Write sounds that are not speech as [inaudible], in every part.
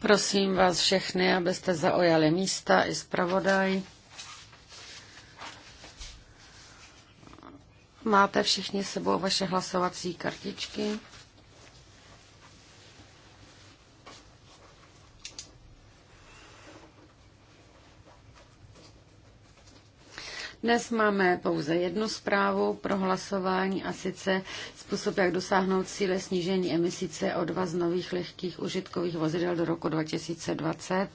Prosím vás všechny, abyste zaujali místa i zpravodaj. Máte všichni sebou vaše hlasovací kartičky? Dnes máme pouze jednu zprávu pro hlasování a sice způsob, jak dosáhnout cíle snížení emisí CO2 z nových lehkých užitkových vozidel do roku 2020.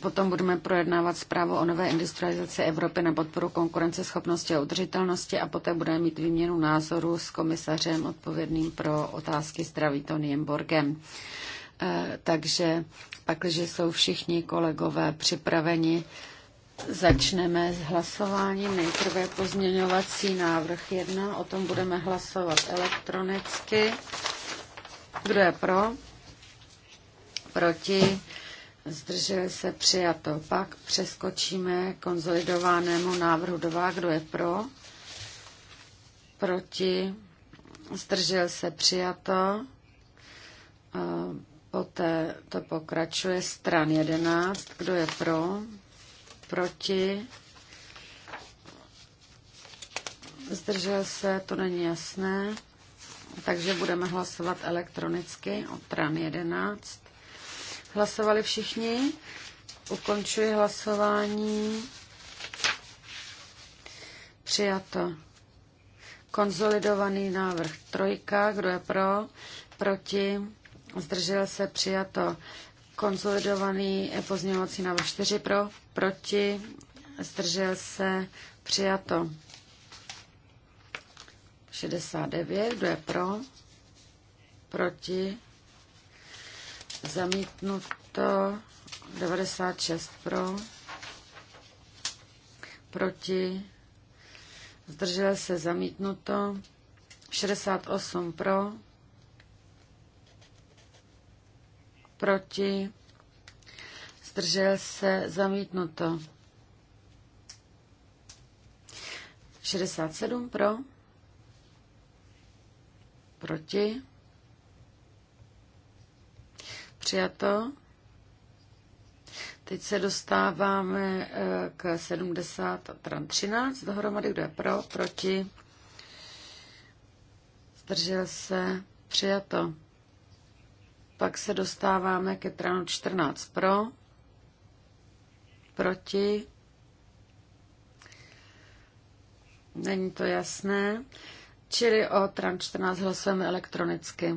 Potom budeme projednávat zprávu o nové industrializaci Evropy na podporu konkurenceschopnosti a udržitelnosti a poté budeme mít výměnu názoru s komisařem odpovědným pro otázky s Travitoniem Borgem. Eh, takže že jsou všichni kolegové připraveni, Začneme s hlasováním. Nejprve pozměňovací návrh 1. O tom budeme hlasovat elektronicky. Kdo je pro? Proti? zdržel se přijato. Pak přeskočíme konzolidovanému návrhu 2. Kdo je pro? Proti? Zdržel se přijato. Poté to pokračuje stran 11. Kdo je pro? Proti? Zdržel se, to není jasné. Takže budeme hlasovat elektronicky od RAN 11. Hlasovali všichni? Ukončuji hlasování. Přijato. Konzolidovaný návrh trojka. Kdo je pro? Proti? Zdržel se přijato. Konsolidovaný pozměňovací návrh 4 pro, proti, zdržel se, přijato. 69, kdo je pro, proti, zamítnuto, 96 pro, proti, zdržel se, zamítnuto, 68 pro, proti, zdržel se, zamítnuto. 67 pro, proti, přijato. Teď se dostáváme eh, k 70 a 13 dohromady, kdo je pro, proti, zdržel se, přijato. Pak se dostáváme ke tranu 14 pro, proti. Není to jasné. Čili o tran 14 hlasujeme elektronicky.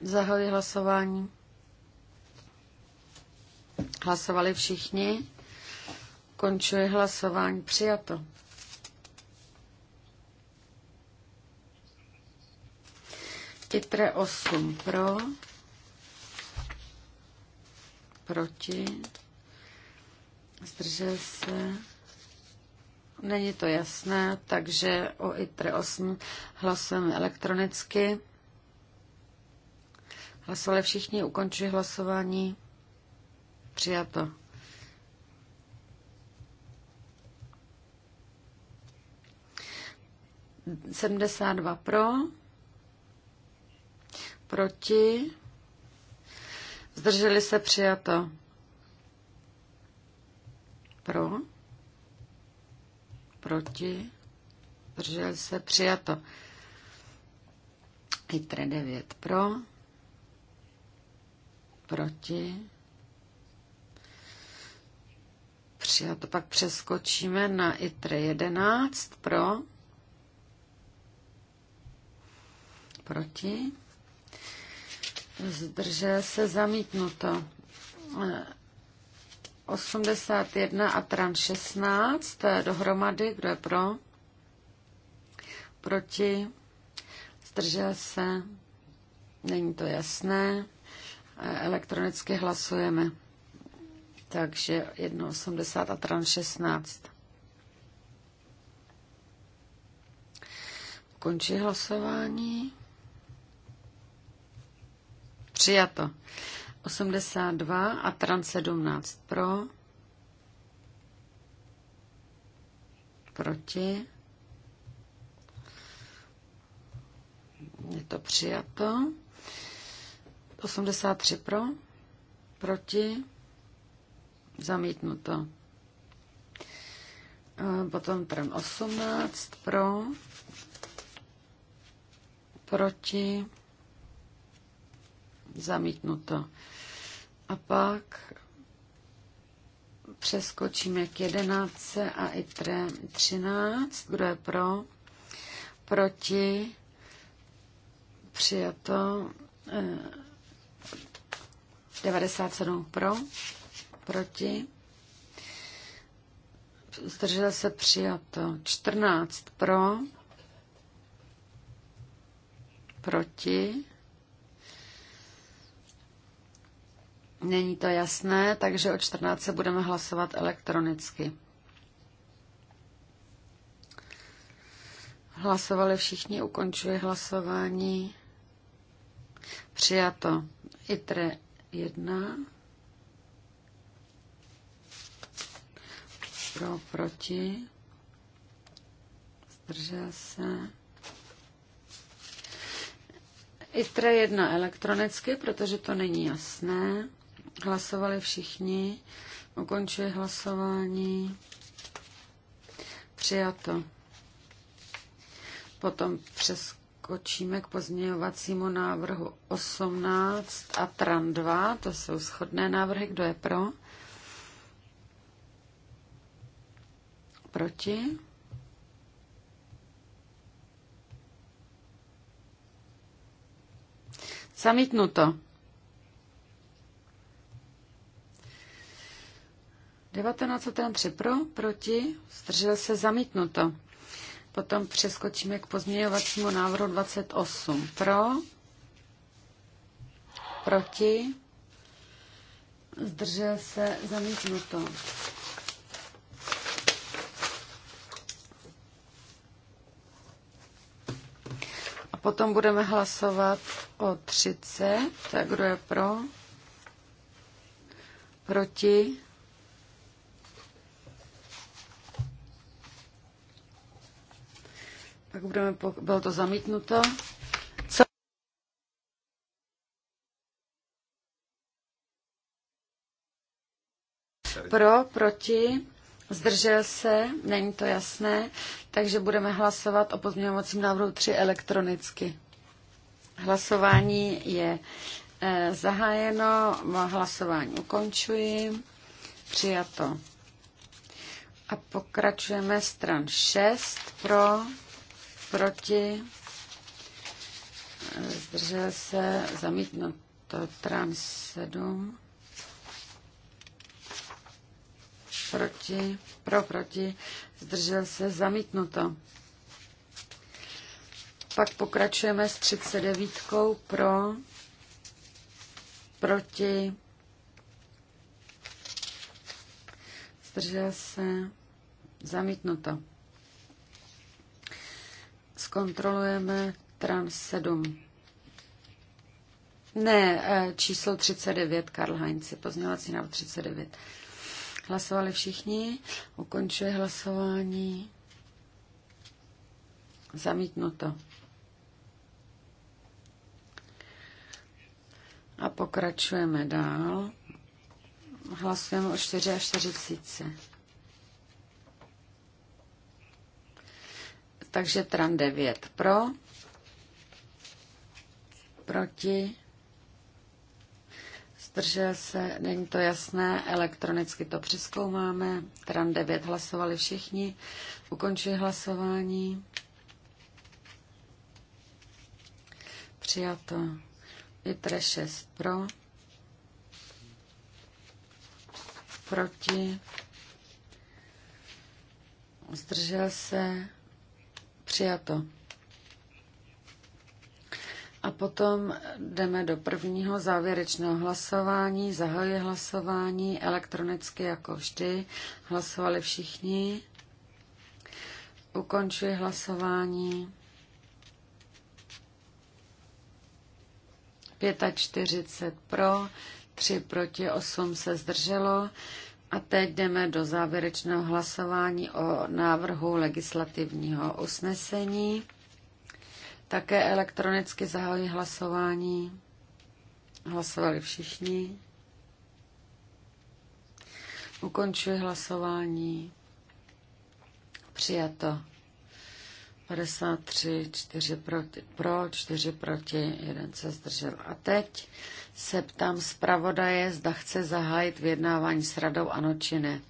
Zahajuji hlasování. Hlasovali všichni. Končuje hlasování. Přijato. Titre 8 pro proti, zdržel se, není to jasné, takže o ITR 8 hlasujeme elektronicky. Hlasovali všichni, ukončuji hlasování. Přijato. Sedmdesát dva pro, proti, Zdrželi se přijato. Pro. Proti. Zdrželi se přijato. tre 9 pro. Proti. Přijato. Pak přeskočíme na ITRE 11 pro. Proti zdržel se zamítnuto. 81 eh, a tran 16 dohromady, kdo je pro? Proti? Zdržel se? Není to jasné. Eh, elektronicky hlasujeme. Takže 1,80 a tran 16. Končí hlasování. Přijato. 82 a trans 17 pro. Proti. Je to přijato. 83 pro. Proti. Zamítnuto. Potom tran 18 pro. Proti zamítnuto. A pak přeskočíme k jedenáctce a i třináct Kdo je pro? Proti? Přijato. 97 eh, pro, proti. Zdržel se přijato. 14 pro, proti. Není to jasné, takže o 14 budeme hlasovat elektronicky. Hlasovali všichni, ukončuji hlasování. Přijato. ITRE 1. Pro, proti. Zdržel se. ITRE 1 elektronicky, protože to není jasné. Hlasovali všichni. Ukončuje hlasování. Přijato. Potom přeskočíme k pozměňovacímu návrhu 18 a TRAN 2. To jsou shodné návrhy. Kdo je pro? Proti? Zamítnuto. 1973 pro, proti, zdržel se zamítnuto. Potom přeskočíme k pozměňovacímu návrhu 28. Pro, proti, zdržel se zamítnuto. A potom budeme hlasovat o 30. Tak kdo je pro? Proti? Tak budeme, bylo to zamítnuto. Co? Pro, proti, zdržel se, není to jasné, takže budeme hlasovat o pozměňovacím návrhu 3 elektronicky. Hlasování je eh, zahájeno, hlasování ukončuji, přijato. A pokračujeme stran 6 pro proti, zdržel se, zamítnuto trám 7, proti, pro, proti, zdržel se, zamítnuto. Pak pokračujeme s 39 pro, proti, zdržel se, zamítnuto. Zkontrolujeme trans 7. Ne, e, číslo 39, Karl Heinz, pozměňovací návrh 39. Hlasovali všichni, ukončuje hlasování. Zamítnuto. A pokračujeme dál. Hlasujeme o 4 a 40. Takže tran 9 pro, proti, zdržel se, není to jasné, elektronicky to přeskoumáme. Tran 9 hlasovali všichni, ukončuji hlasování. Přijato. Vitre 6 pro, proti, zdržel se, Přijato. A potom jdeme do prvního závěrečného hlasování. Zahajuji hlasování elektronicky jako vždy. Hlasovali všichni. Ukončuji hlasování. 45 pro, 3 proti 8 se zdrželo. A teď jdeme do závěrečného hlasování o návrhu legislativního usnesení. Také elektronicky zahájí hlasování. Hlasovali všichni. Ukončuji hlasování. Přijato. 53, 4 proti, pro, 4 proti, 1 se zdržel. A teď se ptám zpravodaje, zda chce zahájit vyjednávání s radou, ano či ne.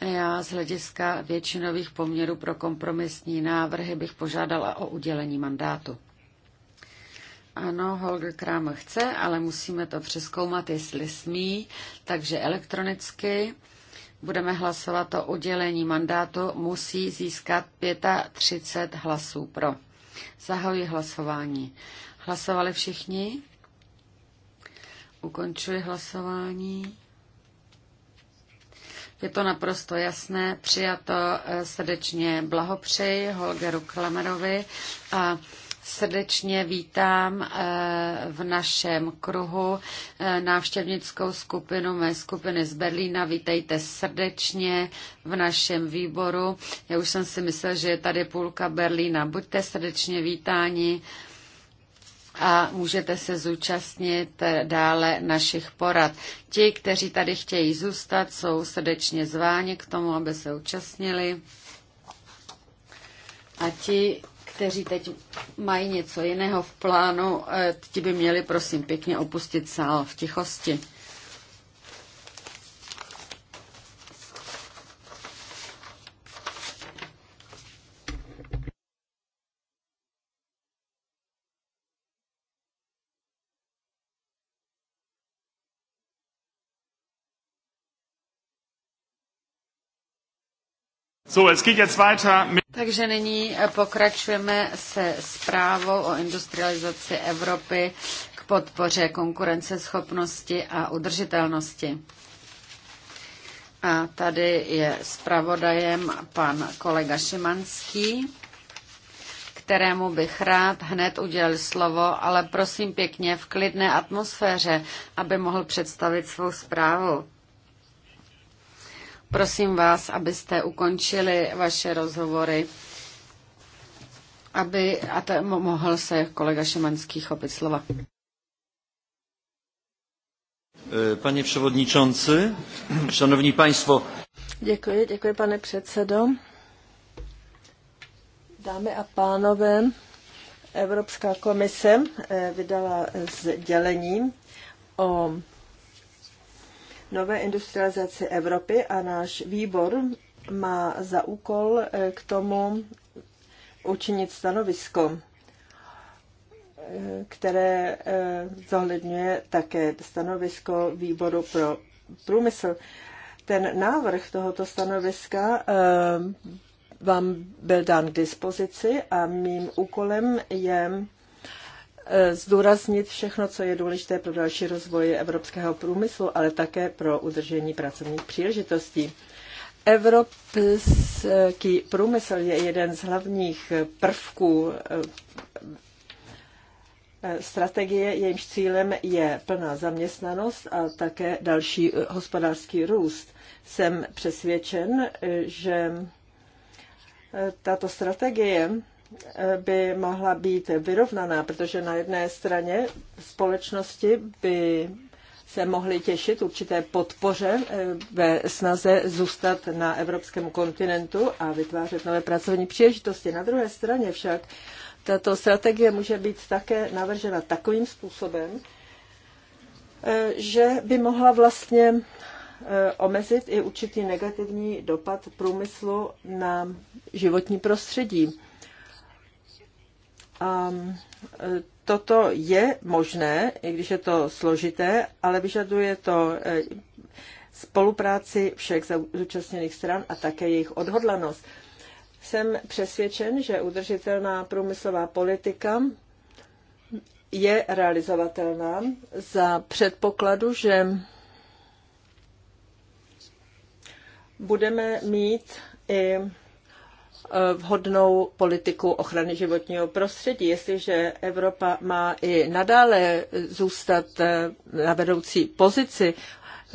Já z hlediska většinových poměrů pro kompromisní návrhy bych požádala o udělení mandátu. Ano, Holger Kram chce, ale musíme to přeskoumat, jestli smí, takže elektronicky budeme hlasovat o udělení mandátu, musí získat 35 hlasů pro. Zahajuji hlasování. Hlasovali všichni? Ukončuji hlasování. Je to naprosto jasné. Přijato eh, srdečně blahopřeji Holgeru Klamerovi a srdečně vítám eh, v našem kruhu eh, návštěvnickou skupinu mé skupiny z Berlína. Vítejte srdečně v našem výboru. Já už jsem si myslel, že je tady půlka Berlína. Buďte srdečně vítáni a můžete se zúčastnit dále našich porad. Ti, kteří tady chtějí zůstat, jsou srdečně zváni k tomu, aby se účastnili. A ti, kteří teď mají něco jiného v plánu, eh, ti by měli prosím pěkně opustit sál v tichosti. So, es geht jetzt weiter mit takže nyní pokračujeme se zprávou o industrializaci Evropy k podpoře konkurenceschopnosti a udržitelnosti. A tady je zpravodajem pan kolega Šimanský, kterému bych rád hned udělil slovo, ale prosím pěkně v klidné atmosféře, aby mohl představit svou zprávu. Prosím vás, abyste ukončili vaše rozhovory, aby a to mohl se kolega Šimanský chopit slova. E, pane předsedající, šanovní państwo. Děkuji, děkuji pane předsedo. Dámy a pánové, Evropská komise e, vydala sdělení o nové industrializace Evropy a náš výbor má za úkol eh, k tomu učinit stanovisko, eh, které eh, zohledňuje také stanovisko výboru pro průmysl. Ten návrh tohoto stanoviska vám byl dán k dispozici a mým úkolem je E, zdůraznit všechno, co je důležité pro další rozvoj evropského průmyslu, ale také pro udržení pracovních příležitostí. Evropský průmysl je jeden z hlavních prvků e, e, strategie, jejímž cílem je plná zaměstnanost a také další hospodářský růst. Jsem přesvědčen, že tato strategie by mohla být vyrovnaná, protože na jedné straně společnosti by se mohly těšit určité podpoře eh, ve snaze zůstat na evropském kontinentu a vytvářet nové pracovní příležitosti. Na druhé straně však tato strategie může být také navržena takovým způsobem, eh, že by mohla vlastně eh, omezit i určitý negativní dopad průmyslu na životní prostředí. Um, toto je možné, i když je to složité, ale vyžaduje to eh, spolupráci všech zúčastněných stran a také jejich odhodlanost. Jsem přesvědčen, že udržitelná průmyslová politika je realizovatelná za předpokladu, že budeme mít i Eh, vhodnou politiku ochrany životního prostředí. Jestliže Evropa má i nadále zůstat eh, na vedoucí pozici,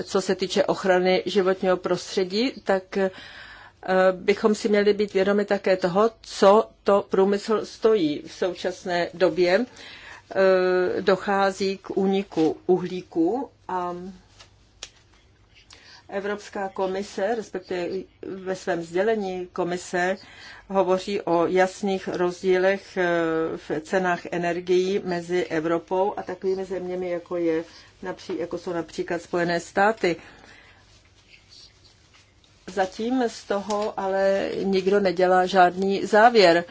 co se týče ochrany životního prostředí, tak eh, bychom si měli být vědomi také toho, co to průmysl stojí v současné době. Dochází k úniku uhlíku a Evropská komise, respektive ve svém sdělení komise, hovoří o jasných rozdílech eh, v cenách energií mezi Evropou a takovými zeměmi, jako, je, jako jsou například Spojené státy. Zatím z toho ale nikdo nedělá žádný závěr.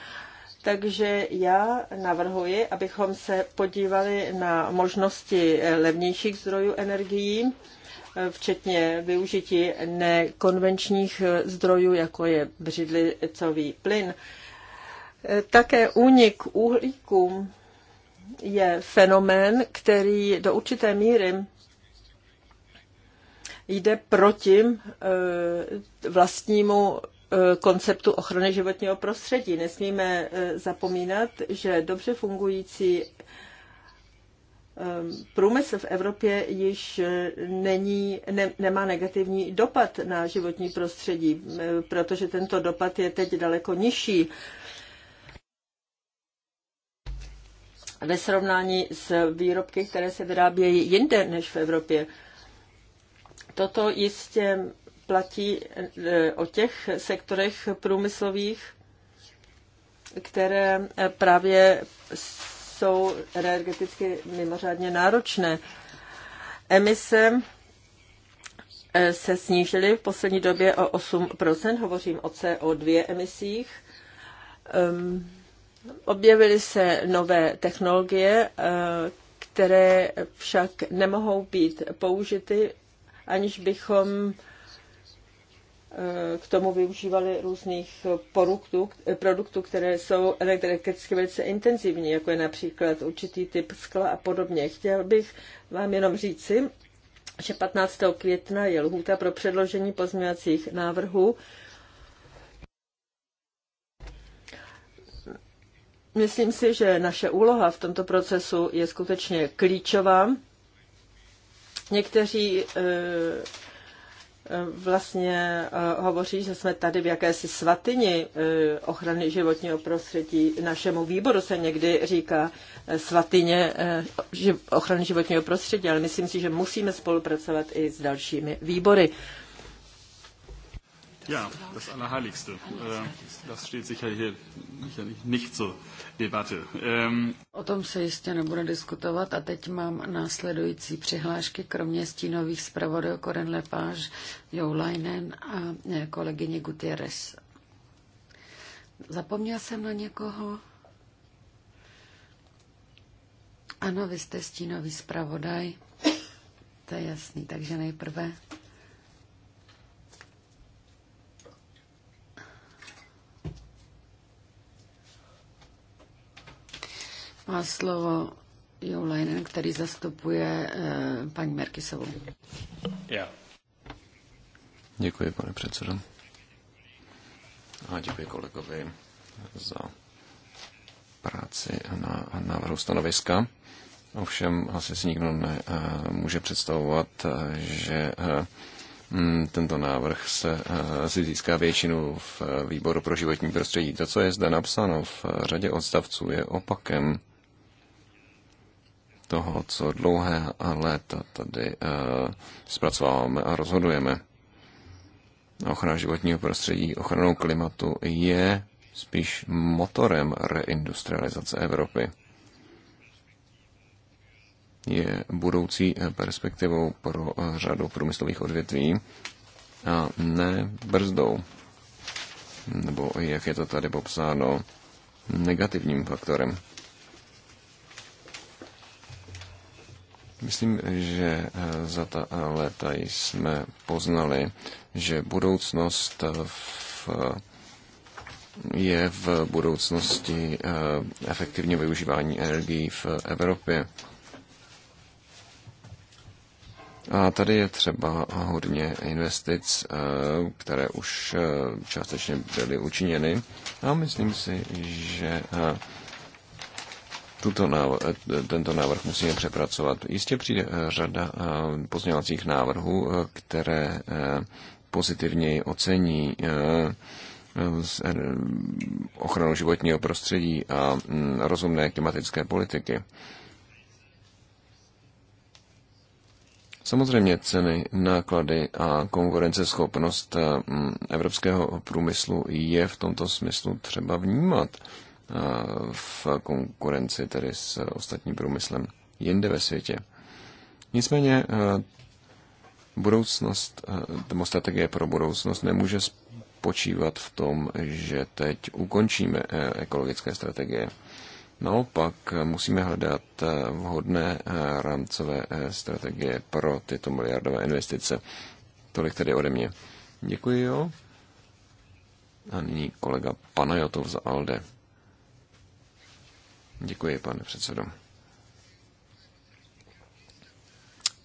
Takže já navrhuji, abychom se podívali na možnosti levnějších zdrojů energií včetně využití nekonvenčních zdrojů, jako je břidlicový plyn. Také únik uhlíku je fenomén, který do určité míry jde proti eh, vlastnímu eh, konceptu ochrany životního prostředí. Nesmíme eh, zapomínat, že dobře fungující Ehm, průmysl v Evropě již eh, není, ne, nemá negativní dopad na životní prostředí, eh, protože tento dopad je teď daleko nižší. ve srovnání s výrobky, které se vyrábějí jinde než v Evropě. Toto jistě platí eh, o těch sektorech průmyslových, které právě jsou energeticky mimořádně náročné. Emise eh, se snížily v poslední době o 8%, hovořím o CO2 emisích. Ehm, objevily se nové technologie, eh, které však nemohou být použity, aniž bychom k tomu využívali různých produktů, produktů, které jsou energeticky velice intenzivní, jako je například určitý typ skla a podobně. Chtěl bych vám jenom říci, že 15. května je lhůta pro předložení pozměňovacích návrhů. Myslím si, že naše úloha v tomto procesu je skutečně klíčová. Někteří eh, vlastně eh, hovoří, že jsme tady v jakési svatyni eh, ochrany životního prostředí. Našemu výboru se někdy říká eh, svatyně ochrany životního prostředí, ale myslím si, že musíme spolupracovat i s dalšími výbory. Ja, das Allerheiligste. Äh, das steht hier sicherlich nicht zur Debatte. Ähm, o tom se jistě nebude diskutovat a teď mám následující přihlášky, kromě stínových zpravodajů Koren Lepáž, Joulainen a eh, kolegyně Gutierrez. Zapomněl jsem na někoho? Ano, vy jste stínový zpravodaj. To je jasný, takže nejprve Má slovo Jo Leinen, který zastupuje eh, paní Merkisovou. Já. Děkuji, pane předsedo. A děkuji kolegovi za práci na návrhu stanoviska. Ovšem asi si nikdo nemůže eh, představovat, eh, že eh, mm, tento návrh se, si získá většinu v výboru pro životní prostředí. To, co je zde napsáno v řadě odstavců, je opakem toho, co dlouhé léta tady eh, zpracováváme a rozhodujeme. Ochrana životního prostředí, ochranou klimatu je spíš motorem reindustrializace Evropy. Je budoucí perspektivou pro eh, řadu průmyslových odvětví a ne brzdou, nebo jak je to tady popsáno, negativním faktorem. Myslím, že eh, za ta eh, léta jsme poznali, že budoucnost eh, v, je v budoucnosti efektivně využívání energií v Evropě. A tady je třeba hodně investic, které už částečně byly učiněny. A myslím si, že tuto návr, eh, tento návrh musíme přepracovat. Jistě přijde eh, řada eh, pozměňovacích návrhů, které pozitivněji ocení ochranu životního prostředí a mm, rozumné klimatické politiky. Samozřejmě ceny, náklady a konkurenceschopnost mm, evropského průmyslu je v tomto smyslu třeba vnímat v konkurenci tedy s ostatním průmyslem jinde ve světě. Nicméně budoucnost, tomu strategie pro budoucnost nemůže spočívat v tom, že teď ukončíme e, ekologické strategie. Naopak e, musíme hledat e, vhodné rámcové strategie pro tyto miliardové investice. Tolik tedy ode mě. Děkuji, jo. A nyní kolega Panajotov za ALDE. Děkuji, pane předsedo.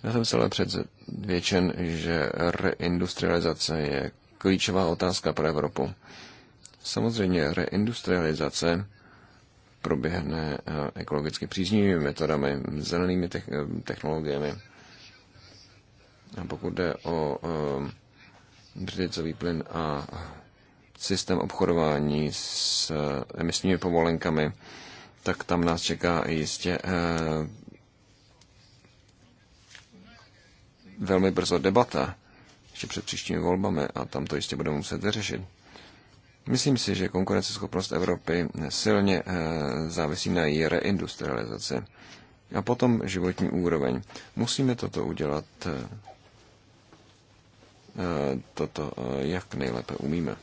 Já jsem ale předvědčen, že reindustrializace je klíčová otázka pro Evropu. Samozřejmě reindustrializace proběhne eh, ekologicky příznivými metodami, zelenými eh, technologiemi. A pokud jde o eh, břidicový plyn a systém obchodování s emisními povolenkami, tak tam nás čeká jistě eh, velmi brzo debata, ještě před příštími volbami, a tam to jistě budeme muset vyřešit. Myslím si, že konkurenceschopnost Evropy silně eh, závisí na její reindustrializaci. A potom životní úroveň. Musíme toto udělat, eh, toto jak nejlépe umíme.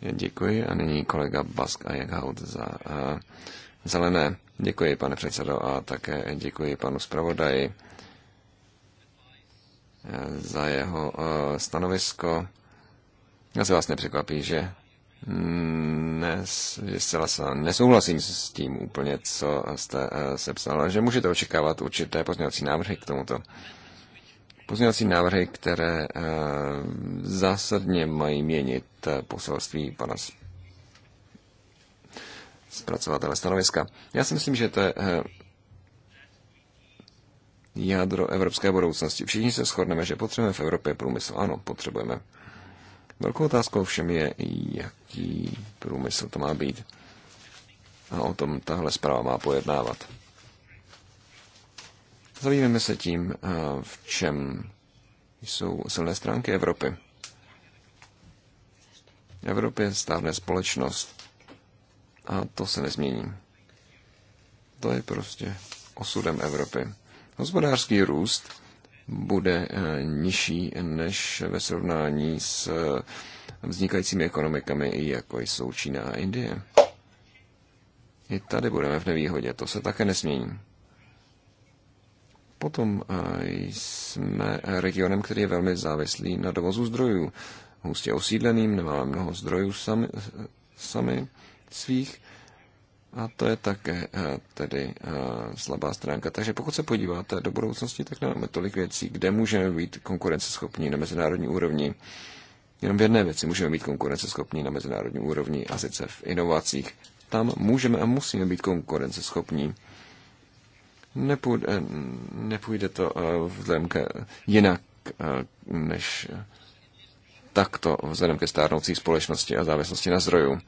Děkuji a nyní kolega Bask a Jaghaut za uh, zelené. Děkuji, pane předsedo, a také děkuji panu zpravodaji eh, za jeho eh, stanovisko. Já se vás nepřekvapí, že, nes, že zcela nesouhlasím s tím úplně, co jste sepsal, ale že můžete očekávat určité pozměňovací návrhy k tomuto pozměňovací návrhy, které eh, zásadně mají měnit eh, poselství pana zpracovatele stanoviska. Já si myslím, že to je eh, jádro evropské budoucnosti. Všichni se shodneme, že potřebujeme v Evropě průmysl. Ano, potřebujeme. Velkou otázkou všem je, jaký průmysl to má být. A o tom tahle zpráva má pojednávat. Zabýváme se tím, eh, v čem jsou silné stránky Evropy. Evropě stárne společnost a to se nezmění. To je prostě osudem Evropy. Hospodářský růst bude eh, nižší než ve srovnání s eh, vznikajícími ekonomikami, jako jsou Čína a Indie. I tady budeme v nevýhodě, to se také nesmění. Potom eh, jsme regionem, který je velmi závislý na dovozu zdrojů. Hustě osídleným, nemáme mnoho zdrojů sami, sami svých. A to je také eh, tedy eh, slabá stránka. Takže pokud se podíváte do budoucnosti, tak nemáme tolik věcí, kde můžeme být konkurenceschopní na mezinárodní úrovni. Jenom v jedné věci můžeme být konkurenceschopní na mezinárodní úrovni, a sice v inovacích. Tam můžeme a musíme být konkurenceschopní. Nepůjde, nepůjde to eh, vzhledem ke, jinak eh, než takto vzhledem ke stárnoucí společnosti a závislosti na zdrojů.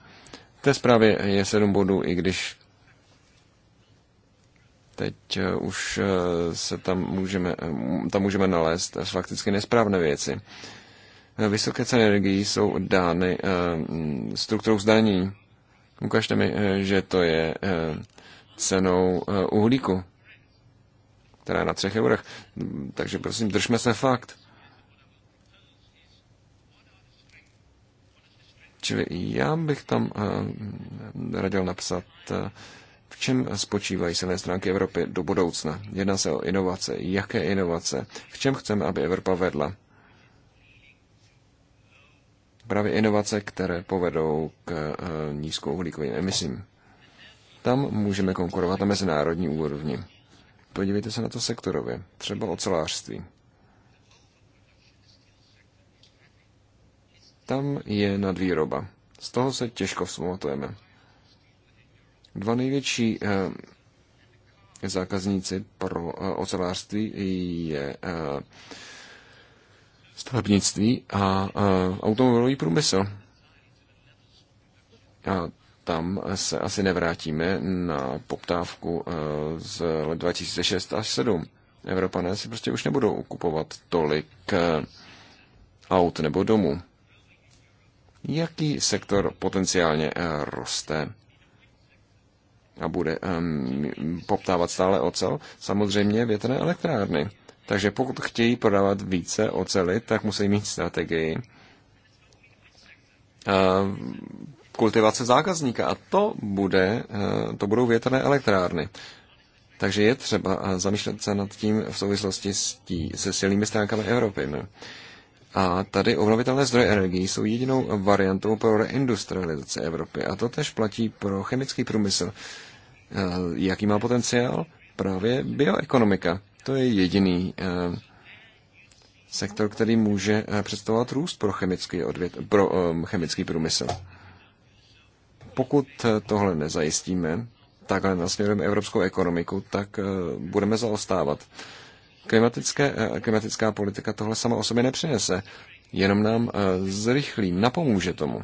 V té zprávě je sedm bodů, i když teď eh, už se tam můžeme, tam můžeme nalézt fakticky nesprávné věci. Vysoké ceny energií jsou dány strukturou zdaní. Ukažte mi, že to je cenou uhlíku která je na třech eurech. Takže prosím, držme se fakt. Čili já bych tam uh, radil napsat, uh, v čem spočívají silné stránky Evropy do budoucna. Jedná se o inovace. Jaké inovace? V čem chceme, aby Evropa vedla? Právě inovace, které povedou k uh, nízkouhlíkovým emisím. Tam můžeme konkurovat na mezinárodní úrovni. Podívejte se na to sektorově, třeba ocelářství. Tam je nadvýroba. Z toho se těžko vzpomotujeme. Dva největší eh, zákazníci pro eh, ocelářství je eh, stavebnictví a eh, automobilový průmysl. A tam se asi nevrátíme na poptávku eh, z let 2006 až 2007. Evropané si prostě už nebudou kupovat tolik eh, aut nebo domů. Jaký sektor potenciálně eh, roste a bude poptávat stále ocel? Samozřejmě větrné elektrárny. Takže pokud chtějí prodávat více oceli, tak musí mít strategii kultivace zákazníka a to, bude, eh, to budou větrné elektrárny. Takže je třeba eh, zamýšlet se nad tím v souvislosti s tí, se silnými stránkami Evropy. No. A tady obnovitelné zdroje energie jsou jedinou variantou pro reindustrializaci Evropy. A to tež platí pro chemický průmysl. Eh, jaký má potenciál? Právě bioekonomika. To je jediný sektor, který může představovat růst pro chemický, odvět, pro chemický průmysl pokud eh, tohle nezajistíme, takhle nasměrujeme evropskou ekonomiku, tak eh, budeme zaostávat. Klimatické, eh, klimatická politika tohle sama o sobě nepřinese, jenom nám zrychlí, napomůže tomu.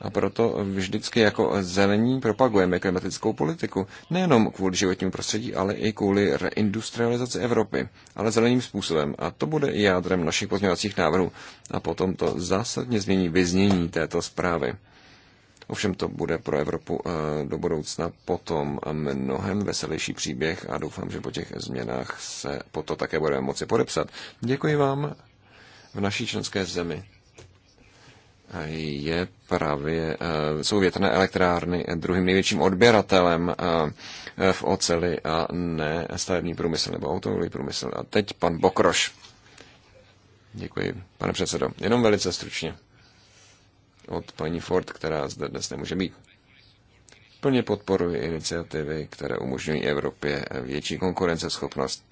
A proto vždycky jako zelení propagujeme klimatickou politiku. Nejenom kvůli životnímu prostředí, ale i kvůli reindustrializaci Evropy. Ale zeleným způsobem. A to bude i jádrem našich pozměňovacích návrhů. A potom to zásadně změní vyznění této zprávy. Ovšem to bude pro Evropu eh, do budoucna potom mnohem veselější příběh a doufám, že po těch změnách se po to také budeme moci podepsat. Děkuji vám v naší členské zemi je právě, eh, jsou větrné elektrárny druhým největším odběratelem eh, v oceli a ne stavební průmysl nebo automobilový průmysl. A teď pan Bokroš. Děkuji, pane předsedo. Jenom velice stručně od paní Ford, která zde dnes nemůže být. Plně podporuji iniciativy, které umožňují Evropě větší konkurenceschopnost,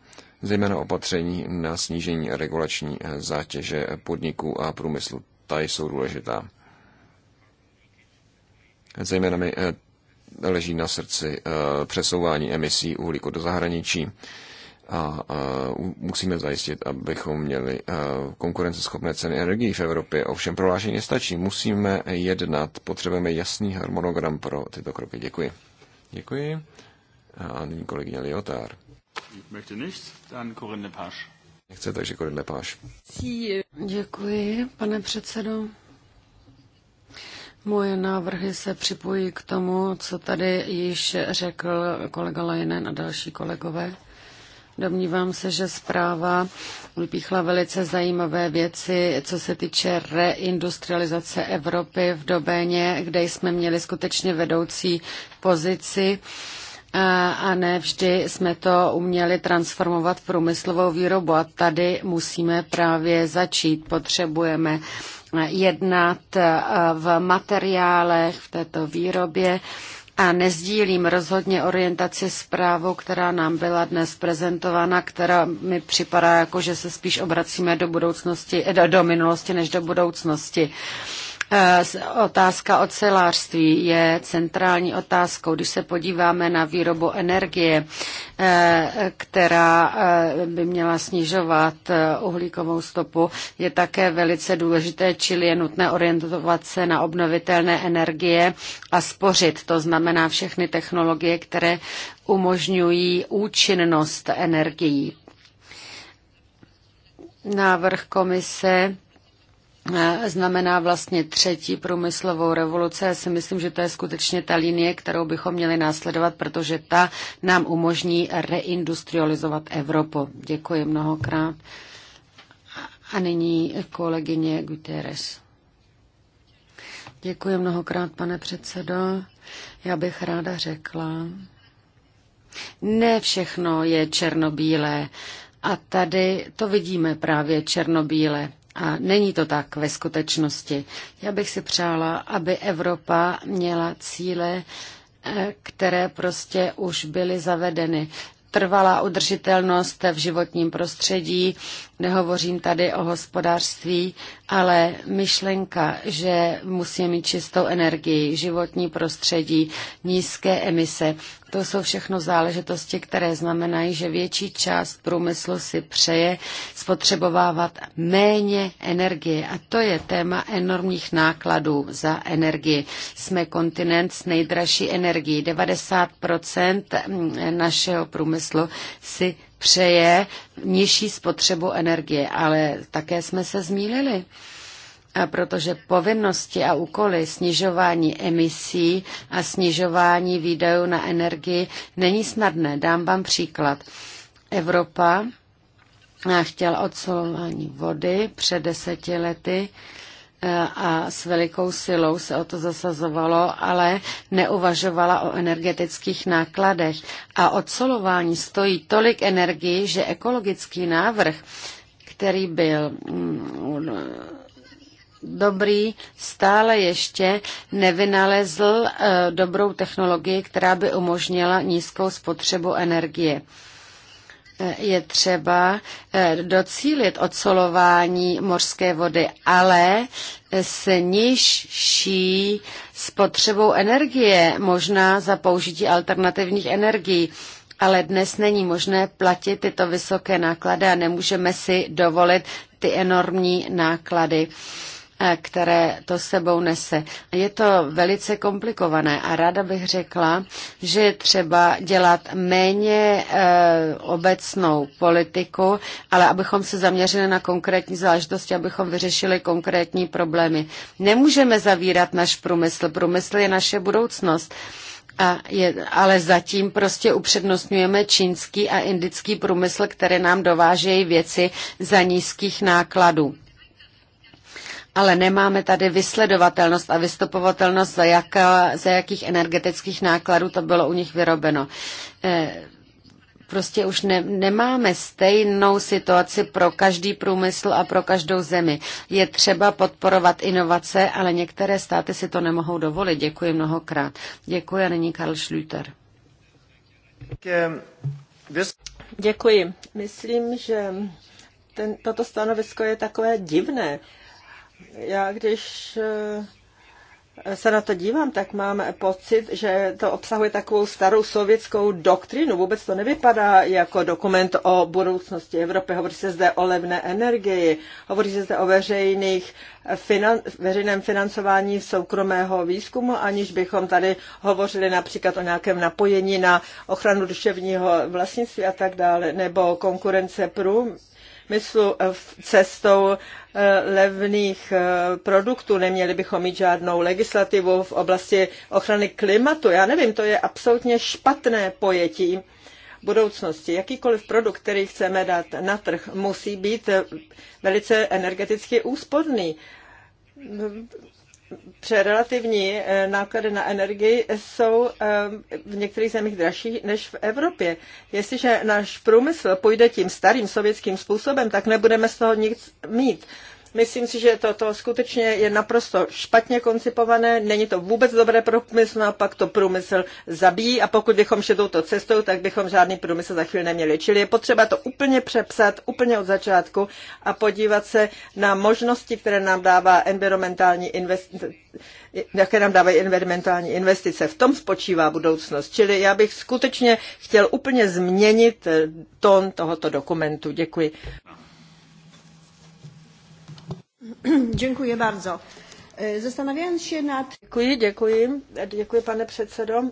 zejména opatření na snížení regulační zátěže podniků a průmyslu. Ta jsou důležitá. Zejména mi eh, leží na srdci eh, přesouvání emisí uhlíku do zahraničí a, musíme zajistit, abychom měli konkurenceschopné ceny energii v Evropě. Ovšem prohlášení stačí. Musíme jednat. Potřebujeme jasný harmonogram pro tyto kroky. Děkuji. Děkuji. A nyní kolegyně Liotár. Nechce, takže Korinne Páš. Děkuji, pane předsedo. Moje návrhy se připojí k tomu, co tady již řekl kolega Lajnen a další kolegové. Domnívám se, že zpráva vypíchla velice zajímavé věci, co se týče reindustrializace Evropy v Dobéně, kde jsme měli skutečně vedoucí pozici a ne vždy jsme to uměli transformovat v průmyslovou výrobu a tady musíme právě začít. Potřebujeme jednat v materiálech, v této výrobě a nezdílím rozhodně orientaci zprávu, která nám byla dnes prezentována, která mi připadá jako, že se spíš obracíme do budoucnosti, do, do minulosti než do budoucnosti. Uh, Eh, otázka ocelářství je centrální otázkou. Když se podíváme na výrobu energie, eh, která eh, by měla snižovat uhlíkovou stopu, je také velice důležité, čili je nutné orientovat se na obnovitelné energie a spořit. To znamená všechny technologie, které umožňují účinnost energií. Návrh komise znamená vlastně třetí průmyslovou revoluce. Já si myslím, že to je skutečně ta linie, kterou bychom měli následovat, protože ta nám umožní reindustrializovat Evropu. Děkuji mnohokrát. A nyní kolegyně Guterres. Děkuji mnohokrát, pane předsedo. Já bych ráda řekla, ne všechno je černobílé. A tady to vidíme právě černobíle. A není to tak ve skutečnosti. Já bych si přála, aby Evropa měla cíle, eh, které prostě už byly zavedeny. Trvalá udržitelnost v životním prostředí, nehovořím tady o hospodářství, ale myšlenka, že musíme mít čistou energii, životní prostředí, nízké emise, to jsou všechno záležitosti, které znamenají, že větší část průmyslu si přeje spotřebovávat méně energie. A to je téma enormních nákladů za energii. Jsme kontinent s nejdražší energií. 90 našeho průmyslu si přeje nižší spotřebu energie, ale také jsme se zmílili. A protože povinnosti a úkoly snižování emisí a snižování výdajů na energii není snadné. Dám vám příklad. Evropa chtěla odsolování vody před deseti lety a s velikou silou se o to zasazovalo, ale neuvažovala o energetických nákladech. A odsolování stojí tolik energii, že ekologický návrh, který byl mm, dobrý, stále ještě nevynalezl eh, dobrou technologii, která by umožnila nízkou spotřebu energie je třeba eh, docílit odsolování mořské vody, ale s nižší spotřebou energie, možná za použití alternativních energií. Ale dnes není možné platit tyto vysoké náklady a nemůžeme si dovolit ty enormní náklady. Eh, které to sebou nese. Je to velice komplikované a ráda bych řekla, že je třeba dělat méně eh, obecnou politiku, ale abychom se zaměřili na konkrétní záležitosti, abychom vyřešili konkrétní problémy. Nemůžeme zavírat náš průmysl. Průmysl je naše budoucnost. A je, ale zatím prostě upřednostňujeme čínský a indický průmysl, které nám dovážejí věci za nízkých nákladů ale nemáme tady vysledovatelnost a vystupovatelnost, za, jaká, za jakých energetických nákladů to bylo u nich vyrobeno. Eh, prostě už ne, nemáme stejnou situaci pro každý průmysl a pro každou zemi. Je třeba podporovat inovace, ale některé státy si to nemohou dovolit. Děkuji mnohokrát. Děkuji a nyní Karl Schlüter. Děkuji. Myslím, že ten, toto stanovisko je takové divné já když eh, se na to dívám, tak mám pocit, že to obsahuje takovou starou sovětskou doktrinu. Vůbec to nevypadá jako dokument o budoucnosti Evropy. Hovoří se zde o levné energii, hovoří se zde o veřejných finan, veřejném financování soukromého výzkumu, aniž bychom tady hovořili například o nějakém napojení na ochranu duševního vlastnictví a tak dále, nebo konkurence průmyslu smyslu eh, cestou eh, levných eh, produktů. Neměli bychom mít žádnou legislativu v oblasti ochrany klimatu. Já nevím, to je absolutně špatné pojetí budoucnosti. Jakýkoliv produkt, který chceme dát na trh, musí být velice energeticky úsporný relativní eh, náklady na energii jsou eh, v některých zemích dražší než v Evropě. Jestliže náš průmysl půjde tím starým sovětským způsobem, tak nebudeme z toho nic mít. Myslím si, že toto skutečně je naprosto špatně koncipované, není to vůbec dobré pro průmysl, a pak to průmysl zabíjí a pokud bychom šli touto cestou, tak bychom žádný průmysl za chvíli neměli. Čili je potřeba to úplně přepsat, úplně od začátku a podívat se na možnosti, které nám dává environmentální investice jaké nám dávají environmentální investice. V tom spočívá budoucnost. Čili já bych skutečně chtěl úplně změnit eh, tón tohoto dokumentu. Děkuji. [clears throat] Děkuji e, nad... Děkuji, děkuji, e, děkuji pane předsedající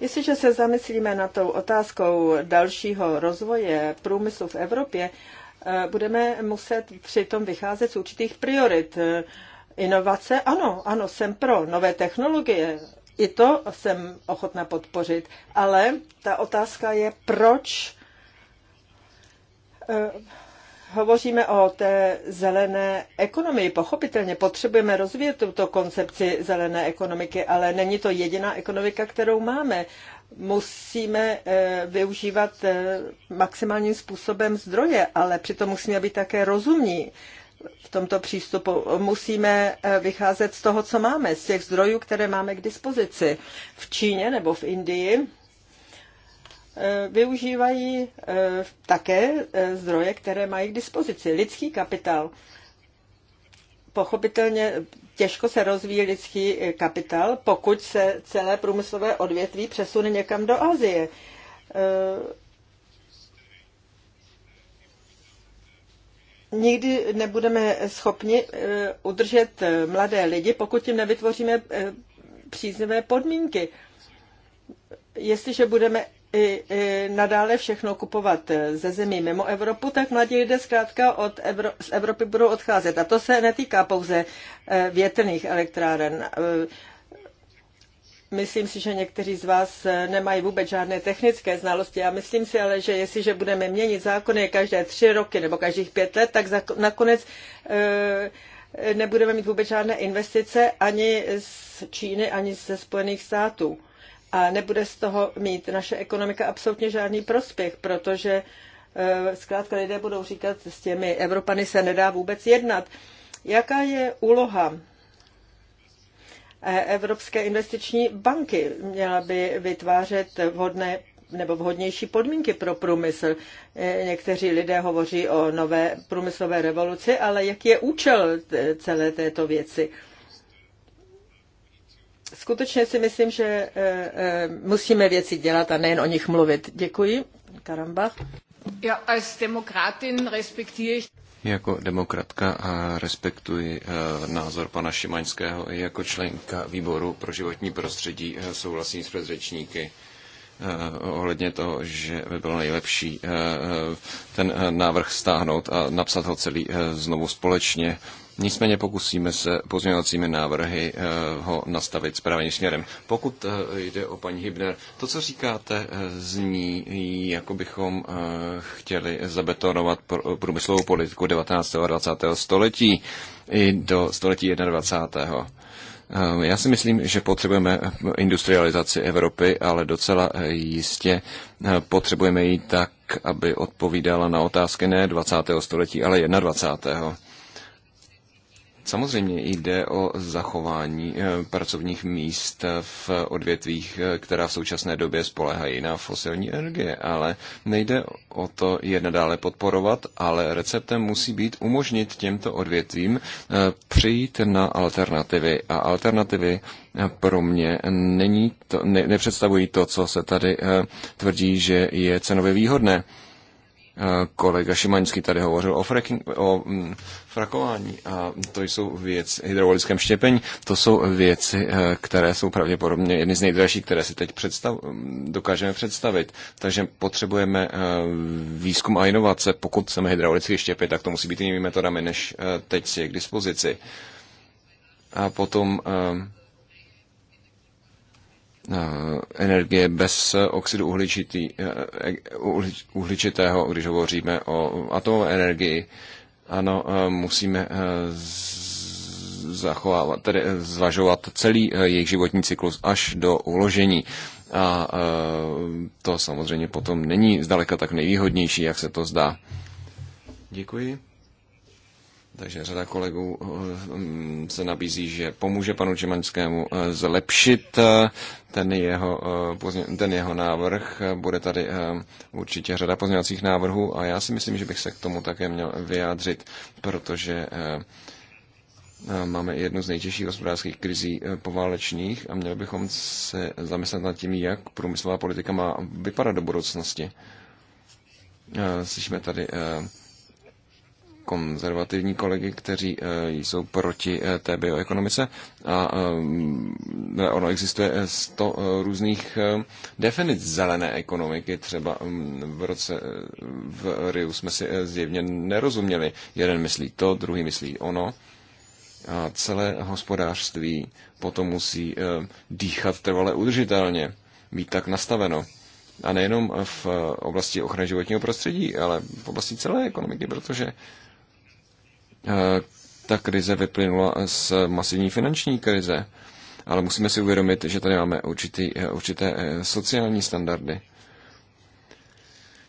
Jestliže se zamyslíme na tou otázkou dalšího rozvoje průmyslu v Evropě, e, budeme muset přitom vycházet z určitých priorit. Inovace, ano, ano, jsem pro. Nové technologie, i to jsem ochotna podpořit. Ale ta otázka je, proč hovoříme o té zelené ekonomii. Pochopitelně potřebujeme rozvíjet tuto koncepci zelené ekonomiky, ale není to jediná ekonomika, kterou máme. Musíme eh, využívat eh, maximálním způsobem zdroje, ale přitom musíme být také rozumní v tomto přístupu. Musíme eh, vycházet z toho, co máme, z těch zdrojů, které máme k dispozici. V Číně nebo v Indii Eh, využívají eh, také eh, zdroje, které mají k dispozici. Lidský kapitál. Pochopitelně těžko se rozvíjí lidský kapitál, pokud se celé průmyslové odvětví přesune někam do Asie. Nikdy nebudeme schopni udržet mladé lidi, pokud jim nevytvoříme příznivé podmínky. Jestliže budeme i, i nadále všechno kupovat ze zemí mimo Evropu, tak mladí lidé zkrátka od Evro, z Evropy budou odcházet. A to se netýká pouze eh, větrných elektráren. Eh, myslím si, že někteří z vás eh, nemají vůbec žádné technické znalosti. Já myslím si ale, že jestliže budeme měnit zákony každé tři roky nebo každých pět let, tak nakonec nebudeme mít vůbec žádné investice ani z Číny, ani ze Spojených států a nebude z toho mít naše ekonomika absolutně žádný prospěch, protože eh, zkrátka lidé budou říkat, s těmi Evropany se nedá vůbec jednat. Jaká je úloha eh, Evropské investiční banky? Měla by vytvářet vhodné nebo vhodnější podmínky pro průmysl. Eh, někteří lidé hovoří o nové průmyslové revoluci, ale jaký je účel celé této věci? skutečně si myslím, že eh, eh, musíme věci dělat a nejen o nich mluvit. Děkuji. Karamba. Ja, als Demokratin respektiere ich jako demokratka a eh, respektuji názor pana Šimaňského i jako členka výboru pro životní prostředí souhlasím s předřečníky ohledně toho, že by bylo nejlepší ten návrh stáhnout a napsat ho celý znovu společně. Nicméně pokusíme se pozměňovacími návrhy eh, ho nastavit správným směrem. Pokud eh, jde o paní Hybner, to, co říkáte, eh, zní, jako bychom chtěli zabetonovat průmyslovou politiku 19. a 20. století i do století 21. Já si myslím, že potřebujeme industrializaci Evropy, ale docela jistě potřebujeme ji tak, aby odpovídala na otázky ne 20. století, ale 21. Samozřejmě jde o zachování eh, pracovních míst v odvětvích, eh, která v současné době spolehají na fosilní energie, ale nejde o to je nadále podporovat, ale receptem musí být umožnit těmto odvětvím eh, přijít na alternativy. A alternativy pro mě není to, ne, nepředstavují to, co se tady tvrdí, že je cenově výhodné. Eh, kolega Šimaňský tady hovořil o, fracking, o mm, frakování a to jsou věci, hydraulickém štěpení, to jsou věci, eh, které jsou pravděpodobně jedny z nejdražších, které si teď představ, mm, dokážeme představit. Takže potřebujeme eh, výzkum a inovace. Pokud chceme hydraulicky štěpit, tak to musí být jinými metodami, než teď si je k dispozici. A potom Eh, energie bez oxidu uhličitý, eh, eh, uhličitého, když hovoříme o atomové energii, ano, musíme zachovávat, tedy zvažovat celý jejich životní cyklus až do uložení. A to samozřejmě potom není zdaleka tak nejvýhodnější, jak se to zdá. Děkuji. Takže řada kolegů eh, mm, se nabízí, že pomůže panu Čemanskému eh, zlepšit eh, ten jeho, ten jeho návrh. Bude tady určitě řada pozměňovacích návrhů a já si myslím, že bych se k tomu také měl vyjádřit, protože máme jednu z nejtěžších hospodářských krizí poválečných a měli bychom se zamyslet nad tím, jak průmyslová politika má vypadat do budoucnosti. Slyšíme tady konzervativní kolegy, kteří eh, jsou proti eh, té bioekonomice. A eh, ono existuje sto různých definic zelené ekonomiky. Třeba mm, v roce v Riu jsme si zjevně nerozuměli. Jeden myslí to, druhý myslí ono. A celé hospodářství potom musí dýchat trvale udržitelně, být tak nastaveno. A nejenom v oblasti ochrany životního prostředí, ale v oblasti celé ekonomiky, protože Eh, ta krize vyplynula z masivní finanční krize, ale musíme si uvědomit, že tady máme určitý, eh, určité eh, sociální standardy.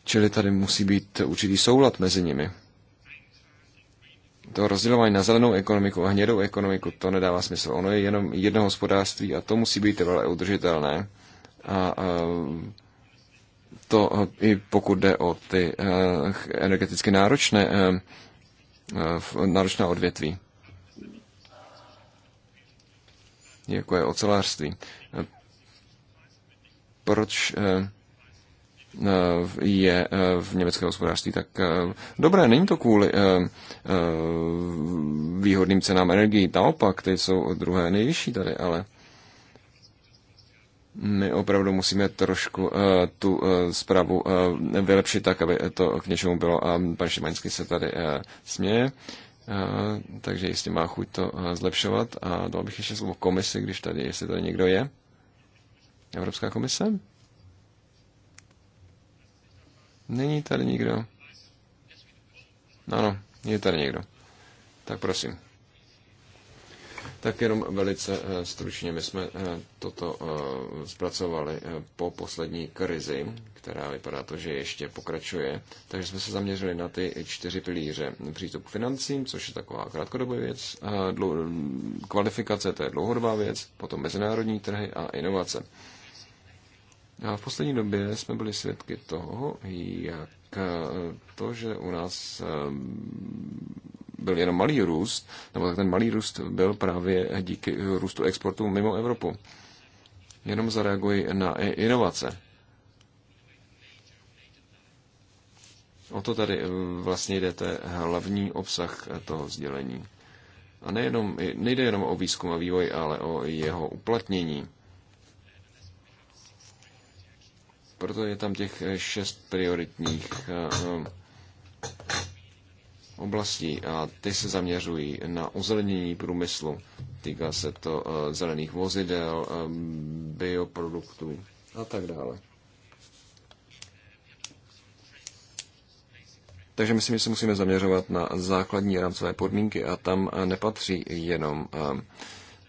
Čili tady musí být určitý soulad mezi nimi. To rozdělování na zelenou ekonomiku a hnědou ekonomiku, to nedává smysl. Ono je jenom jedno hospodářství a to musí být trvale udržitelné. A, a to i pokud jde o ty energeticky náročné náročná odvětví, jako je ocelářství. Proč eh, eh, je eh, v německé hospodářství tak dobré. Není to kvůli výhodným cenám energii. naopak, ty jsou druhé nejvyšší tady, ale my opravdu musíme trošku uh, tu uh, zprávu uh, vylepšit tak, aby to k něčemu bylo. A pan Šimaňský se tady uh, směje, uh, takže jistě má chuť to uh, zlepšovat. A dal bych ještě slovo komisi, když tady, jestli tady někdo je. Evropská komise? Není tady nikdo? Ano, je tady někdo. Tak prosím. Tak jenom velice eh, stručně, my jsme eh, toto eh, zpracovali po poslední krizi, která vypadá to, že ještě pokračuje. Takže jsme se zaměřili na ty čtyři pilíře. Přístup k financím, což je taková krátkodobá věc, kvalifikace, to je dlouhodobá věc, potom mezinárodní trhy a inovace. A v poslední době jsme byli svědky toho, jak to, že u nás byl jenom malý růst, nebo tak ten malý růst byl právě díky růstu exportu mimo Evropu. Jenom zareaguji na inovace. O to tady eh, vlastně jde, hlavní obsah toho sdělení. A nejenom, nejde jenom o výzkum a vývoj, ale o jeho uplatnění. Proto je tam těch šest prioritních eh, eh, oblastí a ty se zaměřují na ozelenění průmyslu. Týká se to eh, zelených vozidel, eh, bioproduktů a tak dále. Takže myslím, že se musíme zaměřovat na základní rámcové podmínky a tam eh, nepatří jenom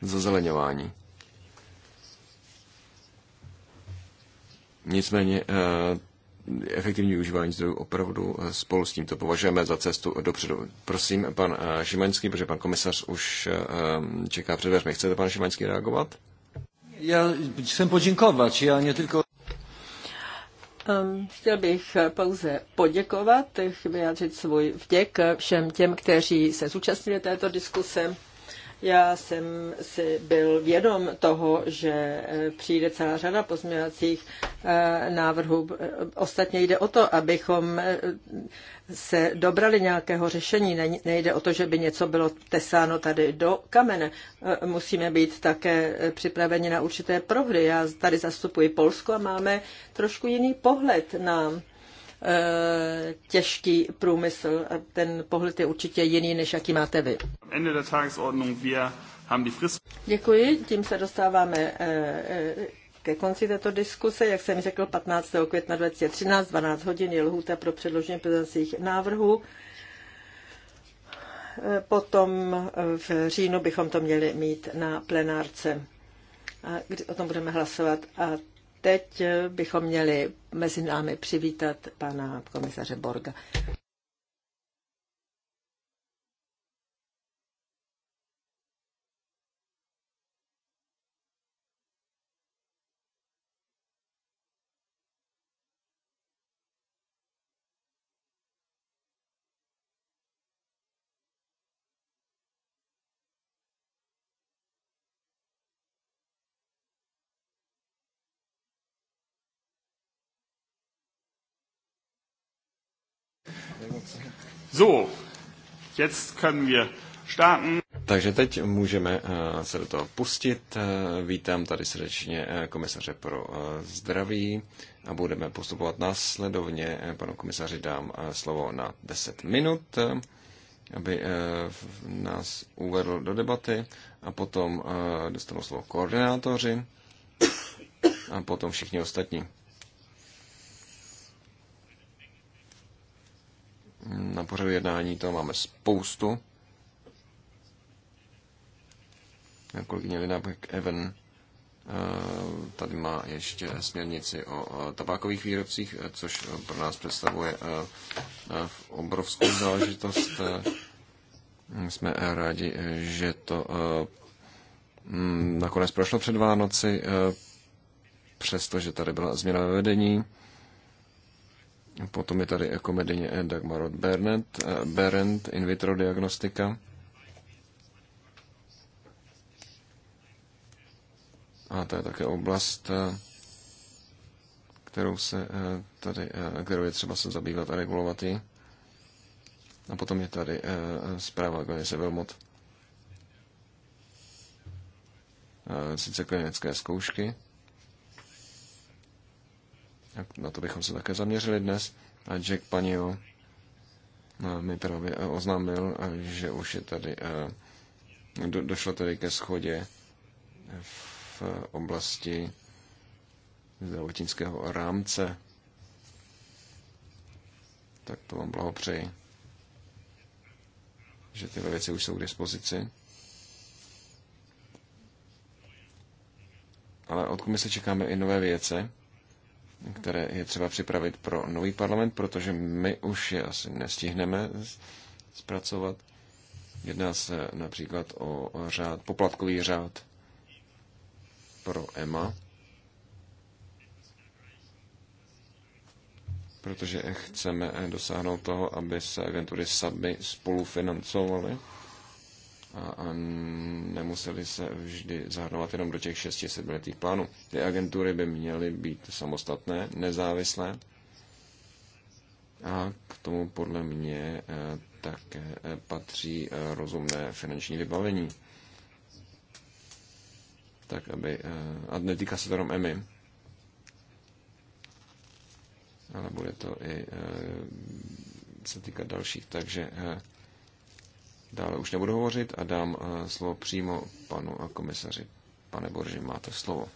zazeleňování. Nicméně efektivní využívání zdrojů opravdu eh, spolu s tímto považujeme za cestu dopředu. Prosím, pan eh, Šimaňský, protože pan komisař už eh, čeká před dveřmi. Chcete, pan Šimaňský, reagovat? Já jsem poděkovat, já ne tylko... Ehm, chtěl bych pouze poděkovat, vyjádřit svůj vděk všem těm, kteří se zúčastnili této diskuse. Já jsem si byl vědom toho, že eh, přijde celá řada pozměňovacích eh, návrhů. Ostatně jde o to, abychom eh, se dobrali nějakého řešení. Nejde o to, že by něco bylo tesáno tady do kamene. Musíme být také připraveni na určité prohry. Já tady zastupuji Polsko a máme trošku jiný pohled na Eh, těžký průmysl. Ten pohled je určitě jiný, než jaký máte vy. Děkuji, tím se dostáváme eh, eh, ke konci této diskuse. Jak jsem řekl, 15. května 2013, 12 hodin je lhůta pro předložení prezidentských návrhů. Potom v říjnu bychom to měli mít na plenárce. A kdy o tom budeme hlasovat. A Teď bychom měli mezi námi přivítat pana komisaře Borga. So, jetzt können wir starten. Takže teď můžeme eh, se do toho pustit. Eh, vítám tady srdečně eh, komisaře pro zdraví a budeme postupovat následovně. Panu komisaři dám slovo na 10 minut, aby nás uvedl do debaty a potom dostanou slovo koordinátoři a potom všichni ostatní. Na pořadu jednání to máme spoustu. Kolegyně Lina Evan eh, tady má ještě směrnici o tabákových výrobcích, eh, což eh, pro nás představuje obrovskou záležitost. Jsme rádi, že to mm, nakonec prošlo před Vánoci, přestože tady byla změna ve vedení. Potom je tady komedině Dagmarot Bernet, eh, Berend, in vitro diagnostika. A to je také oblast, eh, kterou, se eh, tady, kterou je třeba se zabývat a regulovat ji. A potom je tady zpráva Glenise Velmot. Sice klinické zkoušky na to bychom se také zaměřili dnes. A Jack Panio eh, mi právě eh, oznámil, eh, že už je tady, do, došlo tady ke schodě v oblasti zdravotnického rámce. Tak to vám blahopřeji, že tyhle věci už jsou k dispozici. Ale od se čekáme i nové věce které je třeba připravit pro nový parlament, protože my už je asi nestihneme zpracovat. Jedná se například o řád, poplatkový řád pro EMA, protože chceme dosáhnout toho, aby se agentury sami spolufinancovaly a nemuseli se vždy zahrnovat jenom do těch 6 letých plánů. Ty agentury by měly být samostatné, nezávislé a k tomu podle mě e, také e, patří e, rozumné finanční vybavení. Tak, aby, a netýká se to jenom EMI, ale bude to i se týkat dalších, takže Dále už nebudu hovořit a dám eh, slovo přímo panu eh, komisaři. Pane Borži, máte slovo.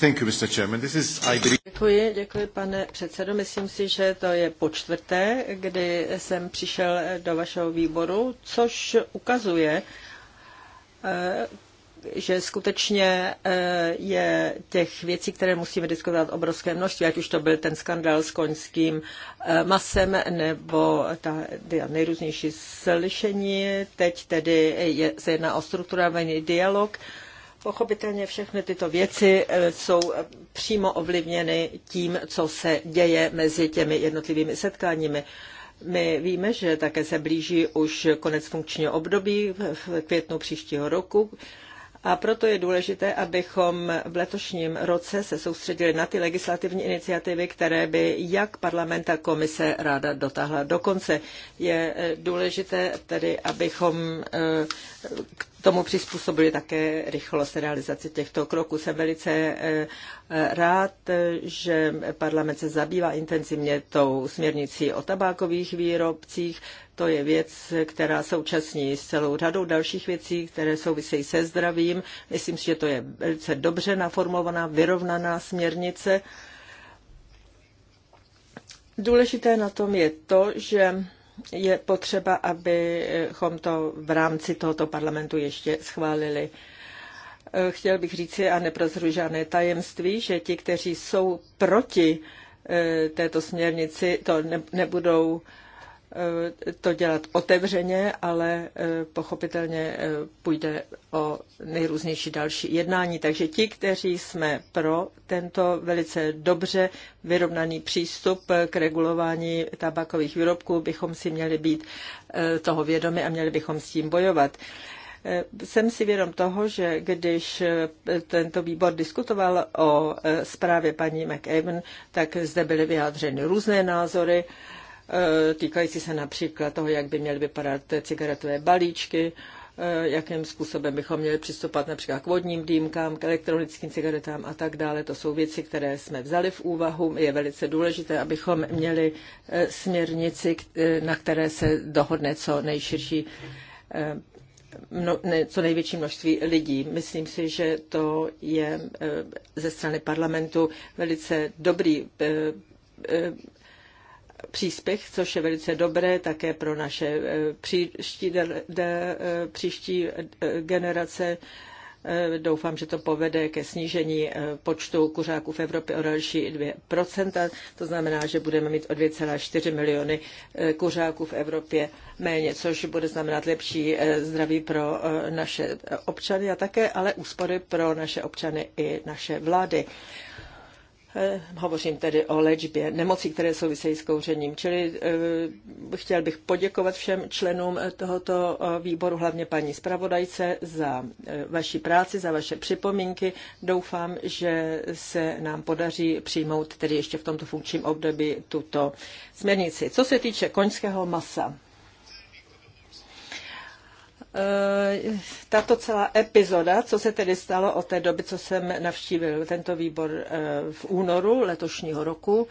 Thank you, Mr. Chairman. This is, I believe... Děkuji, děkuji, pane předsedo. Myslím si, že to je po čtvrté, kdy jsem přišel do vašeho výboru, což ukazuje, eh, že skutečně eh, je těch věcí, které musíme diskutovat, obrovské množství, ať už to byl ten skandal s koňským eh, masem nebo ta, ta nejrůznější slyšení. Teď tedy je, se jedná o strukturovaný dialog. Pochopitelně všechny tyto věci eh, jsou přímo ovlivněny tím, co se děje mezi těmi jednotlivými setkáními. My víme, že také se blíží už konec funkčního období v květnu příštího roku. A proto je důležité, abychom v letošním roce se soustředili na ty legislativní iniciativy, které by jak parlament tak komise ráda dotáhla do konce. Je eh, důležité tedy, abychom eh, k tomu přizpůsobili také rychlost realizace těchto kroků. Jsem velice eh, rád, že parlament se zabývá intenzivně tou směrnicí o tabákových výrobcích. To je věc, která současní s celou řadou dalších věcí, které souvisejí se zdravím. Myslím si, že to je velice dobře naformovaná, vyrovnaná směrnice. Důležité na tom je to, že je potřeba, abychom to v rámci tohoto parlamentu ještě schválili. Chtěl bych říci, a neprozruji žádné tajemství, že ti, kteří jsou proti eh, této směrnici, to nebudou Eh, to dělat otevřeně, ale eh, pochopitelně eh, půjde o nejrůznější další jednání. Takže ti, kteří jsme pro tento velice dobře vyrovnaný přístup k regulování tabakových výrobků, bychom si měli být toho vědomi a měli bychom s tím bojovat. Jsem si vědom toho, že když tento výbor diskutoval o zprávě paní McEwen, tak zde byly vyjádřeny různé názory. Eh, týkající se například toho, jak by měly vypadat cigaretové balíčky, eh, jakým způsobem bychom měli přistupovat například k vodním dýmkám, k elektronickým cigaretám a tak dále. To jsou věci, které jsme vzali v úvahu. Je velice důležité, abychom měli eh, směrnici, na které se dohodne co nejširší co největší množství lidí. Myslím si, že to je ze strany parlamentu velice dobrý příspěch, což je velice dobré také pro naše eh, příští, de, de, eh, příští eh, generace. Doufám, že to povede ke snížení počtu kuřáků v Evropě o další 2%. To znamená, že budeme mít o 2,4 miliony kuřáků v Evropě méně, což bude znamenat lepší zdraví pro naše občany a také ale úspory pro naše občany i naše vlády. Eh, hovořím tedy o léčbě nemocí, které souvisejí s kouřením. Čili eh, chtěl bych poděkovat všem členům eh, tohoto výboru, hlavně paní zpravodajce, za vaši práci, za vaše připomínky. Doufám, že se nám podaří přijmout tedy ještě v tomto funkčním období tuto směrnici. Co se týče koňského masa, Eh, tato celá epizoda, co se tedy stalo od té doby, co jsem navštívil tento výbor eh, v únoru letošního roku,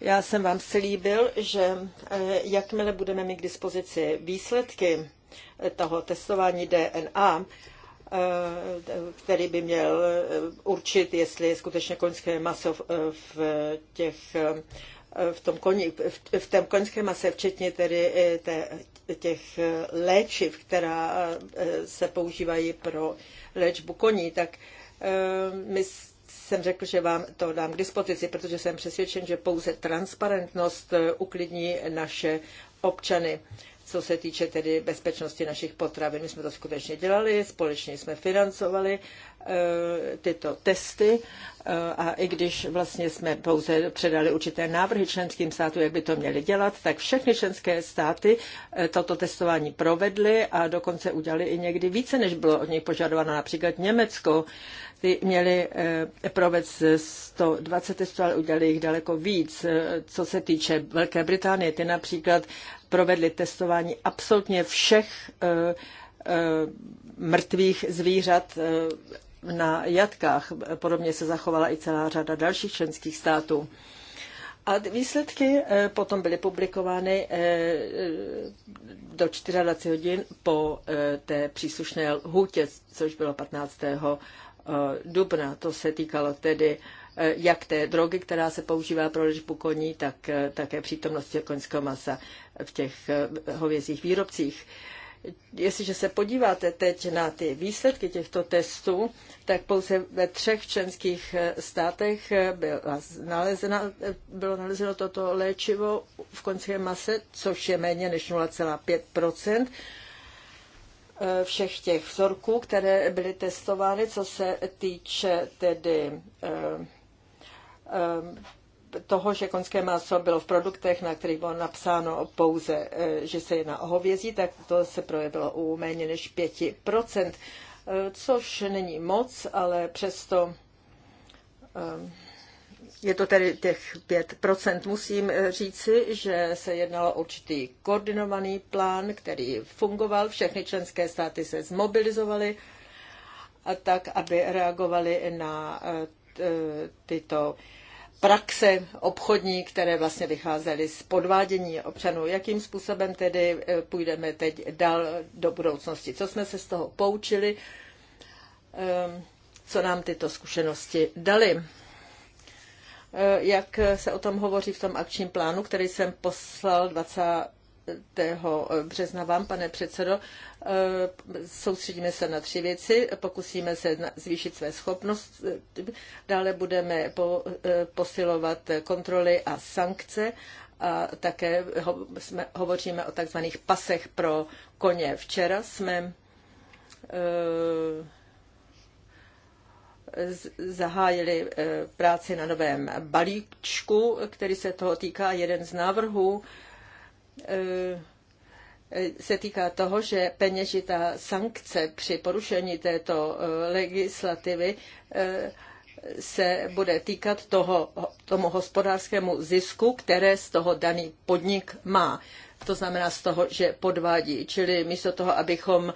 já jsem vám slíbil, že eh, jakmile budeme mít k dispozici výsledky toho testování DNA, který by měl určit, jestli je skutečně koňské maso v těch v tom, koni, v, v tom koňském mase, včetně tedy eh, té, těch eh, léčiv, která eh, se používají pro léčbu koní, tak my jsem řekl, že vám to dám k dispozici, protože jsem přesvědčen, že pouze transparentnost uklidní naše občany co se týče tedy bezpečnosti našich potravin. My jsme to skutečně dělali, společně jsme financovali eh, tyto testy eh, a i když vlastně jsme pouze předali určité návrhy členským státům, jak by to měli dělat, tak všechny členské státy eh, toto testování provedly a dokonce udělali i někdy více, než bylo od nich požadováno. Například Německo, ty měli provést 120 testů, ale udělali jich daleko víc. Co se týče Velké Británie, ty například provedli testování absolutně všech eh, eh, mrtvých zvířat eh, na jatkách. Podobně se zachovala i celá řada dalších členských států. A výsledky potom byly publikovány do 24 hodin po té příslušné lhůtě, což bylo 15. dubna. To se týkalo tedy Eh, jak té drogy, která se používá pro léčbu koní, tak eh, také přítomnosti koňského masa v těch eh, hovězích výrobcích. Jestliže se podíváte teď na ty výsledky těchto testů, tak pouze ve třech členských státech byla nalezena, bylo nalezeno toto léčivo v koňské mase, což je méně než 0,5 všech těch vzorků, které byly testovány, co se týče tedy Ehm, toho, že konské maso bylo v produktech, na kterých bylo napsáno pouze, eh, že se jedná o hovězí, tak to se projevilo u méně než 5%, eh, což není moc, ale přesto ehm, je to tedy těch 5%. Musím eh, říci, že se jednalo o určitý koordinovaný plán, který fungoval. Všechny členské státy se zmobilizovaly tak, aby reagovali na tyto praxe obchodní, které vlastně vycházely z podvádění občanů. Jakým způsobem tedy e, půjdeme teď dál do budoucnosti? Co jsme se z toho poučili? Ehm, co nám tyto zkušenosti dali? E, jak se o tom hovoří v tom akčním plánu, který jsem poslal 20. Eh, března vám, pane předsedo. Eh, soustředíme se na tři věci, pokusíme se zvýšit své schopnost, dále budeme eh, posilovat kontroly a sankce a také hovoříme o takzvaných pasech pro koně. Včera jsme zahájili práci na novém balíčku, který se toho týká. Jeden z návrhů Eh, se týká toho, že peněžitá sankce při porušení této eh, legislativy eh, se bude týkat toho, tomu hospodářskému zisku, které z toho daný podnik má. To znamená z toho, že podvádí. Čili místo toho, abychom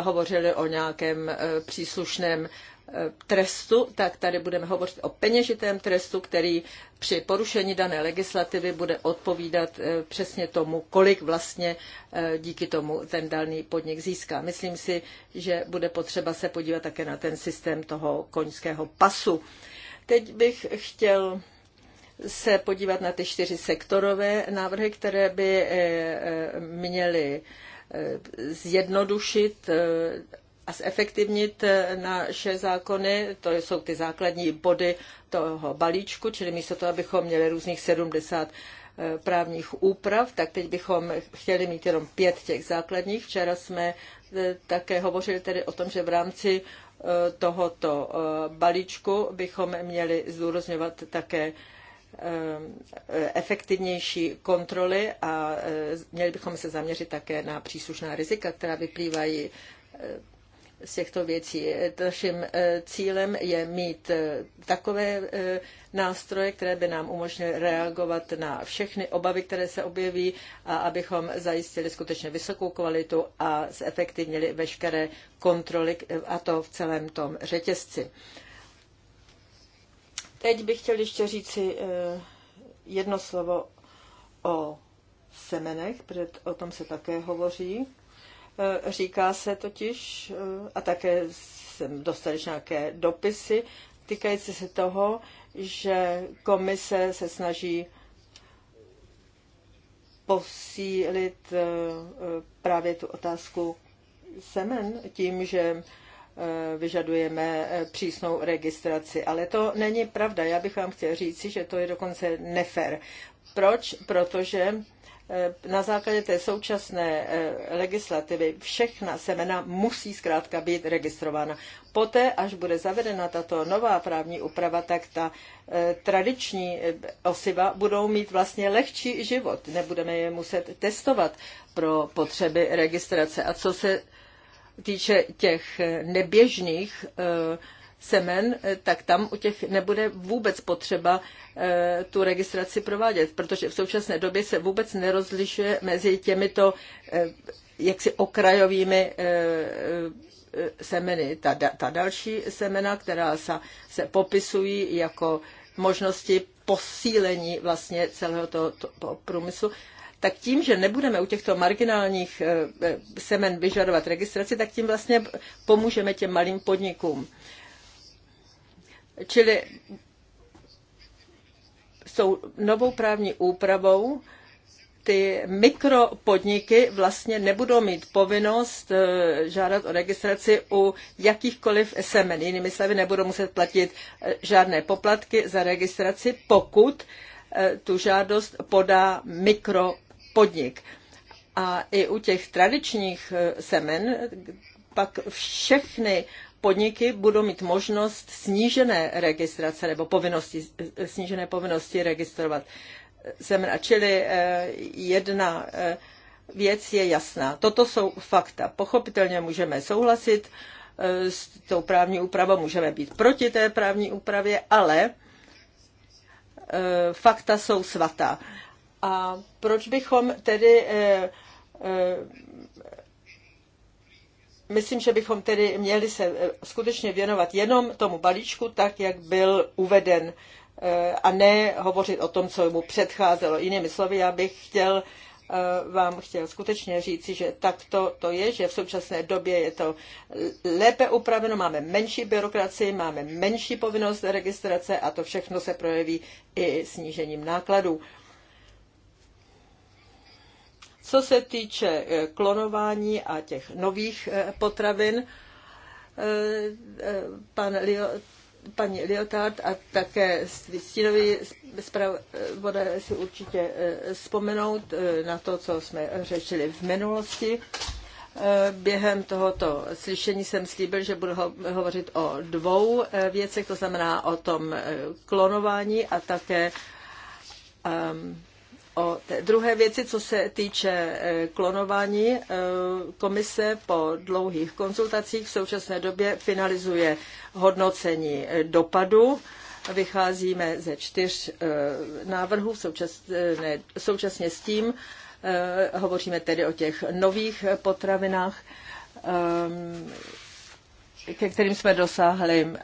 hovořili o nějakém příslušném Eh, trestu, tak tady budeme hovořit o peněžitém trestu, který při porušení dané legislativy bude odpovídat eh, přesně tomu, kolik vlastně eh, díky tomu ten daný podnik získá. Myslím si, že bude potřeba se podívat také na ten systém toho koňského pasu. Teď bych chtěl se podívat na ty čtyři sektorové návrhy, které by měly zjednodušit a zefektivnit eh, naše zákony. To jsou ty základní body toho balíčku, čili místo toho, abychom měli různých 70 eh, právních úprav, tak teď bychom chtěli mít jenom pět těch základních. Včera jsme eh, také hovořili tedy o tom, že v rámci tohoto balíčku bychom měli zdůrazňovat také efektivnější kontroly a měli bychom se zaměřit také na příslušná rizika, která vyplývají z těchto věcí. Naším eh, cílem je mít eh, takové eh, nástroje, které by nám umožnily reagovat na všechny obavy, které se objeví a abychom zajistili skutečně vysokou kvalitu a zefektivnili veškeré kontroly a to v celém tom řetězci. Teď bych chtěl ještě říci jedno slovo o semenech, protože o tom se také hovoří. E, říká se totiž, e, a také jsem dostal nějaké dopisy týkající se toho, že komise se snaží posílit e, právě tu otázku semen tím, že vyžadujeme přísnou registraci. Ale to není pravda. Já bych vám chtěl říci, že to je dokonce nefér. Proč? Protože Eh, na základě té současné eh, legislativy všechna semena musí zkrátka být registrována. Poté, až bude zavedena tato nová právní úprava, tak ta eh, tradiční osiva budou mít vlastně lehčí život. Nebudeme je muset testovat pro potřeby registrace. A co se týče těch neběžných uh, semen, eh, tak tam u těch nebude vůbec potřeba eh, tu registraci provádět, protože v současné době se vůbec nerozlišuje mezi těmito eh, jaksi okrajovými semeny. Ta, ta další semena, která se, se popisují jako možnosti posílení vlastně celého toho, to, průmyslu, tak tím, že nebudeme u těchto marginálních semen vyžadovat registraci, tak tím vlastně pomůžeme těm malým podnikům. Čili jsou novou právní úpravou ty mikropodniky vlastně nebudou mít povinnost eh, žádat o registraci u jakýchkoliv semen. Jinými slovy, nebudou muset platit eh, žádné poplatky za registraci, pokud eh, tu žádost podá mikropodnik. A i u těch tradičních semen pak všechny podniky budou mít možnost snížené registrace nebo povinnosti, snížené povinnosti registrovat semena. Čili eh, jedna eh, věc je jasná. Toto jsou fakta. Pochopitelně můžeme souhlasit eh, s tou právní úpravou, můžeme být proti té právní úpravě, ale fakta jsou svatá. A proč bychom tedy myslím, že bychom tedy měli se eh, skutečně věnovat jenom tomu balíčku, tak jak byl uveden eh, a ne hovořit o tom, co mu předcházelo. Jinými slovy, já bych chtěl eh, vám chtěl skutečně říci, že takto to je, že v současné době je to lépe upraveno, máme menší byrokracii, máme menší povinnost registrace a to všechno se projeví i snížením nákladů. Co se týče eh, klonování a těch nových eh, potravin, eh, pan Leo, paní Liotard a také stínový zpravodaj si určitě vzpomenout na to, co jsme řešili v minulosti. Během tohoto slyšení jsem slíbil, že budu hovořit o dvou věcech, to znamená o tom klonování a také um, O té druhé věci, co se týče e, klonování, e, komise po dlouhých konzultacích v současné době finalizuje hodnocení e, dopadu. Vycházíme ze čtyř návrhů současně, současně s tím. Hovoříme tedy o těch nových potravinách ke kterým jsme dosáhli um,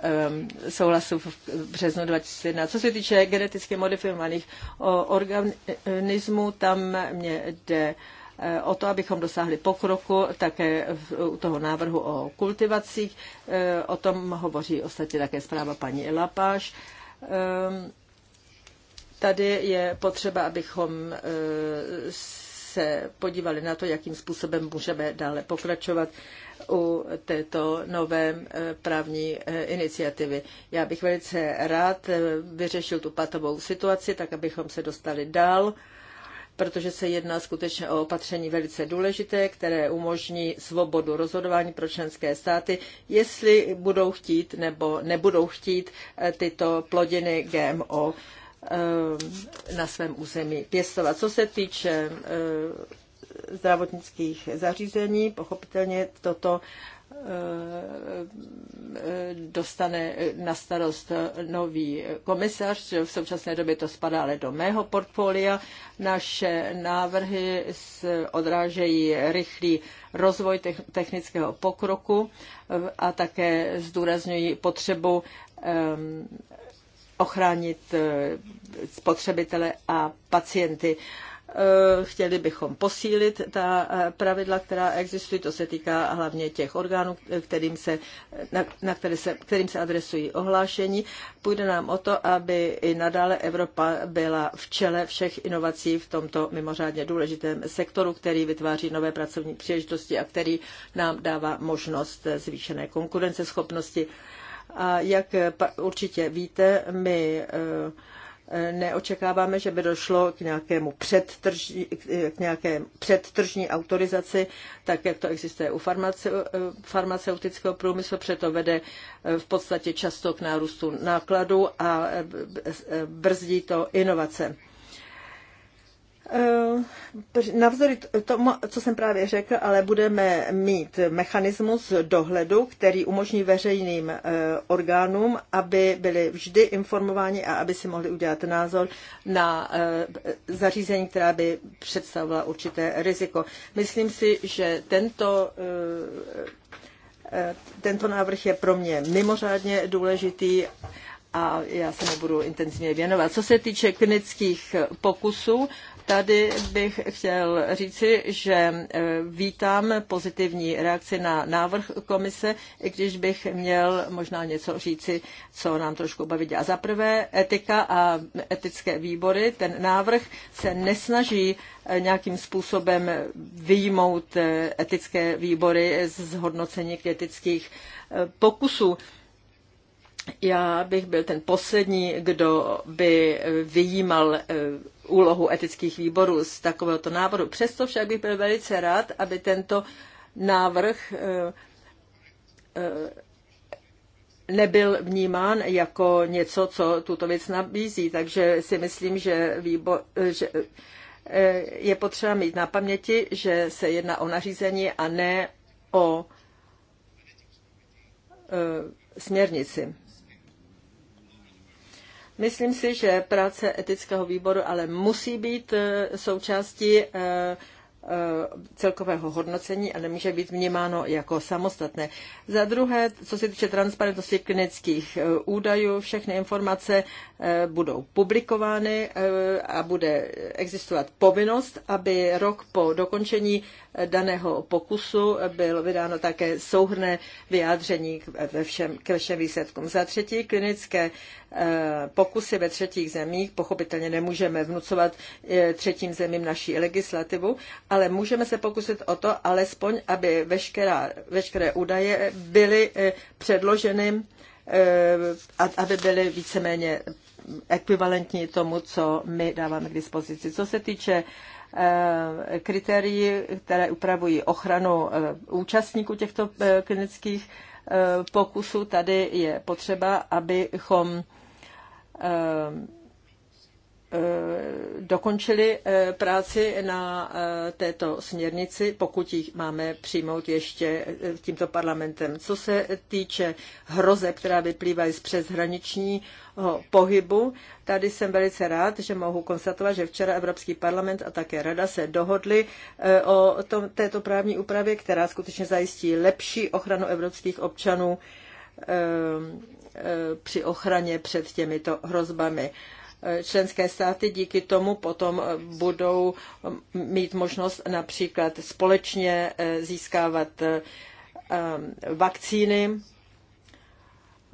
souhlasu v březnu 2001. Co se týče geneticky modifikovaných organismů, tam mě jde eh, o to, abychom dosáhli pokroku, také u toho návrhu o kultivacích. Eh, o tom hovoří ostatně také zpráva paní Lapáš. Eh, tady je potřeba, abychom se podívali na to, jakým způsobem můžeme dále pokračovat u této nové eh, právní eh, iniciativy. Já bych velice rád eh, vyřešil tu patovou situaci, tak abychom se dostali dál protože se jedná skutečně o opatření velice důležité, které umožní svobodu rozhodování pro členské státy, jestli budou chtít nebo nebudou chtít tyto plodiny GMO Eh, na svém území pěstovat. Co se týče eh, zdravotnických zařízení, pochopitelně toto eh, dostane na starost nový komisař. V současné době to spadá ale do mého portfolia. Naše návrhy odrážejí rychlý rozvoj technického pokroku a také zdůrazňují potřebu ochránit eh, spotřebitele a pacienty. Eh, chtěli bychom posílit ta eh, pravidla, která existují, to se týká hlavně těch orgánů, kterým se, na, na které se, kterým se adresují ohlášení. Půjde nám o to, aby i nadále Evropa byla v čele všech inovací v tomto mimořádně důležitém sektoru, který vytváří nové pracovní příležitosti a který nám dává možnost zvýšené konkurenceschopnosti. schopnosti a jak eh, určitě víte, my eh, neočekáváme, že by došlo k, nějakému předtržní, eh, k nějaké předtržní autorizaci, tak jak to existuje u farmaceutického průmyslu, proto vede v podstatě často k nárůstu nákladů a brzdí to inovace. Eh, Navzory tomu, co jsem právě řekl, ale budeme mít mechanismus dohledu, který umožní veřejným eh, orgánům, aby byli vždy informováni a aby si mohli udělat názor na eh, zařízení, která by představovala určité riziko. Myslím si, že tento tento návrh je pro mě mimořádně důležitý a já se mu budu intenzivně věnovat. Co se týče klinických pokusů, Tady bych chtěl říci, že e, vítám pozitivní reakci na návrh komise, i když bych měl možná něco říci, co nám trošku baví. A za prvé etika a etické výbory. Ten návrh se nesnaží e, nějakým způsobem vyjmout e, etické výbory z hodnocení kritických pokusů. Já bych byl ten poslední, kdo by vyjímal úlohu etických výborů z takovéhoto návrhu. Přesto však bych byl velice rád, aby tento návrh eh, eh, nebyl vnímán jako něco, co tuto věc nabízí. Takže si myslím, že, výbor, že eh, je potřeba mít na paměti, že se jedná o nařízení a ne o směrnici. Myslím si, že práce etického výboru ale musí být eh, součástí eh, eh, celkového hodnocení a nemůže být vnímáno jako samostatné. Za druhé, co se týče transparentnosti klinických údajů, všechny informace budou publikovány a bude existovat povinnost, aby rok po dokončení daného pokusu bylo vydáno také souhrné vyjádření ve všem, k všem výsledkům. Za třetí, klinické eh, pokusy ve třetích zemích. Pochopitelně nemůžeme vnucovat eh, třetím zemím naší legislativu, ale můžeme se pokusit o to, alespoň, aby veškerá, veškeré údaje byly eh, předloženy a aby byly víceméně ekvivalentní tomu, co my dáváme k dispozici. Co se týče uh, Eh, kritérií, které upravují ochranu eh, účastníků těchto eh, klinických pokusů. Tady je potřeba, abychom Eh, dokončili eh, práci na eh, této směrnici, pokud ji máme přijmout ještě tímto parlamentem. Co se týče hroze, která vyplývají z přeshraničního pohybu, tady jsem velice rád, že mohu konstatovat, že včera Evropský parlament a také Rada se dohodli o tom, této právní úpravě, která skutečně zajistí lepší ochranu evropských občanů při ochraně před těmito hrozbami členské státy díky tomu potom budou mít možnost například společně eh, získávat eh, vakcíny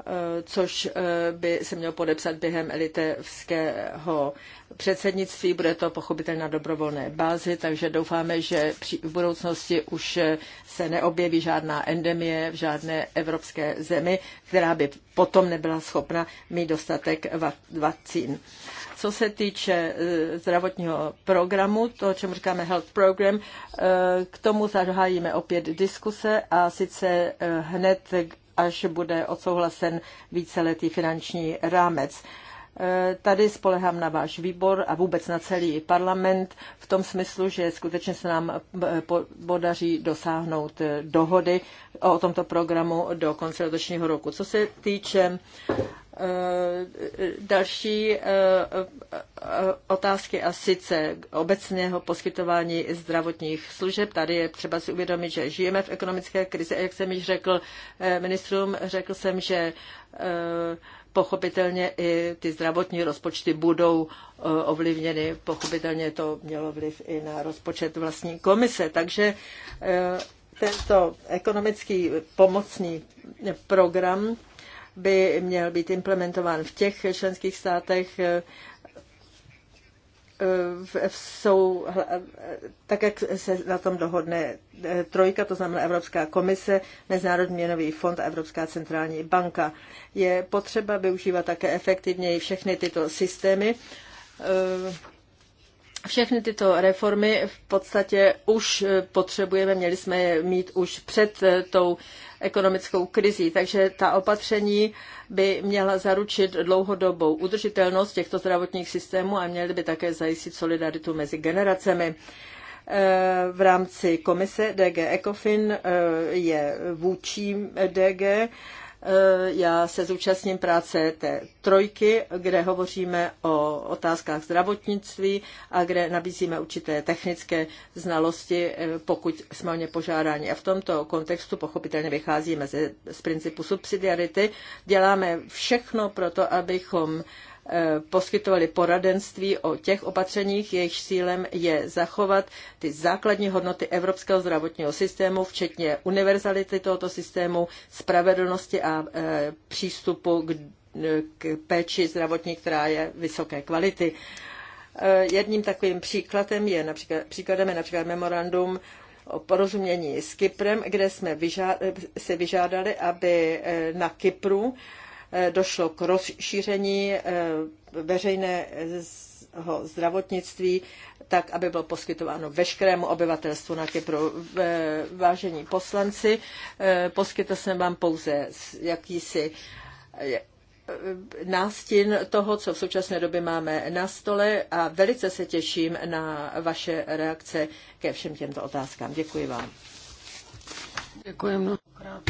Eh, což eh, by se mělo podepsat během litevského předsednictví. Bude to pochopitelně na dobrovolné bázi, takže doufáme, že v budoucnosti už eh, se neobjeví žádná endemie v žádné evropské zemi, která by potom nebyla schopna mít dostatek vakcín. Co se týče zdravotního programu, to, čemu říkáme Health Program, k tomu zahájíme opět diskuse a sice hned až bude odsouhlasen víceletý finanční rámec. Tady spolehám na váš výbor a vůbec na celý parlament v tom smyslu, že skutečně se nám eh, podaří dosáhnout eh, dohody o tomto programu do konce letošního roku. Co se týče eh, další otázky a sice obecného poskytování zdravotních služeb. Tady je třeba si uvědomit, že žijeme v ekonomické krizi a jak jsem již řekl ministrům, řekl jsem, že Pochopitelně i ty zdravotní rozpočty budou eh, ovlivněny, pochopitelně to mělo vliv i na rozpočet vlastní komise, takže eh, tento ekonomický pomocný program by měl být implementován v těch členských státech, eh, v, v sou, tak, jak se na tom dohodne eh, trojka, to znamená Evropská komise, Mezinárodní měnový fond a Evropská centrální banka. Je potřeba využívat také efektivněji všechny tyto systémy. Eh, všechny tyto reformy v podstatě už eh, potřebujeme, měli jsme je mít už před tou ekonomickou krizí. Takže ta opatření by měla zaručit dlouhodobou udržitelnost těchto zdravotních systémů a měly by také zajistit solidaritu mezi generacemi e, v rámci komise DG Ecofin e, je vůči DG Eh, já se zúčastním práce té trojky, kde hovoříme o otázkách zdravotnictví a kde nabízíme určité technické znalosti, eh, pokud jsme o ně požádáni. A v tomto kontextu pochopitelně vycházíme z, z principu subsidiarity. Děláme všechno pro to, abychom Eh, poskytovali poradenství o těch opatřeních, jejich cílem je zachovat ty základní hodnoty evropského zdravotního systému, včetně univerzality tohoto systému, spravedlnosti a eh, přístupu k, k péči zdravotní, která je vysoké kvality. Eh, jedním takovým příkladem je například, příkladem je například memorandum o porozumění s Kyprem, kde jsme vyžá, si vyžádali, aby na Kypru došlo k rozšíření eh, veřejného zdravotnictví, tak aby bylo poskytováno veškerému obyvatelstvu na Kypru. Eh, vážení poslanci, eh, poskytl jsem vám pouze jakýsi nástin toho, co v současné době máme na stole a velice se těším na vaše reakce ke všem těmto otázkám. Děkuji vám. Děkuji mnohokrát.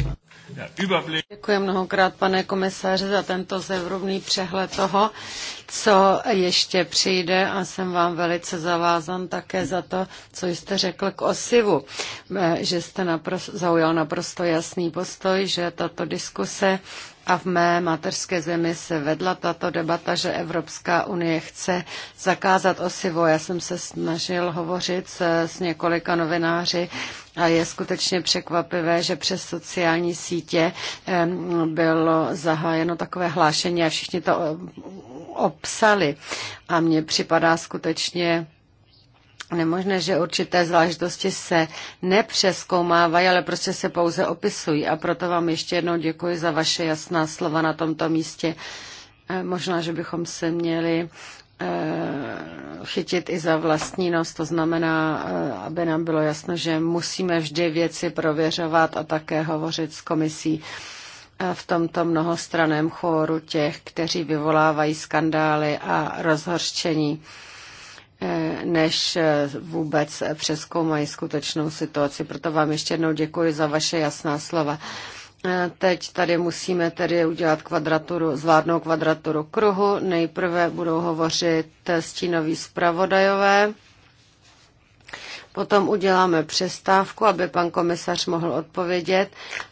Děkuji mnohokrát, pane komisaři, za tento zevrubný přehled toho, co ještě přijde a jsem vám velice zavázan také za to, co jste řekl k osivu, eh, že jste naprosto, zaujal naprosto jasný postoj, že tato diskuse a v mé mateřské zemi se vedla tato debata, že Evropská unie chce zakázat osivo. Já jsem se snažil hovořit s, s několika novináři a je skutečně překvapivé, že přes sociální sítě bylo zahájeno takové hlášení a všichni to obsali. A mně připadá skutečně nemožné, že určité záležitosti se nepřeskoumávají, ale prostě se pouze opisují. A proto vám ještě jednou děkuji za vaše jasná slova na tomto místě. Eh, možná, že bychom se měli eh, chytit i za vlastní nos, to znamená, eh, aby nám bylo jasno, že musíme vždy věci prověřovat a také hovořit s komisí v tomto mnohostraném chóru těch, kteří vyvolávají skandály a rozhorčení než eh, vůbec přeskoumají skutečnou situaci. Proto vám ještě jednou děkuji za vaše jasná slova. Eh, teď tady musíme tedy udělat kvadraturu, zvládnou kvadraturu kruhu. Nejprve budou hovořit stínoví zpravodajové. Potom uděláme přestávku, aby pan komisař mohl odpovědět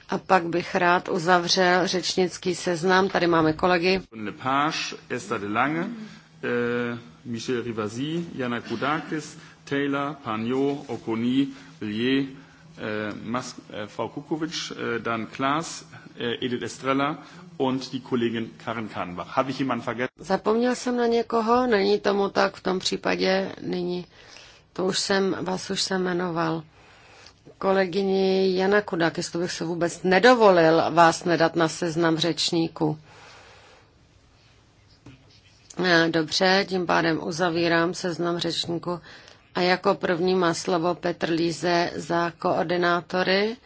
a pak bych rád uzavřel řečnický seznam. Tady máme kolegy. Páš, Esther de Lange, eh, Michel Rivasi, Kudakis, Taylor, Pagnot, Oconi, Villiers, äh, Mas äh, Frau Kukovic, äh, dann Klaas, äh, Edith Estrella und die Kollegin Karin Kahnbach. Habe ich jemanden vergessen? Zapomněl jsem na někoho, není tomu tak, v tom případě nyní. To už jsem, vás už jsem jmenoval. Kolegyni Jana Kudakis, to bych se vůbec nedovolil vás nedat na seznam řečníků. Eh, dobře, tím pádem uzavírám seznam řečníků. A jako první má slovo Petr Líze za koordinátory.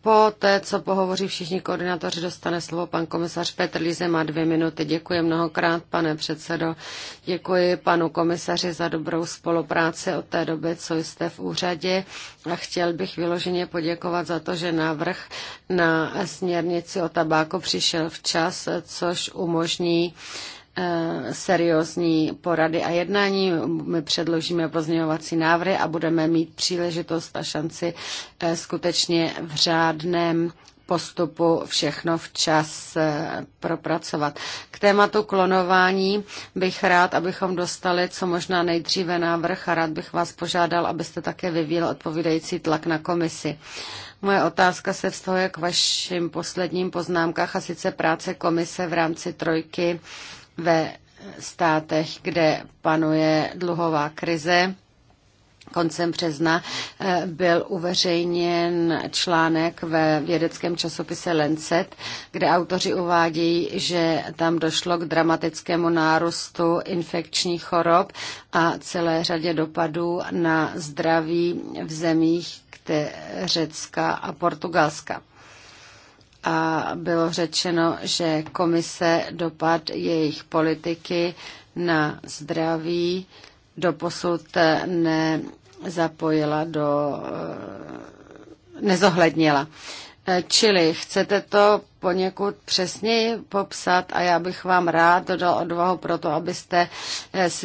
Po té, co pohovoří všichni koordinátoři, dostane slovo pan komisař Petr Líze, má dvě minuty. Děkuji mnohokrát, pane předsedo. Děkuji panu komisaři za dobrou spolupráci od té doby, co jste v úřadě. A chtěl bych vyloženě poděkovat za to, že návrh na směrnici o tabáku přišel včas, což umožní uh, Eh, seriózní porady a jednání. My předložíme pozměňovací návrhy a budeme mít příležitost a šanci eh, skutečně v řádném postupu všechno včas eh, propracovat. K tématu klonování bych rád, abychom dostali co možná nejdříve návrh a rád bych vás požádal, abyste také vyvíjel odpovídající tlak na komisi. Moje otázka se vztahuje k vašim posledním poznámkách a sice práce komise v rámci trojky ve státech, kde panuje dluhová krize, koncem března eh, byl uveřejněn článek ve vědeckém časopise Lancet, kde autoři uvádějí, že tam došlo k dramatickému nárůstu infekčních chorob a celé řadě dopadů na zdraví v zemích Řecka a Portugalska a bylo řečeno, že komise dopad jejich politiky na zdraví doposud nezapojila do, nezohlednila. Čili chcete to poněkud přesněji popsat a já bych vám rád dodal odvahu pro to, abyste eh, s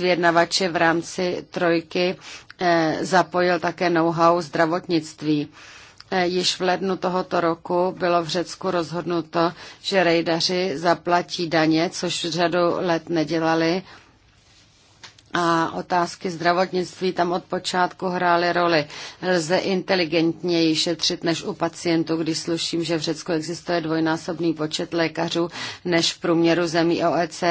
v rámci trojky eh, zapojil také know-how zdravotnictví. Eh, již v lednu tohoto roku bylo v Řecku rozhodnuto, že rejdaři zaplatí daně, což řadu let nedělali. A otázky zdravotnictví tam od počátku hrály roli. Lze inteligentněji šetřit než u pacientů, když sluším, že v Řecku existuje dvojnásobný počet lékařů než v průměru zemí OECD.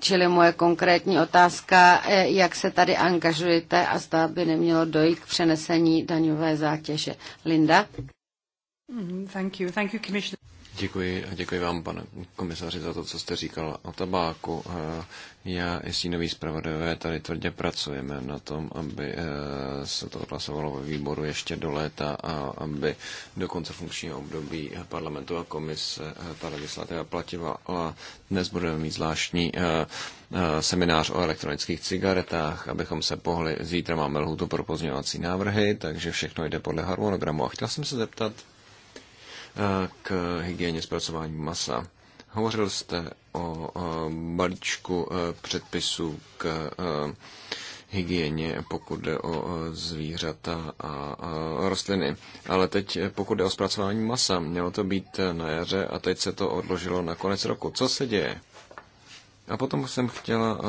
Čili moje konkrétní otázka, eh, jak se tady angažujete a zda by nemělo dojít k přenesení daňové zátěže. Linda? Mm-hmm, thank you. Thank you, Děkuji a děkuji vám, pane komisaři, za to, co jste říkal o tabáku. Eh, já i stínový zpravodajové tady tvrdě pracujeme na tom, aby eh, se to odhlasovalo ve výboru ještě do léta a aby do konce funkčního období parlamentu a komise eh, ta legislativa platila. A dnes budeme mít zvláštní seminář o elektronických cigaretách, abychom se pohli. Zítra máme lhutu pro pozměňovací návrhy, takže všechno jde podle harmonogramu. A chtěl jsem se zeptat, Eh, k hygieně zpracování masa. Hovořil jste o balíčku eh, předpisů k eh, hygieně, pokud jde o zvířata a rostliny. Ale teď, pokud jde o zpracování masa, mělo to být na jaře a teď se to odložilo na konec roku. Co se děje? A potom jsem chtěla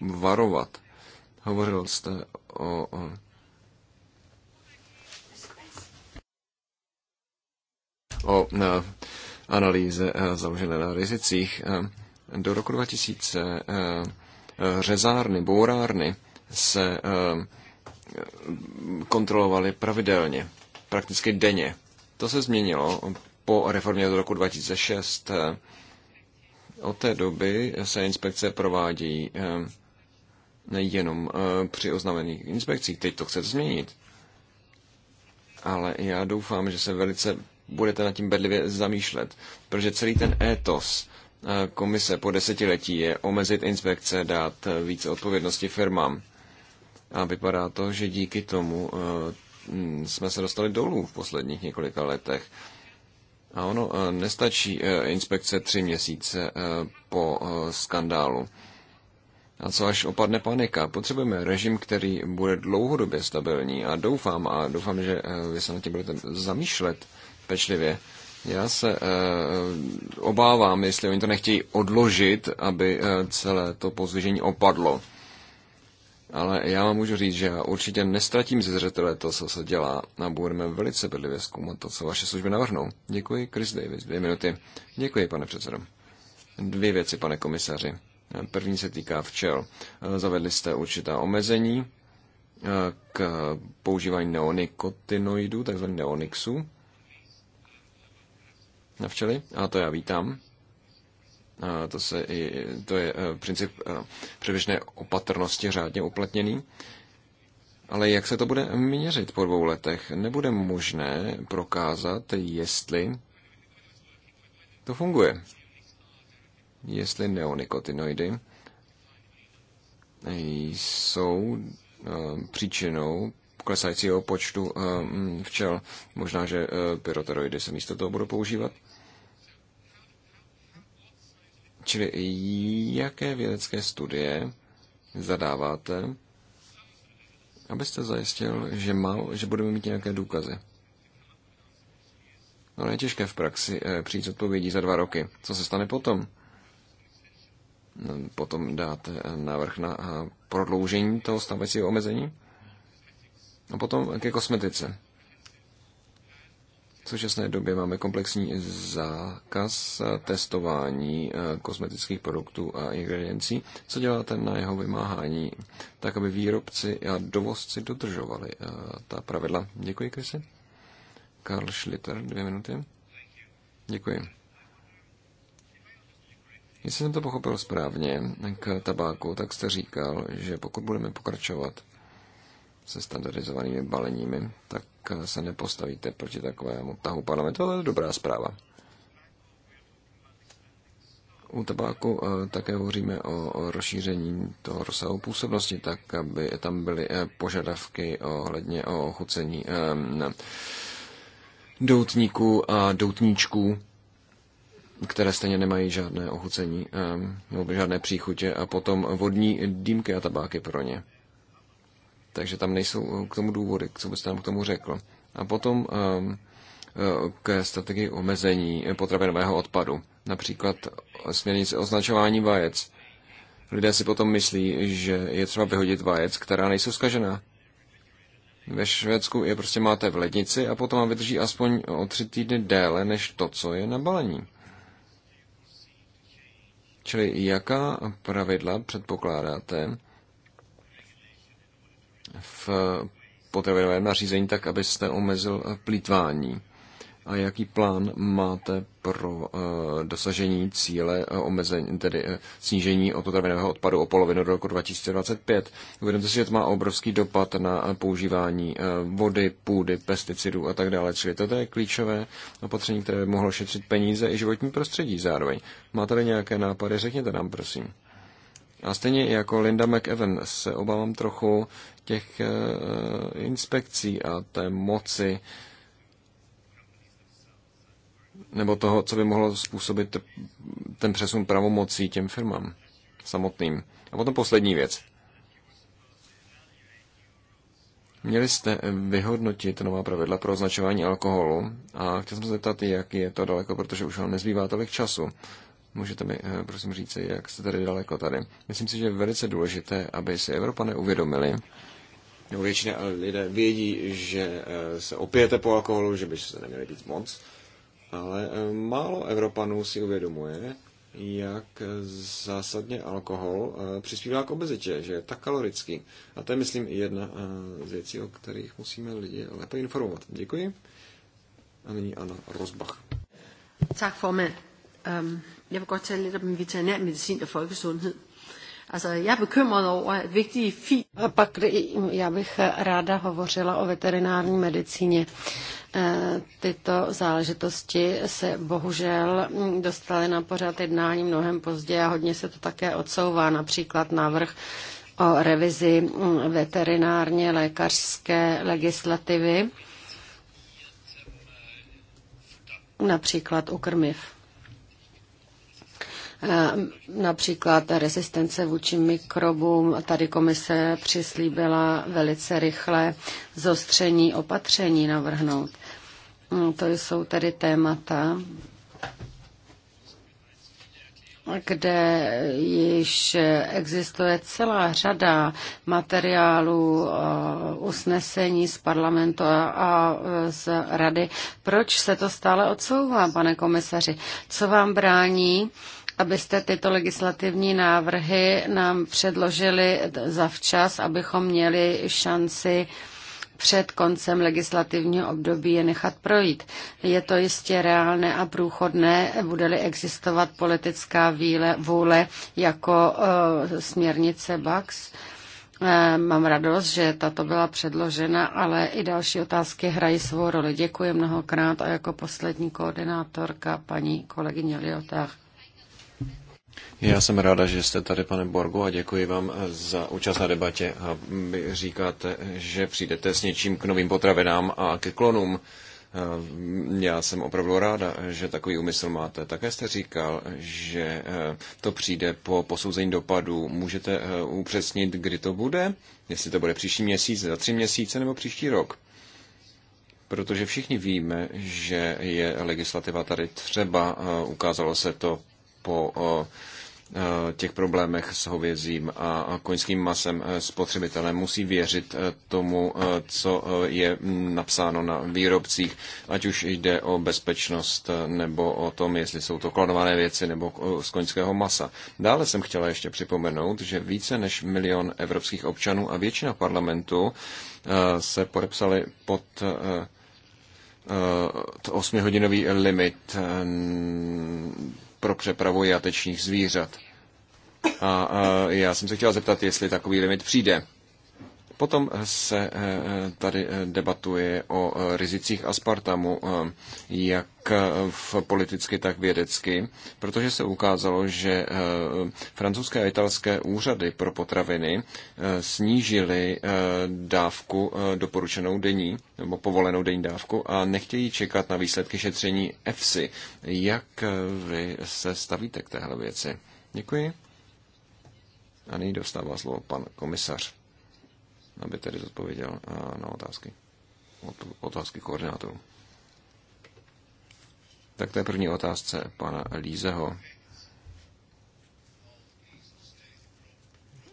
varovat. Hovořil jste o o analýze eh, založené na rizicích. Eh, do roku 2000 eh, řezárny, bourárny se kontrolovaly pravidelně, prakticky denně. To se změnilo po reformě z roku 2006. Od té doby se inspekce provádí jenom při oznámených inspekcích. Teď to chcete změnit. Ale já doufám, že se velice budete nad tím bedlivě zamýšlet, protože celý ten étos eh, komise po desetiletí je omezit inspekce, dát eh, více odpovědnosti firmám. A vypadá to, že díky tomu eh, mm, jsme se dostali dolů v posledních několika letech. A ono nestačí inspekce tři měsíce po skandálu. A co až opadne panika? Potřebujeme režim, který bude dlouhodobě stabilní a doufám, a doufám, že vy se na tím budete zamýšlet, pečlivě. Já se e, obávám, jestli oni to nechtějí odložit, aby e, celé to pozvěžení opadlo. Ale já vám můžu říct, že já určitě nestratím ze zřetele to, co se dělá a budeme velice bedlivě zkoumat to, co vaše služby navrhnou. Děkuji, Chris Davis, dvě minuty. Děkuji, pane předsedo. Dvě věci, pane komisaři. První se týká včel. Eh, zavedli jste určitá omezení k používání neonikotinoidů, takzvaných neonixů na včely a to já vítám. A to, se i, to je eh, princip eh, předběžné opatrnosti řádně uplatněný. Ale jak se to bude měřit po dvou letech? Nebude možné prokázat, jestli to funguje. Jestli neonikotinoidy jsou eh, příčinou klesajícího počtu včel. Možná, že pyroteroidy se místo toho budou používat. Čili jaké vědecké studie zadáváte, abyste zajistil, že, mal, že budeme mít nějaké důkazy? No je těžké v praxi eh, přijít s odpovědí za dva roky. Co se stane potom? No, potom dáte eh, návrh na eh, prodloužení toho stávajícího omezení? A no, potom ke kosmetice. V současné době máme komplexní zákaz eh, testování eh, kosmetických produktů a ingrediencí. Co děláte na jeho vymáhání, tak aby výrobci a dovozci dodržovali eh, ta pravidla? Děkuji, Krysy. Karl Schlitter, dvě minuty. Děkuji. Jestli jsem to pochopil správně k tabáku, tak jste říkal, že pokud budeme pokračovat se standardizovanými baleními, tak se nepostavíte proti takovému tahu parlamentu, ale to je dobrá zpráva. U tabáku eh, také hovoříme o rozšíření toho rozsahu působnosti, tak aby tam byly eh, požadavky ohledně o ochucení eh, doutníků a doutníčků, které stejně nemají žádné ochucení nebo žádné příchutě a potom vodní dýmky a tabáky pro ně. Takže tam nejsou eh, k tomu důvody, co byste nám k tomu řekl. A potom ehm, eh, k strategii omezení eh, potravinového odpadu. Například směrnice označování vajec. Lidé si potom myslí, že je třeba vyhodit vajec, která nejsou zkažená. Ve Švédsku je prostě máte v lednici a potom vám vydrží aspoň o tři týdny déle než to, co je na balení. Čili jaká pravidla předpokládáte, v potravinovém nařízení tak, abyste omezil eh, plítvání? A jaký plán máte pro eh, dosažení cíle eh, omezení, tedy snížení od potravinového odpadu o polovinu do roku 2025? Uvědomte si, že to má obrovský dopad na používání vody, půdy, pesticidů a tak dále. Čili toto je klíčové opatření, které by mohlo šetřit peníze i životní prostředí zároveň. Máte-li nějaké nápady, řekněte nám, prosím. A stejně jako Linda McEwen se obávám trochu těch eh, inspekcí a té moci, nebo toho, co by mohlo způsobit ten přesun pravomocí těm firmám samotným. A potom poslední věc. Měli jste vyhodnotit nová pravidla pro označování alkoholu a chtěl jsem se zeptat, jak je to daleko, protože už vám nezbývá tolik času. Můžete mi eh, prosím říct, jak jste tady daleko tady. Myslím si, že je velice důležité, aby si Evropané uvědomili, nebo většina lidé vědí, že eh, se opijete po alkoholu, že by se neměli být moc, ale eh, málo Evropanů si uvědomuje, jak zásadně alkohol přispívá k obezitě, že je tak kalorický. A to je, myslím, jedna z věcí, o kterých musíme lidi lépe informovat. Děkuji. A nyní Anna Rozbach. Tak, formand. Jeg vil godt tale lidt om veterinær medicin og folkesundhed. Altså, já er bekymret over, at vigtige fi... A pak já bych eh, ráda hovořila o veterinární medicíně. Eh, tyto záležitosti se bohužel hm, dostaly na pořád jednání mnohem pozdě a hodně se to také odsouvá, například návrh o revizi hm, veterinárně lékařské legislativy, například u krmiv. Eh, například rezistence vůči mikrobům. Tady komise přislíbila velice rychle zostření opatření navrhnout. Mm, to jsou tedy témata, kde již existuje celá řada materiálů, eh, usnesení z parlamentu a eh, z rady. Proč se to stále odsouvá, pane komisaři? Co vám brání? abyste tyto legislativní návrhy nám předložili zavčas, abychom měli šanci před koncem legislativního období je nechat projít. Je to jistě reálné a průchodné, bude-li existovat politická víle, vůle jako e, směrnice BAX. E, mám radost, že tato byla předložena, ale i další otázky hrají svou roli. Děkuji mnohokrát a jako poslední koordinátorka paní kolegyně Liotách. Já jsem ráda, že jste tady, pane Borgu, a děkuji vám za účast na debatě. A vy říkáte, že přijdete s něčím k novým potravinám a ke klonům. Já jsem opravdu ráda, že takový úmysl máte. Také jste říkal, že eh, to přijde po posouzení dopadů. Můžete eh, upřesnit, kdy to bude? Jestli to bude příští měsíc, za tři měsíce nebo příští rok? Protože všichni víme, že je legislativa tady třeba. Eh, ukázalo se to po Eh, těch problémech s hovězím a koňským masem eh, spotřebitelé musí věřit eh, tomu, co je napsáno na výrobcích, ať už jde o bezpečnost nebo o tom, jestli jsou to klonované věci nebo z koňského masa. Dále jsem chtěla ještě připomenout, že více než milion evropských občanů a většina parlamentu se podepsali pod osmihodinový limit pro přepravu jatečních zvířat. A, a já jsem se chtěl zeptat, jestli takový limit přijde. Potom se eh, tady eh, debatuje o eh, rizicích aspartamu, jak v politicky, tak vědecky, protože se ukázalo, že francouzské a italské úřady pro potraviny snížily dávku doporučenou denní, nebo povolenou denní dávku a nechtějí čekat na výsledky šetření EFSI. Jak vy se stavíte k téhle věci? Děkuji. A nyní dostává slovo pan komisař aby tedy zodpověděl eh, na otázky, otázky koordinátorů. Tak to je první otázce pana Lízeho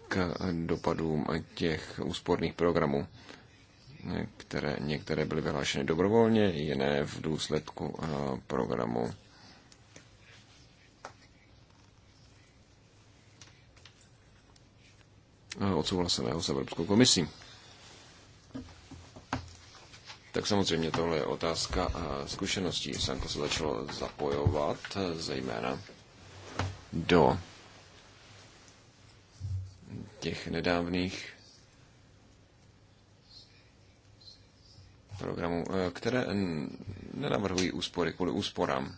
k dopadům těch úsporných programů, které některé byly vyhlášeny dobrovolně, jiné v důsledku eh, programu Eh, odsouhlaseného s Evropskou komisí. Tak samozřejmě tohle je otázka eh, zkušeností. Sanko se začalo zapojovat eh, zejména do těch nedávných programů, které nenavrhují úspory kvůli úsporám,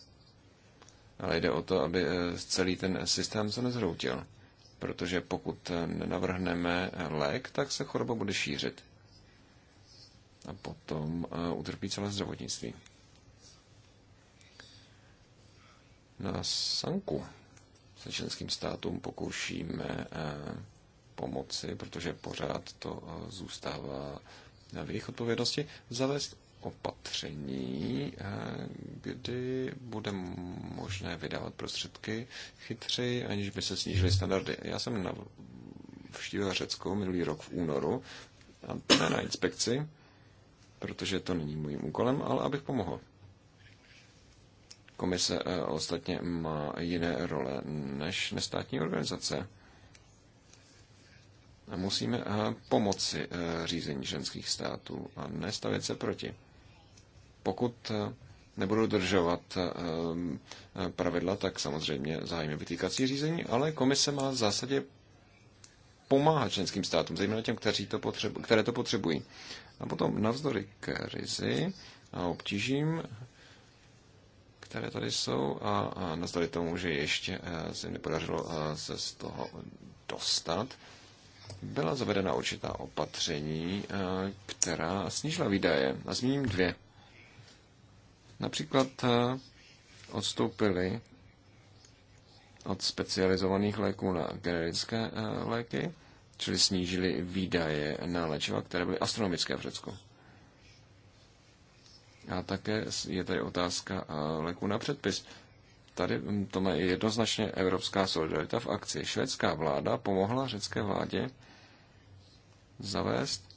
ale jde o to, aby celý ten systém se nezhroutil protože pokud eh, nenavrhneme eh, lék, tak se choroba bude šířit. A potom eh, utrpí celé zdravotnictví. Na Sanku se členským státům pokoušíme pomoci, protože pořád to zůstává na jejich odpovědnosti, zavést opatření, eh, kdy bude možné vydávat prostředky chytři, aniž by se snížily standardy. Já jsem navštívil Řecko minulý rok v únoru, a ne na inspekci, protože to není mým úkolem, ale abych pomohl. Komise eh, ostatně má jiné role než nestátní organizace. Musíme eh, pomoci řízení ženských států a nestavit se proti pokud eh, nebudou dodržovat eh, eh, pravidla, tak samozřejmě zájmy vytýkací řízení, ale komise má v zásadě pomáhat členským státům, zejména těm, kteří to potřebu, které to potřebují. A potom navzdory krizi a obtížím, které tady jsou, a, a navzdory tomu, že ještě se nepodařilo se z toho dostat, byla zavedena určitá opatření, která snížila výdaje. A zmíním dvě. Například eh, odstoupili od specializovaných léků na generické eh, léky, čili snížili výdaje na léčiva, které byly astronomické v Řecku. A také je tady otázka eh, léku na předpis. Tady hm, to je jednoznačně evropská solidarita v akci. Švédská vláda pomohla řecké vládě zavést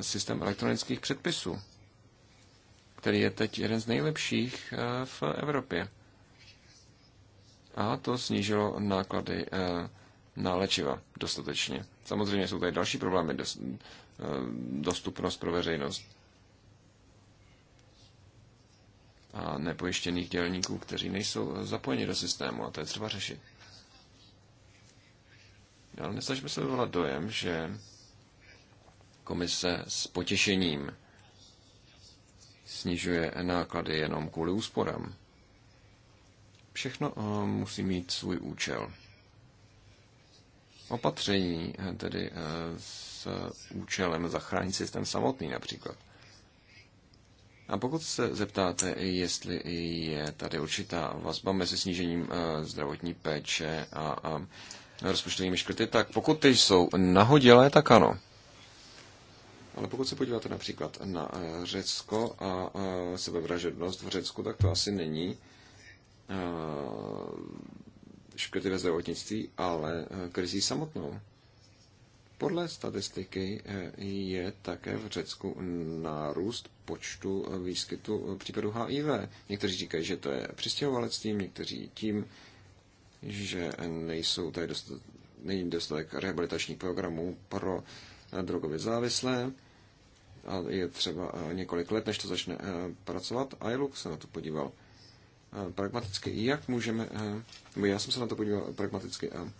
systém elektronických předpisů který je teď jeden z nejlepších eh, v Evropě. A to snížilo náklady eh, na léčiva dostatečně. Samozřejmě jsou tady další problémy, eh, dostupnost pro veřejnost a nepojištěných dělníků, kteří nejsou zapojeni do systému a to je třeba řešit. Ale nesnažme se vyvolat dojem, že komise s potěšením snižuje náklady jenom kvůli úsporám. Všechno eh, musí mít svůj účel. Opatření eh, tedy eh, s účelem zachránit systém samotný například. A pokud se zeptáte, jestli je tady určitá vazba mezi snížením zdravotní péče a rozpočtovými škrty, tak pokud ty jsou nahodilé, tak ano. Ale pokud se podíváte například na eh, Řecko a eh, sebevražednost v Řecku, tak to asi není eh, škody ve zdravotnictví, ale krizí samotnou. Podle statistiky je také v Řecku nárůst počtu výskytu případů HIV. Někteří říkají, že to je přistěhovalectvím, někteří tím, že nejsou tady dostat, není dostatek rehabilitačních programů pro drogově závislé. A je třeba eh, několik let, než to začne eh, pracovat. A Iluk se na to podíval eh, pragmaticky. Jak můžeme, nebo já jsem se na to podíval pragmaticky a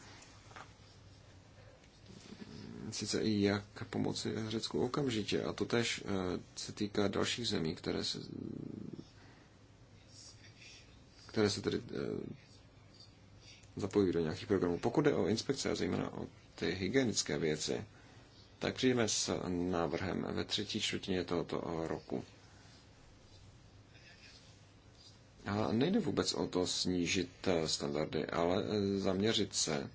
sice i jak pomoci Řecku okamžitě. A to tež se týká dalších zemí, které se, které se tedy zapojují do nějakých programů. Pokud jde o inspekce a zejména o ty hygienické věci, tak přijdeme s návrhem ve třetí čtvrtině tohoto roku. A nejde vůbec o to snížit eh, standardy, ale eh, zaměřit se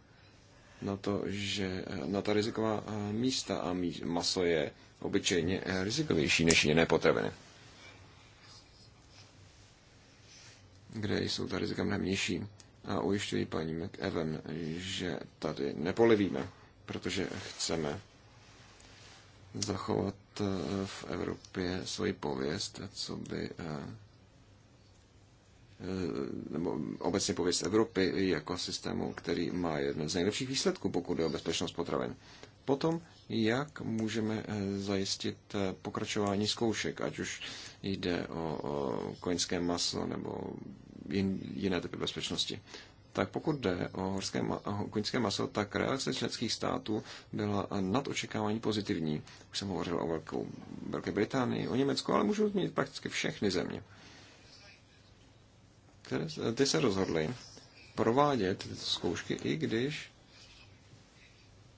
na to, že eh, na ta riziková místa a maso je obyčejně rizikovější než jiné potraviny. Kde jsou ta rizika mnohem nižší. A ujišťují paní McEwen, že tady nepolivíme, protože chceme zachovat eh, v Evropě svoji pověst, co by eh, eh, nebo obecně pověst Evropy jako systému, který má jeden z nejlepších výsledků, pokud je o bezpečnost potravin. Potom, jak můžeme zajistit pokračování zkoušek, ať už jde o koňské maso nebo jiné typy bezpečnosti tak pokud jde o horské ma- koňské maso, tak reakce členských států byla nad očekávání pozitivní. Už jsem hovořil o Velkou, Velké Británii, o Německu, ale můžu zmínit prakticky všechny země. Které, ty se rozhodly provádět tyto zkoušky, i když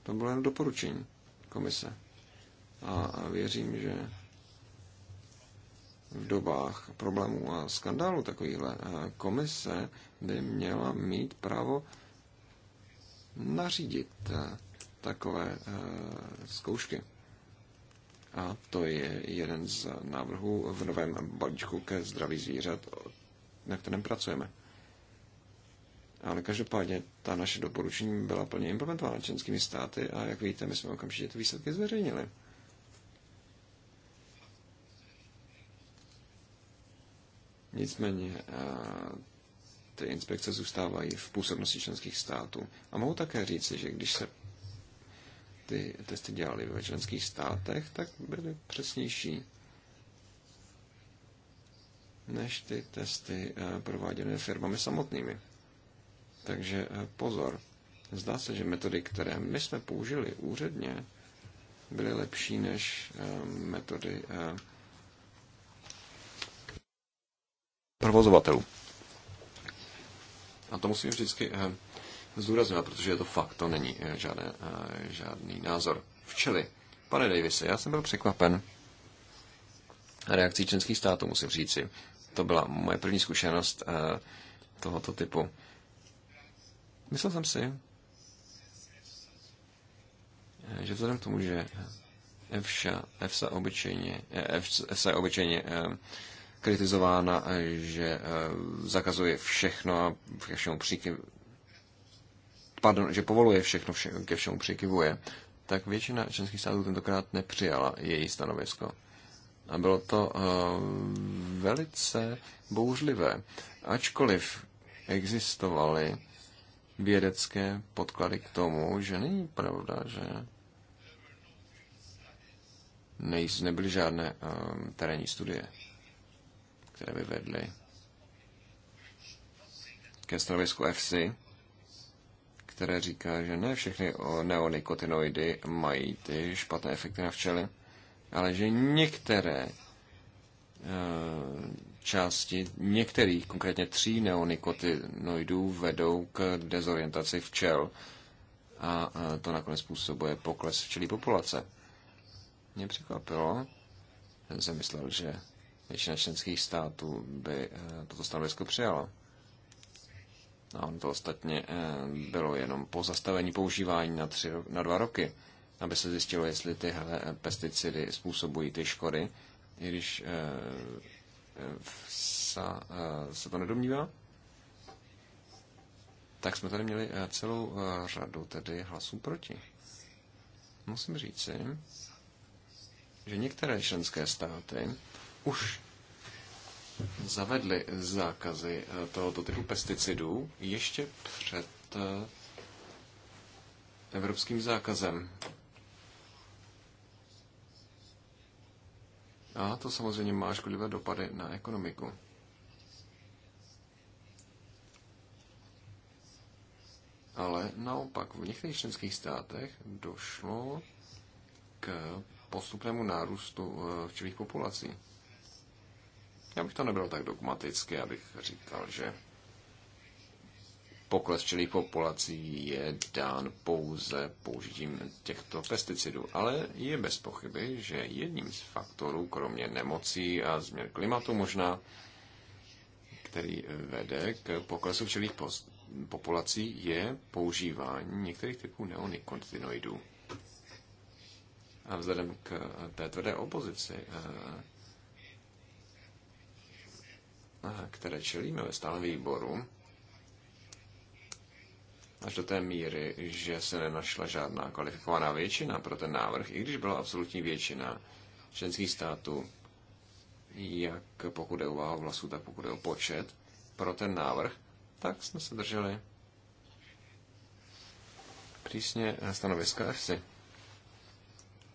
to bylo jen doporučení komise. A, a věřím, že v dobách problémů a skandálu takovýhle eh, komise by měla mít právo nařídit eh, takové eh, zkoušky. A to je jeden z návrhů v novém balíčku ke zdraví zvířat, na kterém pracujeme. Ale každopádně ta naše doporučení byla plně implementována členskými státy a jak víte, my jsme okamžitě ty výsledky zveřejnili. Nicméně eh, ty inspekce zůstávají v působnosti členských států. A mohu také říci, že když se ty testy dělali ve členských státech, tak byly přesnější než ty testy eh, prováděné firmami samotnými. Takže eh, pozor, zdá se, že metody, které my jsme použili úředně, byly lepší než metody provozovatelů. A to musím vždycky eh, zdůrazňovat, protože je to fakt, to není eh, žádné, eh, žádný názor. Včely. Pane Davise, já jsem byl překvapen reakcí členských států, musím říci. To byla moje první zkušenost tohoto typu. Myslel jsem si, že vzhledem k tomu, že EFSA, EFSA obyčejně, EFSA obyčejně kritizována, eh, že eh, zakazuje všechno a ke všemu přikyvuje. Pardon, že povoluje všechno, vše, ke všemu přikyvuje. Tak většina členských států tentokrát nepřijala její stanovisko. A bylo to uh, velice bouřlivé. Ačkoliv existovaly vědecké podklady k tomu, že není pravda, že nebyly žádné terénní studie které by vedly ke stanovisku FC, které říká, že ne všechny neonikotinoidy mají ty špatné efekty na včely, ale že některé eh, části některých, konkrétně tří neonikotinoidů, vedou k dezorientaci včel a to nakonec způsobuje pokles včelí populace. Mě překvapilo, jsem myslel, že Většina členských států by eh, toto stanovisko přijala. A on to ostatně eh, bylo jenom po zastavení používání na, tři, na dva roky, aby se zjistilo, jestli tyhle eh, pesticidy způsobují ty škody, i když se, se to nedomnívá. Tak jsme tady měli celou řadu tedy hlasů proti. Musím říci, že některé členské státy už zavedli zákazy eh, tohoto typu pesticidů ještě před eh, evropským zákazem. A to samozřejmě má škodlivé dopady na ekonomiku. Ale naopak v některých členských státech došlo k postupnému nárůstu eh, včelých populací. Já bych to nebyl tak dogmaticky, abych říkal, že pokles čelých populací je dán pouze použitím těchto pesticidů. Ale je bez pochyby, že jedním z faktorů, kromě nemocí a změn klimatu možná, který vede k poklesu včelých populací, je používání některých typů neonikotinoidů. A vzhledem k té tvrdé opozici eh, které čelíme ve stálem výboru, až do té míry, že se nenašla žádná kvalifikovaná většina pro ten návrh, i když byla absolutní většina členských států, jak pokud je o váhu vlasů, tak pokud je o počet pro ten návrh, tak jsme se drželi přísně stanoviska FC,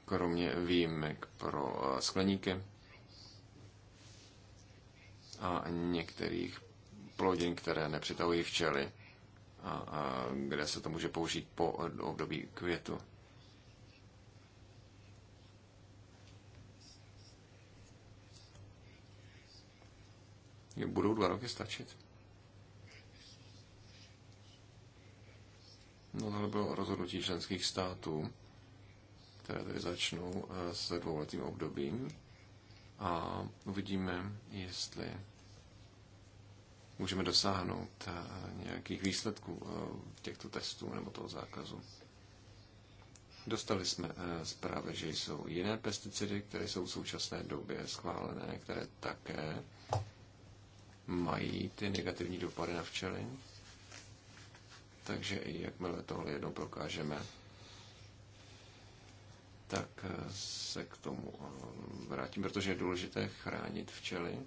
Kromě výjimek pro eh, skleníky, a některých plodin, které nepřitahují včely a, a kde se to může použít po období květu. Budou dva roky stačit? No tohle bylo rozhodnutí členských států, které tedy začnou eh, s dvouletým obdobím a uvidíme, jestli můžeme dosáhnout eh, nějakých výsledků eh, těchto testů nebo toho zákazu. Dostali jsme eh, zprávy, že jsou jiné pesticidy, které jsou v současné době schválené, které také mají ty negativní dopady na včely. Takže i jakmile tohle jednou prokážeme, tak eh, se k tomu eh, vrátím, protože je důležité chránit včely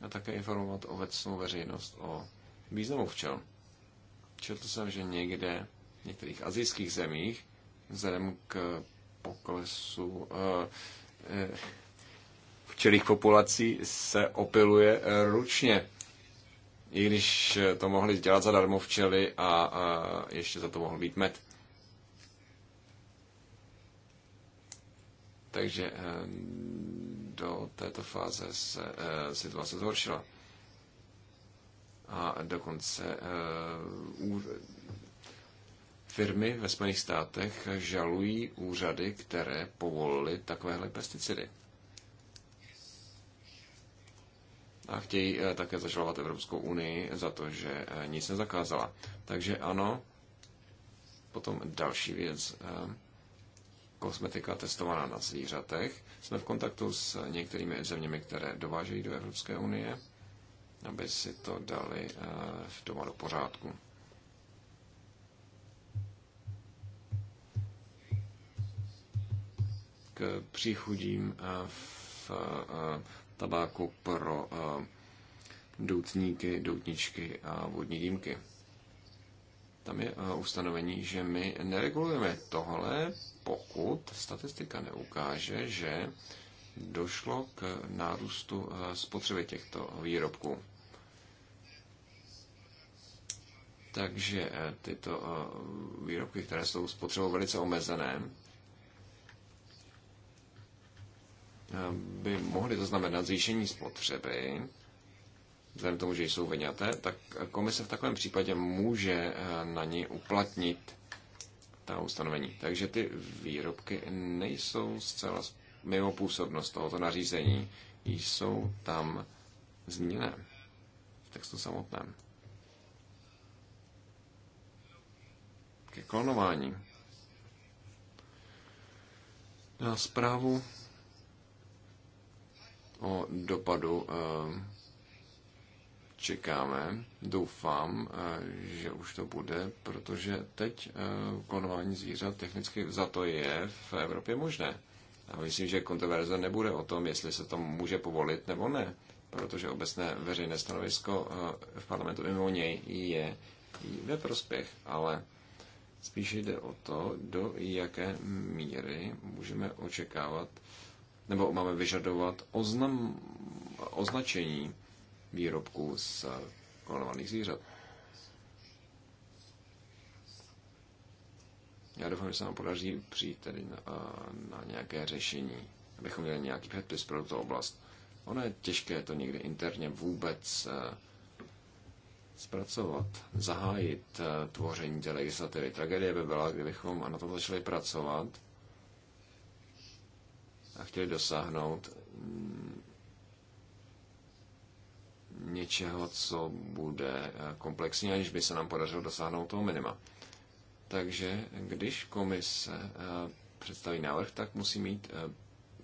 a také informovat obecnou veřejnost o významu včel. Četl jsem, že někde v některých azijských zemích vzhledem k poklesu eh, včelých populací se opiluje ručně. I když to mohli dělat zadarmo včely a, a ještě za to mohl být med. Takže eh, do této fáze se eh, situace zhoršila. A dokonce eh, firmy ve Spojených státech žalují úřady, které povolily takovéhle pesticidy. A chtějí také zažalovat Evropskou unii za to, že nic nezakázala. Takže ano, potom další věc kosmetika testovaná na zvířatech. Jsme v kontaktu s některými zeměmi, které dovážejí do Evropské unie, aby si to dali eh, doma do pořádku. K příchudím eh, v eh, tabáku pro doutníky, doutničky a vodní dýmky tam je ustanovení, že my neregulujeme tohle, pokud statistika neukáže, že došlo k nárůstu eh, spotřeby těchto výrobků. Takže eh, tyto eh, výrobky, které jsou spotřebou velice omezené, by mohly to znamenat zvýšení spotřeby, vzhledem tomu, že jsou vyňaté, tak komise v takovém případě může na ní uplatnit ta ustanovení. Takže ty výrobky nejsou zcela mimo působnost tohoto nařízení, jsou tam zmíněné v textu samotném. Ke klonování. Na zprávu o dopadu eh, čekáme. Doufám, eh, že už to bude, protože teď eh, klonování zvířat technicky za to je v Evropě možné. A myslím, že kontroverze nebude o tom, jestli se to může povolit nebo ne, protože obecné veřejné stanovisko eh, v parlamentu mimo něj je ve prospěch, ale spíše jde o to, do jaké míry můžeme očekávat nebo máme vyžadovat oznam, označení výrobků z klonovaných zvířat. Já doufám, že se nám podaří přijít tedy na, na nějaké řešení, abychom měli nějaký předpis pro tuto oblast. Ono je těžké to někdy interně vůbec zpracovat, zahájit tvoření té legislativy. Tragédie by byla, kdybychom na to začali pracovat a chtěli dosáhnout něčeho, co bude eh, komplexní, aniž by se nám podařilo dosáhnout toho minima. Takže když komise eh, představí návrh, tak musí mít eh,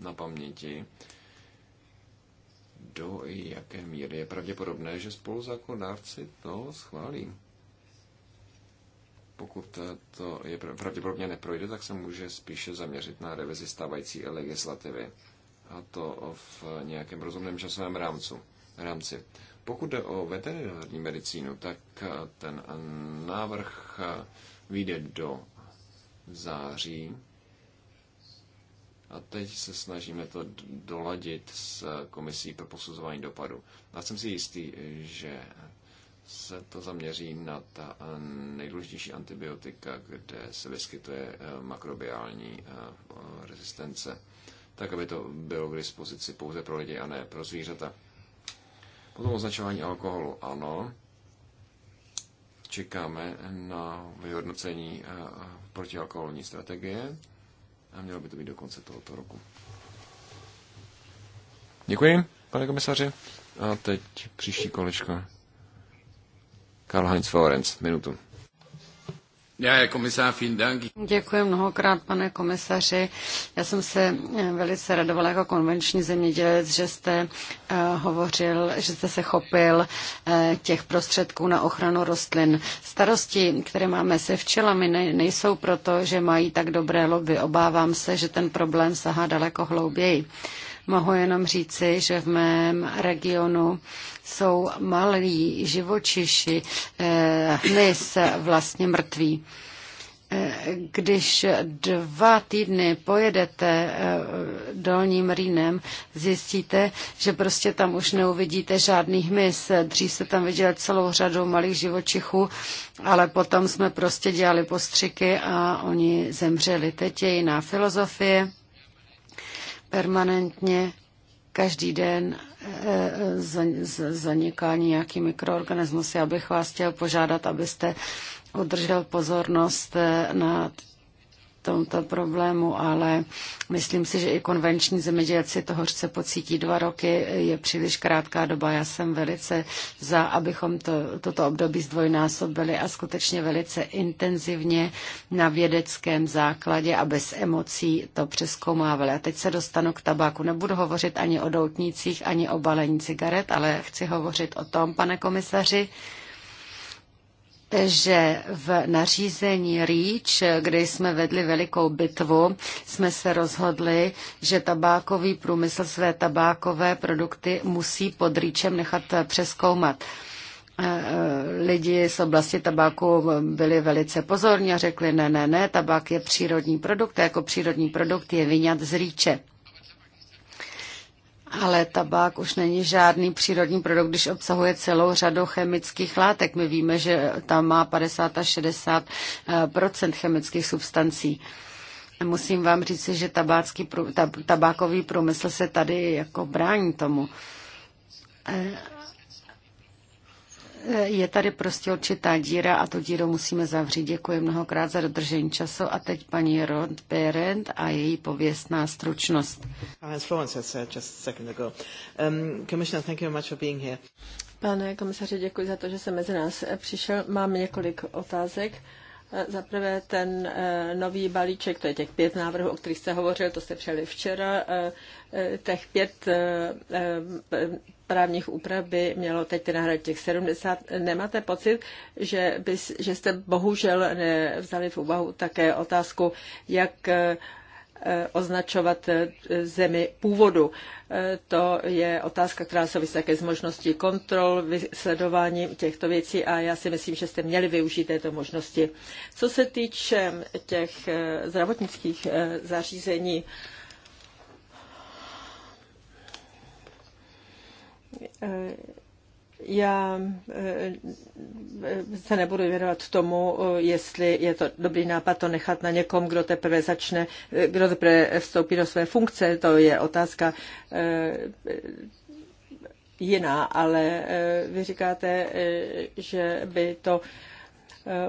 na paměti, do jaké míry je pravděpodobné, že spoluzákonodárci to schválí. Pokud to je pravděpodobně neprojde, tak se může spíše zaměřit na revizi stávající legislativy. A to v nějakém rozumném časovém rámcu rámci. Pokud jde o veterinární medicínu, tak eh, ten eh, návrh eh, vyjde do září. A teď se snažíme to doladit s komisí pro posuzování dopadu. Já jsem si jistý, že se to zaměří na ta nejdůležitější antibiotika, kde se vyskytuje makrobiální rezistence, tak aby to bylo k dispozici pouze pro lidi a ne pro zvířata. Potom označování alkoholu, ano. Čekáme na vyhodnocení eh, protialkoholní strategie a mělo by to být do konce tohoto roku. Děkuji, pane komisaři. A teď příští kolečko. Karl Heinz Florenz, minutu. Jako Děkuji mnohokrát, pane komisaři. Já jsem se eh, velice radovala jako konvenční zemědělec, že jste eh, hovořil, že jste se chopil eh, těch prostředků na ochranu rostlin. Starosti, které máme se včelami, nejsou proto, že mají tak dobré lobby. Obávám se, že ten problém sahá daleko hlouběji. Mohu jenom říci, že v mém regionu jsou malí živočiši eh, hmyz vlastně mrtví. Eh, když dva týdny pojedete eh, dolním rýnem, zjistíte, že prostě tam už neuvidíte žádný hmyz. Dřív se tam viděl celou řadu malých živočichů, ale potom jsme prostě dělali postřiky a oni zemřeli. Teď je jiná filozofie permanentně každý den eh, eh, zaniká nějaký mikroorganismus. Já bych vás chtěl požádat, abyste udržel pozornost eh, na tomto problému, ale myslím si, že i konvenční zemědělci toho hořce pocítí. Dva roky je příliš krátká doba. Já jsem velice za, abychom to, toto období zdvojnásobili a skutečně velice intenzivně na vědeckém základě a bez emocí to přeskoumávali. A teď se dostanu k tabáku. Nebudu hovořit ani o doutnících, ani o balení cigaret, ale chci hovořit o tom, pane komisaři, že v nařízení REACH, kde jsme vedli velikou bitvu, jsme se rozhodli, že tabákový průmysl své tabákové produkty musí pod REACHem nechat přeskoumat. Eh, eh, lidi z oblasti tabáku byli velice pozorní a řekli, ne, ne, ne, tabák je přírodní produkt a jako přírodní produkt je vyňat z rýče. Ale tabák už není žádný přírodní produkt, když obsahuje celou řadu chemických látek. My víme, že tam má 50 až 60 eh, chemických substancí. Musím vám říct, že tabácký, tabákový průmysl se tady jako brání tomu. Eh, je tady prostě určitá díra a tu díru musíme zavřít. Děkuji mnohokrát za dodržení času a teď paní Rod Berend a její pověstná stručnost. Um, Pane komisaři, děkuji za to, že se mezi nás přišel. Mám několik otázek. Za prvé ten eh, nový balíček, to je těch pět návrhů, o kterých jste hovořil, to jste přijeli včera. Eh, eh, těch pět právních úprav by mělo teď nahradit těch 70. Nemáte pocit, že, bys, že jste bohužel vzali v úvahu také otázku, jak eh, označovat eh, zemi původu. Eh, to je otázka, která souvisí také s možností kontrol, vysledování těchto věcí a já si myslím, že jste měli využít této možnosti. Co se týče těch zdravotnických zařízení, Já eh, se nebudu věnovat tomu, eh, jestli je to dobrý nápad to nechat na někom, kdo teprve začne, eh, kdo teprve vstoupí do své funkce. To je otázka jiná, ale vy říkáte, že by to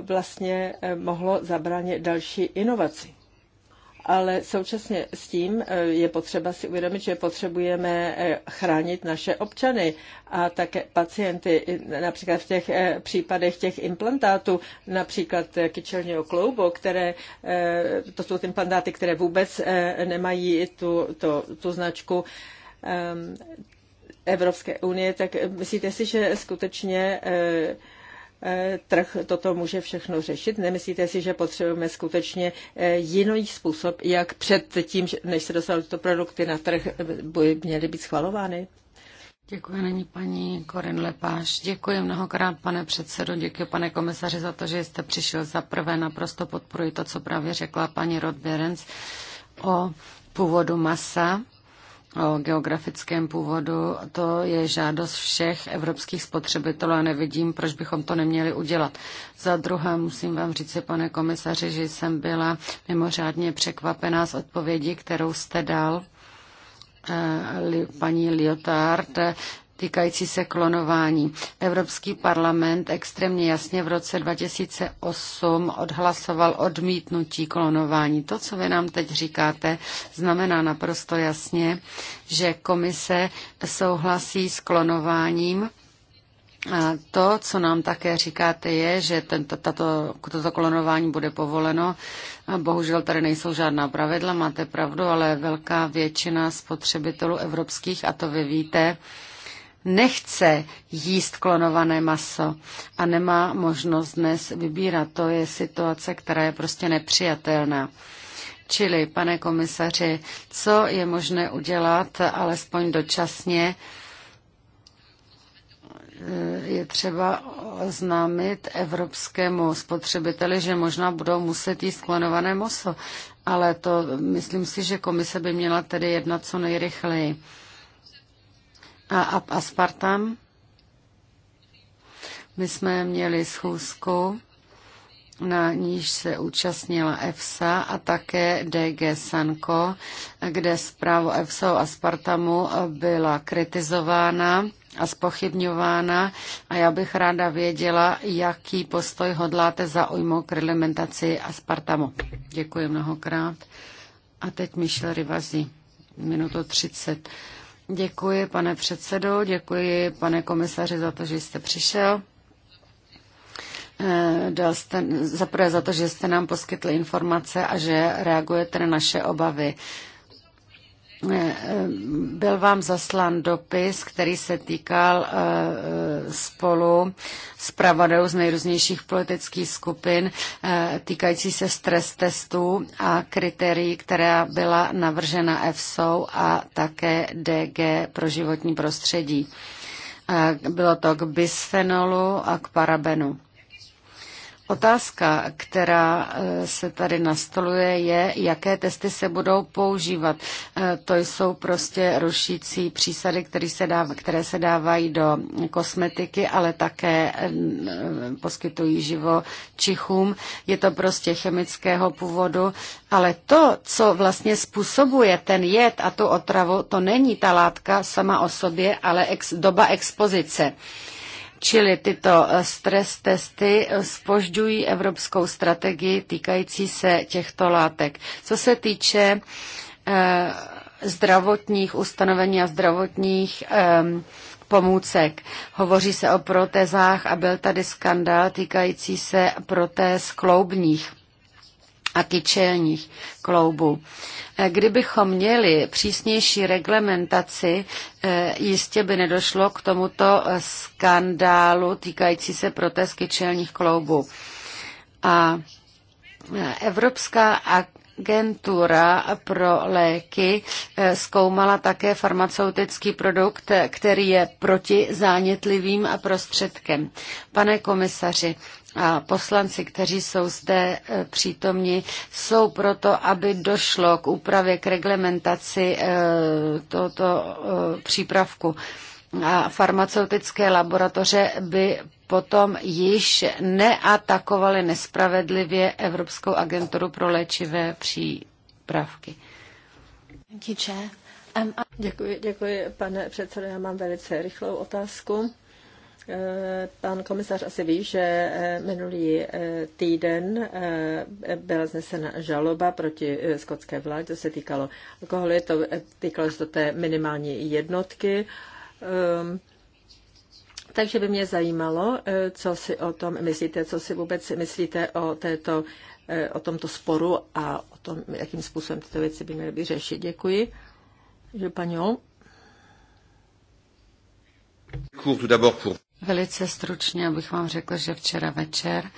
vlastně mohlo zabránit další inovaci ale současně s tím eh, je potřeba si uvědomit, že potřebujeme eh, chránit naše občany a také pacienty, například v těch eh, případech těch implantátů, například kyčelního kloubu, které, to jsou ty implantáty, které vůbec nemají tu, to, tu značku ehm, Evropské unie, tak myslíte si, že skutečně Eh, trh toto může všechno řešit? Nemyslíte si, že potřebujeme skutečně eh, jiný způsob, jak před tím, než se dostanou tyto produkty na trh, by měly být schvalovány? Děkuji, není paní Korin Lepáš. Děkuji mnohokrát, pane předsedo, děkuji, pane komisaři, za to, že jste přišel. Za prvé naprosto podporuji to, co právě řekla paní Rodberens o původu masa o geografickém původu, to je žádost všech evropských spotřebitelů a nevidím, proč bychom to neměli udělat. Za druhé musím vám říct, pane komisaři, že jsem byla mimořádně překvapená z odpovědi, kterou jste dal eh, paní Liotard týkající se klonování. Evropský parlament extrémně jasně v roce 2008 odhlasoval odmítnutí klonování. To, co vy nám teď říkáte, znamená naprosto jasně, že komise souhlasí s klonováním a to, co nám také říkáte, je, že tento, tato, toto klonování bude povoleno. Bohužel tady nejsou žádná pravidla, máte pravdu, ale velká většina spotřebitelů evropských, a to vy víte, nechce jíst klonované maso a nemá možnost dnes vybírat. To je situace, která je prostě nepřijatelná. Čili, pane komisaři, co je možné udělat, alespoň dočasně, je třeba oznámit evropskému spotřebiteli, že možná budou muset jíst klonované maso. Ale to myslím si, že komise by měla tedy jednat co nejrychleji a, a, a Spartam. My jsme měli schůzku, na níž se účastnila EFSA a také DG Sanko, kde zprávu EFSA a Spartamu byla kritizována a spochybňována a já bych ráda věděla, jaký postoj hodláte zaujmout k reglementaci a Spartamu. Děkuji mnohokrát. A teď Michel Rivazi, minuto 30. Děkuji, pane předsedo, děkuji, pane komisaři, za to, že jste přišel. Eh, dal jste, zaprvé za to, že jste nám poskytli informace a že reagujete na naše obavy. Eh, byl vám zaslán dopis, který se týkal eh, spolu s pravodou z nejrůznějších politických skupin eh, týkající se stres testů a kritérií, která byla navržena EFSO a také DG pro životní prostředí. Bylo to k bisfenolu a k parabenu. Otázka, která eh, se tady nastoluje, je, jaké testy se budou používat. Eh, to jsou prostě rušící přísady, které se, dáv- které se dávají do kosmetiky, ale také eh, poskytují živo čichům. Je to prostě chemického původu, ale to, co vlastně způsobuje ten jed a tu otravu, to není ta látka sama o sobě, ale ex- doba expozice. Čili tyto eh, stres testy spožďují eh, evropskou strategii týkající se těchto látek. Co se týče eh, zdravotních ustanovení a zdravotních ehm, pomůcek. Hovoří se o protézách a byl tady skandál týkající se protéz kloubních a kyčelních kloubů. E, kdybychom měli přísnější reglementaci, e, jistě by nedošlo k tomuto skandálu týkající se protest kyčelních kloubů. A e, Evropská agentura pro léky zkoumala také farmaceutický produkt, který je protizánětlivým prostředkem. Pane komisaři, a poslanci, kteří jsou zde e, přítomni, jsou proto, aby došlo k úpravě, k reglementaci e, tohoto e, přípravku. A farmaceutické laboratoře by potom již neatakovaly nespravedlivě Evropskou agenturu pro léčivé přípravky. Um, děkuji, děkuji, pane předsedo. Já mám velice rychlou otázku. Eh, pan komisař asi ví, že eh, minulý eh, týden byla znesena žaloba proti skotské vládě, to se týkalo alkoholu, to týkalo se to té minimální jednotky. Ehm, takže by mě zajímalo, co si o tom myslíte, co si vůbec myslíte o, této, o tomto sporu a o tom, jakým způsobem tyto věci by měly vyřešit. Děkuji. Že paní Velice stručně, abych vám řekl, že včera večer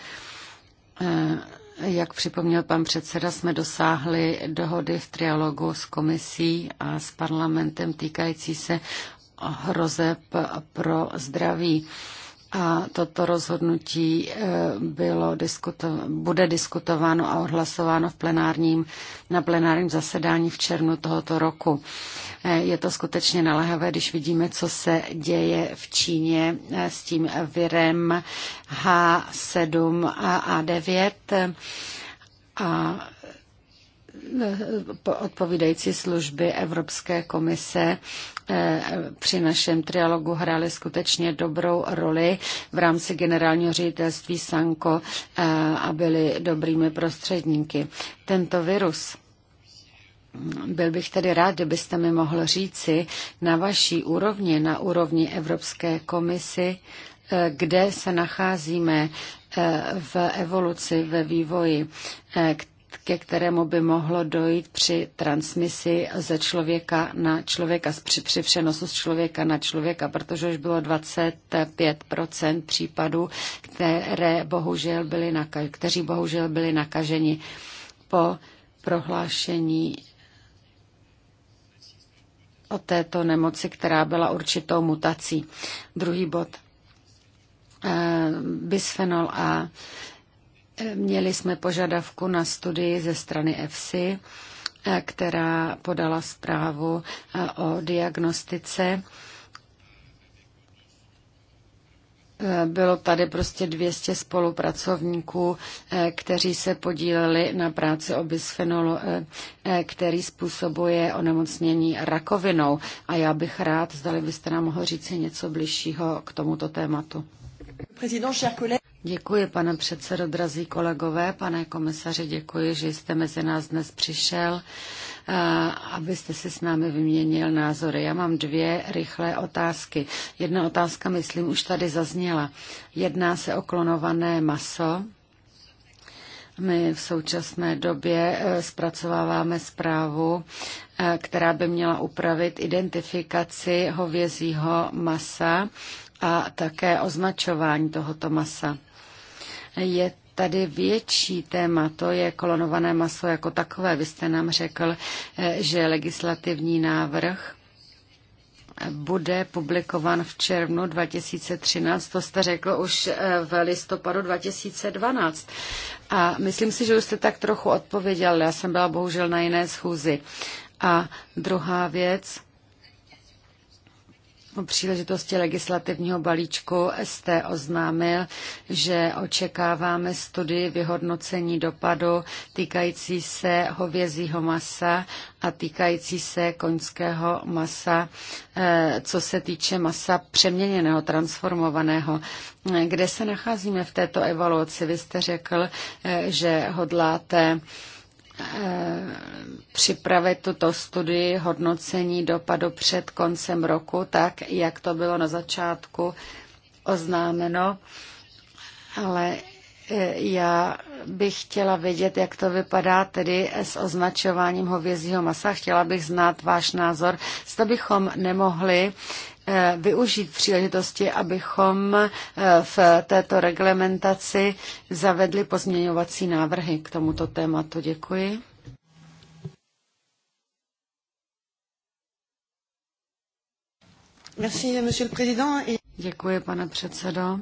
eh, jak připomněl pan předseda, jsme dosáhli dohody v trialogu s komisí a s parlamentem týkající se hrozeb pro zdraví. A toto rozhodnutí eh, bylo diskuto- bude diskutováno a odhlasováno v plenárním, na plenárním zasedání v červnu tohoto roku. Eh, je to skutečně naléhavé, když vidíme, co se děje v Číně eh, s tím virem H7 a A9. A odpovídající služby Evropské komise Eh, při našem trialogu hráli skutečně dobrou roli v rámci generálního ředitelství Sanko eh, a byli dobrými prostředníky. Tento virus byl bych tedy rád, kdybyste mi mohl říci na vaší úrovni, na úrovni Evropské komisy, eh, kde se nacházíme v evoluci, ve vývoji, ke kterému by mohlo dojít při transmisi ze člověka na člověka, při, při přenosu z člověka na člověka, protože už bylo 25 případů, které bohužel byly naka- kteří bohužel byli nakaženi po prohlášení o této nemoci, která byla určitou mutací. Druhý bod. Eh, Bisphenol A Měli jsme požadavku na studii ze strany EFSI, eh, která podala zprávu eh, o diagnostice. Eh, bylo tady prostě 200 spolupracovníků, kteří se podíleli na práci o bisfenolu, který způsobuje onemocnění rakovinou. A já bych rád, zdali byste nám mohl říct něco bližšího k tomuto tématu. Děkuji, pane předsedo, drazí kolegové, pane komisaři, děkuji, že jste mezi nás dnes přišel, eh, abyste si s námi vyměnil názory. Já mám dvě rychlé otázky. Jedna otázka, myslím, už tady zazněla. Jedná se o klonované maso. My v současné době eh, zpracováváme zprávu, eh, která by měla upravit identifikaci hovězího masa a také označování tohoto masa je tady větší téma, to je kolonované maso jako takové. Vy jste nám řekl, že legislativní návrh bude publikovan v červnu 2013, to jste řekl už eh, v listopadu 2012. A myslím si, že už jste tak trochu odpověděl, já jsem byla bohužel na jiné schůzi. A druhá věc, O příležitosti legislativního balíčku ST oznámil, že očekáváme studii vyhodnocení dopadu týkající se hovězího masa a týkající se koňského masa, eh, co se týče masa přeměněného, transformovaného. Eh, kde se nacházíme v této evaluaci? Vy jste řekl, eh, že hodláte Eh, připravit tuto studii hodnocení dopadu před koncem roku, tak jak to bylo na začátku oznámeno. Ale eh, já bych chtěla vědět, jak to vypadá tedy s označováním hovězího masa. Chtěla bych znát váš názor. Zda bychom nemohli Eh, využít příležitosti, abychom eh, v této reglementaci zavedli pozměňovací návrhy k tomuto tématu. Děkuji. Děkuji, pane předsedo.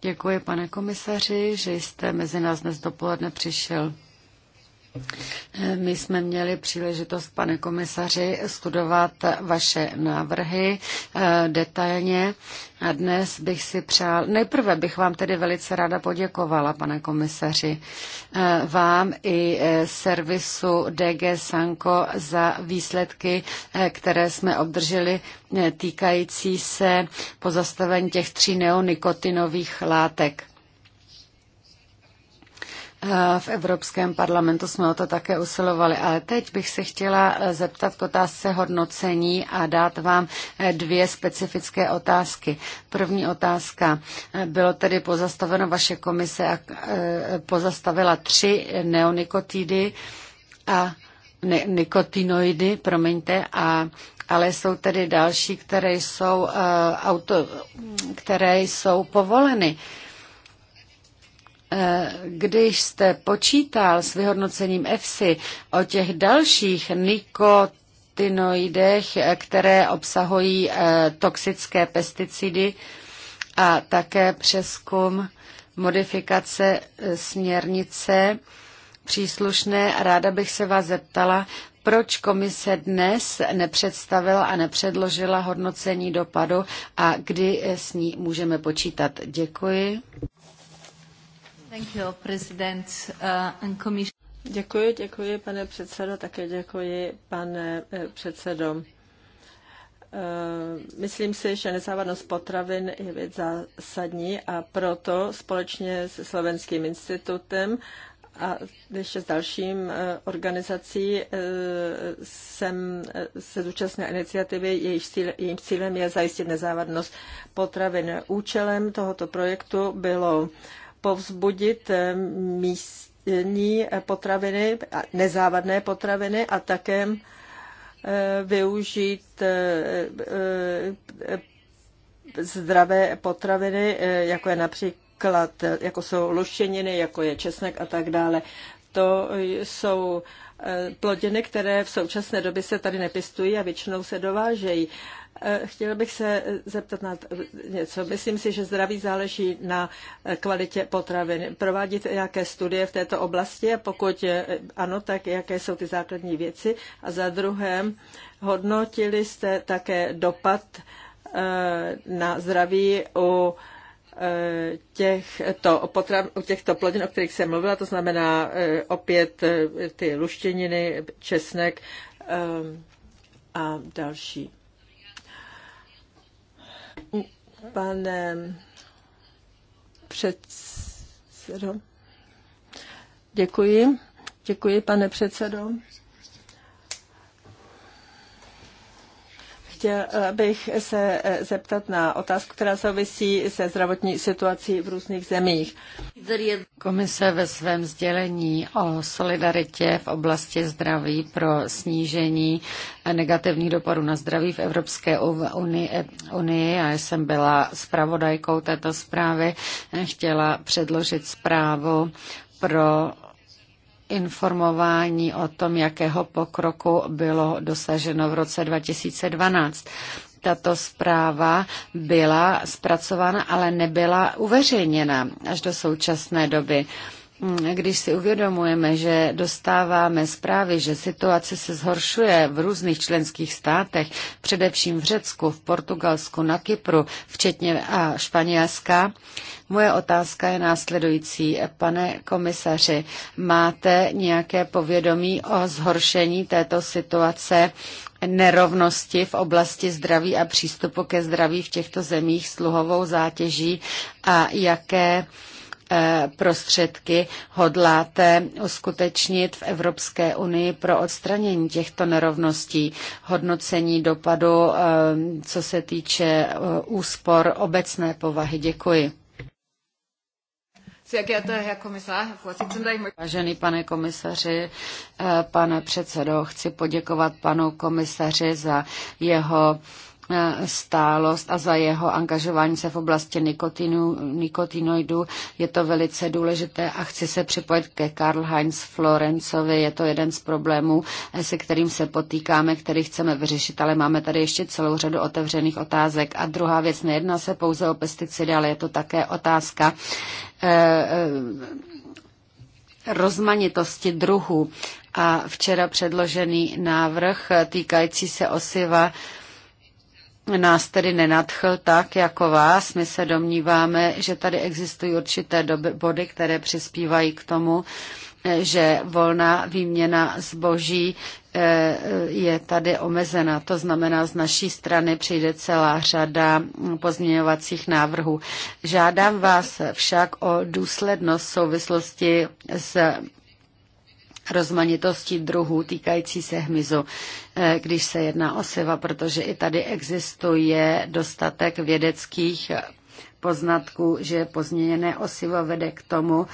Děkuji, pane komisaři, že jste mezi nás dnes dopoledne přišel. My jsme měli příležitost, pane komisaři, studovat vaše návrhy eh, detailně a dnes bych si přál, nejprve bych vám tedy velice ráda poděkovala, pane komisaři, eh, vám i eh, servisu DG Sanko za výsledky, které jsme obdrželi týkající se pozastavení těch tří neonikotinových látek. Eh, v Evropském parlamentu jsme o to také usilovali, ale teď bych se chtěla eh, zeptat k otázce hodnocení a dát vám eh, dvě specifické otázky. První otázka. Bylo tedy pozastaveno, vaše komise a pozastavila tři neonikotidy a ne, nikotinoidy, promiňte, a ale jsou tedy další, které jsou, uh, auto, které jsou povoleny. Uh, Eh, když jste počítal s vyhodnocením EFSI o těch dalších nikotinoidech, eh, které obsahují eh, toxické pesticidy a také přeskum modifikace směrnice příslušné, ráda bych se vás zeptala, proč komise dnes nepředstavila a nepředložila hodnocení dopadu a kdy s ní můžeme počítat. Děkuji. Uh, děkuji, děkuji, pane předsedo, také děkuji, pane eh, předsedo. Eh, myslím si, že nezávadnost potravin je věc zásadní a proto společně se Slovenským institutem a ještě s dalším eh, organizací jsem se zúčastnila iniciativy, jejíž cíl, cílem je zajistit nezávadnost potravin. Účelem tohoto projektu bylo povzbudit eh, místní potraviny, nezávadné potraviny a také eh, využít eh, zdravé potraviny, jako je například, jako jsou lušeniny, jako je česnek a tak dále. To jsou plodiny, které v současné době se tady nepistují a většinou se dovážejí. Eh, chtěla bych se eh, zeptat na něco. Myslím si, že zdraví záleží na eh, kvalitě potravin. Provádíte nějaké studie v této oblasti? A Pokud ano, tak jaké jsou ty základní věci? A za druhé, hodnotili jste také dopad na zdraví u těchto potrav, u těchto plodin, o kterých jsem mluvila, to znamená opět ty luštěniny, česnek a další pane předsedo. Děkuji. Děkuji, pane předsedo. Chtěl bych se eh, zeptat na otázku, která souvisí se zdravotní situací v různých zemích. Komise ve svém sdělení o solidaritě v oblasti zdraví pro snížení negativních dopadů na zdraví v Evropské unii, já jsem byla zpravodajkou této zprávy, eh, chtěla předložit zprávu pro informování o tom, jakého pokroku bylo dosaženo v roce 2012 tato zpráva byla zpracována, ale nebyla uveřejněna až do současné doby když si uvědomujeme, že dostáváme zprávy, že situace se zhoršuje v různých členských státech, především v Řecku, v Portugalsku, na Kypru, včetně a Španělska, moje otázka je následující. Pane komisaři, máte nějaké povědomí o zhoršení této situace nerovnosti v oblasti zdraví a přístupu ke zdraví v těchto zemích sluhovou zátěží a jaké Eh, prostředky hodláte uskutečnit v Evropské unii pro odstranění těchto nerovností, hodnocení dopadu, eh, co se týče eh, úspor obecné povahy. Děkuji. Vážený pane komisaři, pane předsedo, chci poděkovat panu komisaři za jeho Eh, stálost a za jeho angažování se v oblasti nikotinu, nikotinoidu. Je to velice důležité a chci se připojit ke Karl Heinz Florencovi. Je to jeden z problémů, eh, se kterým se potýkáme, který chceme vyřešit, ale máme tady ještě celou řadu otevřených otázek. A druhá věc, nejedná se pouze o pesticidy, ale je to také otázka eh, rozmanitosti druhů. A včera předložený návrh týkající se osiva nás tedy nenadchl tak jako vás. My se domníváme, že tady existují určité body, které přispívají k tomu, že volná výměna zboží eh, je tady omezena. To znamená, z naší strany přijde celá řada pozměňovacích návrhů. Žádám vás však o důslednost v souvislosti s rozmanitosti druhů týkající se hmyzu, eh, když se jedná o seva, protože i tady existuje dostatek vědeckých poznatků, že pozměněné osivo vede k tomu,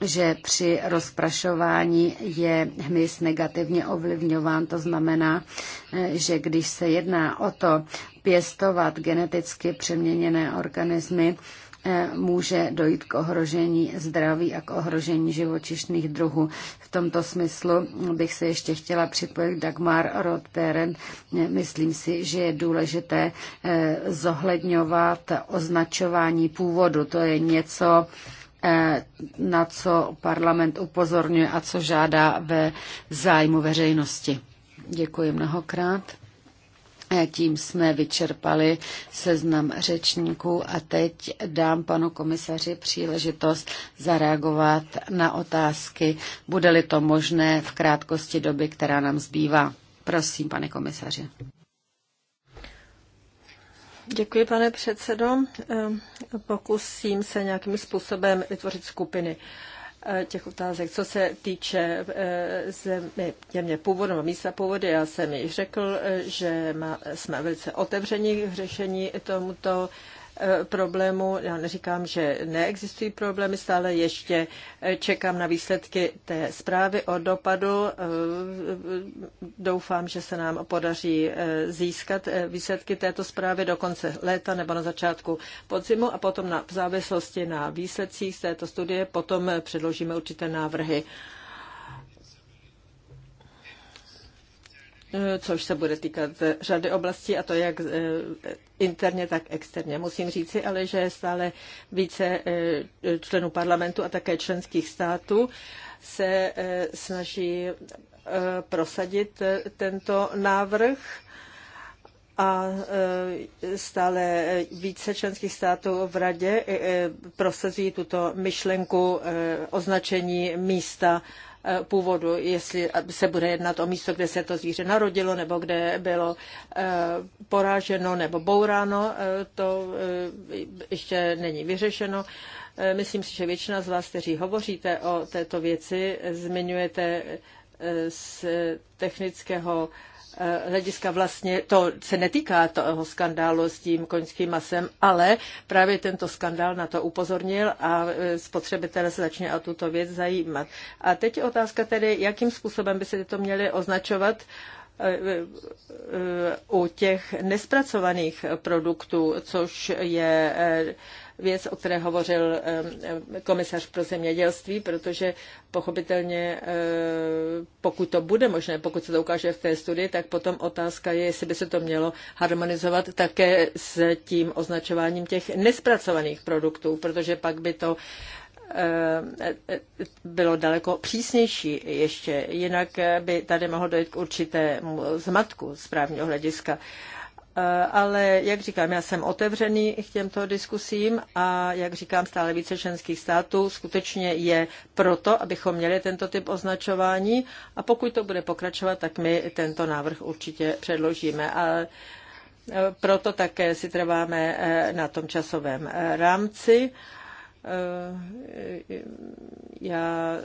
že při rozprašování je hmyz negativně ovlivňován. To znamená, eh, že když se jedná o to pěstovat geneticky přeměněné organismy, může dojít k ohrožení zdraví a k ohrožení živočišných druhů. V tomto smyslu bych se ještě chtěla připojit Dagmar Rothperen. Myslím si, že je důležité eh, zohledňovat označování původu. To je něco, eh, na co parlament upozorňuje a co žádá ve zájmu veřejnosti. Děkuji mnohokrát. Tím jsme vyčerpali seznam řečníků a teď dám panu komisaři příležitost zareagovat na otázky, bude-li to možné v krátkosti doby, která nám zbývá. Prosím, pane komisaři. Děkuji, pane předsedo. Ehm, pokusím se nějakým způsobem vytvořit skupiny. Eh, těch otázek. Co se týče eh, země, země původu, místa původu, já jsem již řekl, eh, že má, jsme velice otevření k řešení tomuto Eh, problému, Já neříkám, že neexistují problémy, stále ještě eh, čekám na výsledky té zprávy o dopadu. Eh, doufám, že se nám podaří získat výsledky této zprávy do konce léta nebo na začátku podzimu a potom na, v závislosti na výsledcích z této studie potom předložíme určité návrhy. Eh, což se bude týkat řady oblastí, a to jak eh, interně, tak externě. Musím říci ale, že je stále více eh, členů parlamentu a také členských států se snaží prosadit tento návrh a stále více členských států v radě prosazují tuto myšlenku označení místa Eh, původu, jestli se bude jednat o místo, kde se to zvíře narodilo, nebo kde bylo eh, poráženo nebo bouráno, eh, to ještě není vyřešeno. Myslím si, že většina z vás, kteří hovoříte o této věci, zmiňujete z technického Eh, hlediska vlastně to se netýká toho skandálu s tím koňským masem, ale právě tento skandál na to upozornil a eh, spotřebitel se začne o tuto věc zajímat. A teď je otázka tedy, jakým způsobem by se to měly označovat eh, u těch nespracovaných produktů, což je věc, o které hovořil komisař pro zemědělství, protože pochopitelně, eh, pokud to bude možné, pokud se to ukáže v té studii, tak potom otázka je, jestli by se to mělo harmonizovat také s tím označováním těch nespracovaných produktů, protože pak by to eh, bylo daleko přísnější ještě, jinak eh, by tady mohlo dojít k určitému zmatku z právního hlediska. Eh, ale jak říkám, já jsem otevřený k těmto diskusím a jak říkám, stále více členských států skutečně je proto, abychom měli tento typ označování a pokud to bude pokračovat, tak my tento návrh určitě předložíme. A eh, proto také si trváme eh, na tom časovém rámci. Eh, já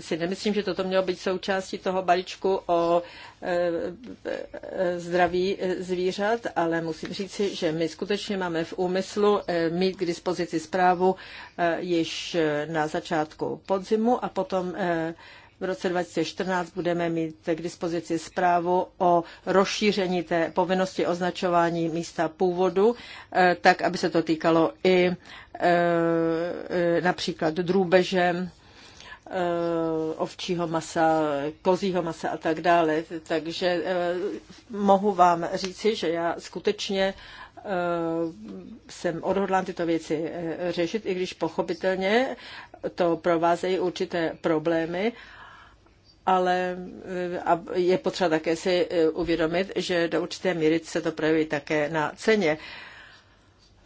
si nemyslím, že toto mělo být součástí toho balíčku o eh, zdraví zvířat, ale musím říci, že my skutečně máme v úmyslu eh, mít k dispozici zprávu již na začátku podzimu a potom v roce 2014 budeme mít k dispozici zprávu o rozšíření té povinnosti označování místa původu, eh, tak aby se to týkalo i eh, eh, například drůbeže, ovčího masa, kozího masa a tak dále. Takže mohu vám říci, že já skutečně jsem odhodlán tyto věci řešit, i když pochopitelně to provázejí určité problémy ale eh, je potřeba také si eh, uvědomit, že do určité míry se to projeví také na ceně.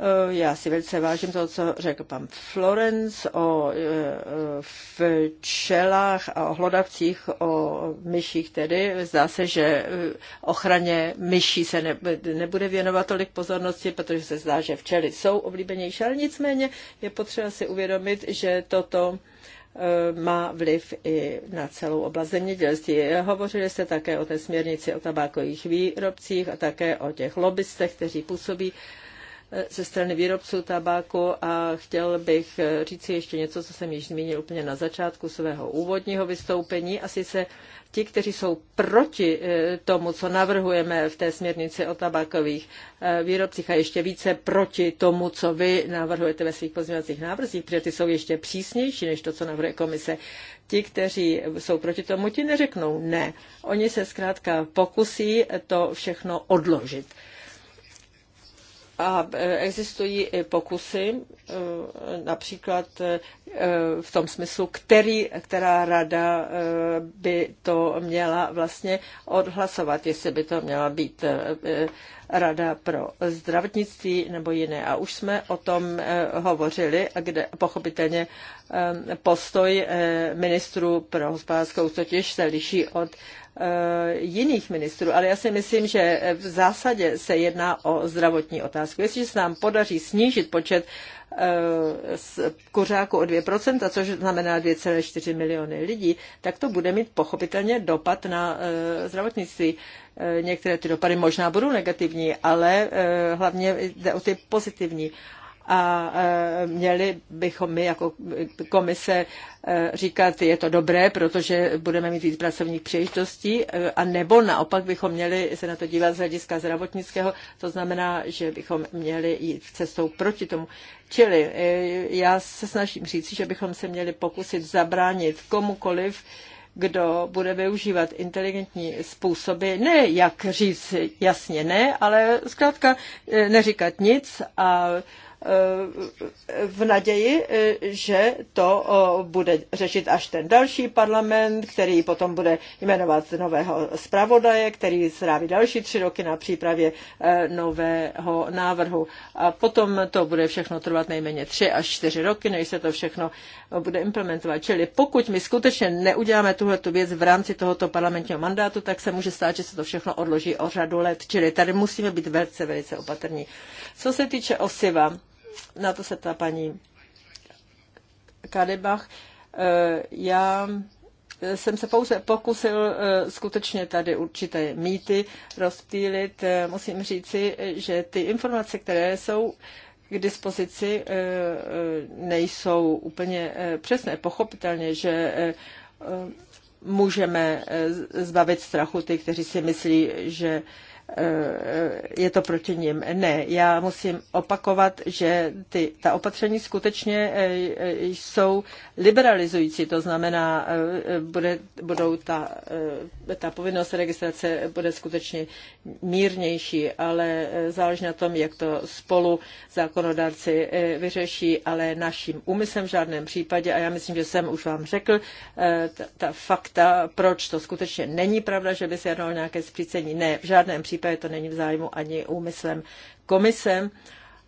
Eh, já si velice vážím toho, co řekl pan Florence o včelách a o hlodavcích, o myších tedy. Zdá se, že ochraně myší se nebude věnovat tolik pozornosti, protože se zdá, že včely jsou oblíbenější, ale nicméně je potřeba si uvědomit, že toto Eh, má vliv i na celou oblast zemědělství. Hovořili jste také o té směrnici o tabákových výrobcích a také o těch lobbystech, kteří působí ze strany výrobců tabáku a chtěl bych eh, říci ještě něco, co jsem již zmínil úplně na začátku svého úvodního vystoupení. Asi se ti, kteří jsou proti eh, tomu, co navrhujeme v té směrnici o tabákových eh, výrobcích a ještě více proti tomu, co vy navrhujete ve svých pozměňovacích návrzích, protože ty jsou ještě přísnější než to, co navrhuje komise. Ti, kteří jsou proti tomu, ti neřeknou ne. Oni se zkrátka pokusí to všechno odložit. A e, existují i pokusy, e, například e, v tom smyslu, který, která rada by to měla vlastně odhlasovat, jestli by to měla být rada pro zdravotnictví nebo jiné. A už jsme o tom hovořili, kde pochopitelně postoj ministru pro hospodářskou totiž se liší od Eh, jiných ministrů, ale já si myslím, že v zásadě se jedná o zdravotní otázku. Jestliže se nám podaří snížit počet z eh, kuřáku o 2%, což znamená 2,4 miliony lidí, tak to bude mít pochopitelně dopad na eh, zdravotnictví. Některé ty dopady možná budou negativní, ale hlavně jde o ty pozitivní a e, měli bychom my jako komise e, říkat, je to dobré, protože budeme mít víc pracovních příležitostí, e, a nebo naopak bychom měli se na to dívat z hlediska zdravotnického, to znamená, že bychom měli jít cestou proti tomu. Čili já se snažím říct, že bychom se měli pokusit zabránit komukoliv, kdo bude využívat inteligentní způsoby, ne jak říct jasně ne, ale zkrátka neříkat nic a v naději, e, že to bude řešit až ten další parlament, který potom bude jmenovat nového zpravodaje, který zráví další tři roky na přípravě e, nového návrhu. A potom to bude všechno trvat nejméně tři až čtyři roky, než se to všechno bude implementovat. Čili pokud my skutečně neuděláme tuhle tu věc v rámci tohoto parlamentního mandátu, tak se může stát, že se to všechno odloží o řadu let. Čili tady musíme být velice, velice opatrní. Co se týče osiva, na to se ptá paní Kadebach. E, já jsem se pouze pokusil e, skutečně tady určité mýty rozptýlit. E, musím říci, že ty informace, které jsou k dispozici, nejsou úplně přesné. Pochopitelně, že můžeme zbavit strachu ty, kteří si myslí, že Eh, eh, je to proti ním. Ne, já musím opakovat, že ty, ta opatření skutečně eh, jsou liberalizující, to znamená, bude, budou ta, ta povinnost registrace bude skutečně mírnější, ale záleží na tom, jak to spolu zákonodárci vyřeší, ale naším úmyslem v žádném případě, a já myslím, že jsem už vám řekl, ta, ta fakta, proč to skutečně není pravda, že by se jednalo nějaké zpřícení, ne, v žádném případě případě to není v zájmu ani úmyslem komisem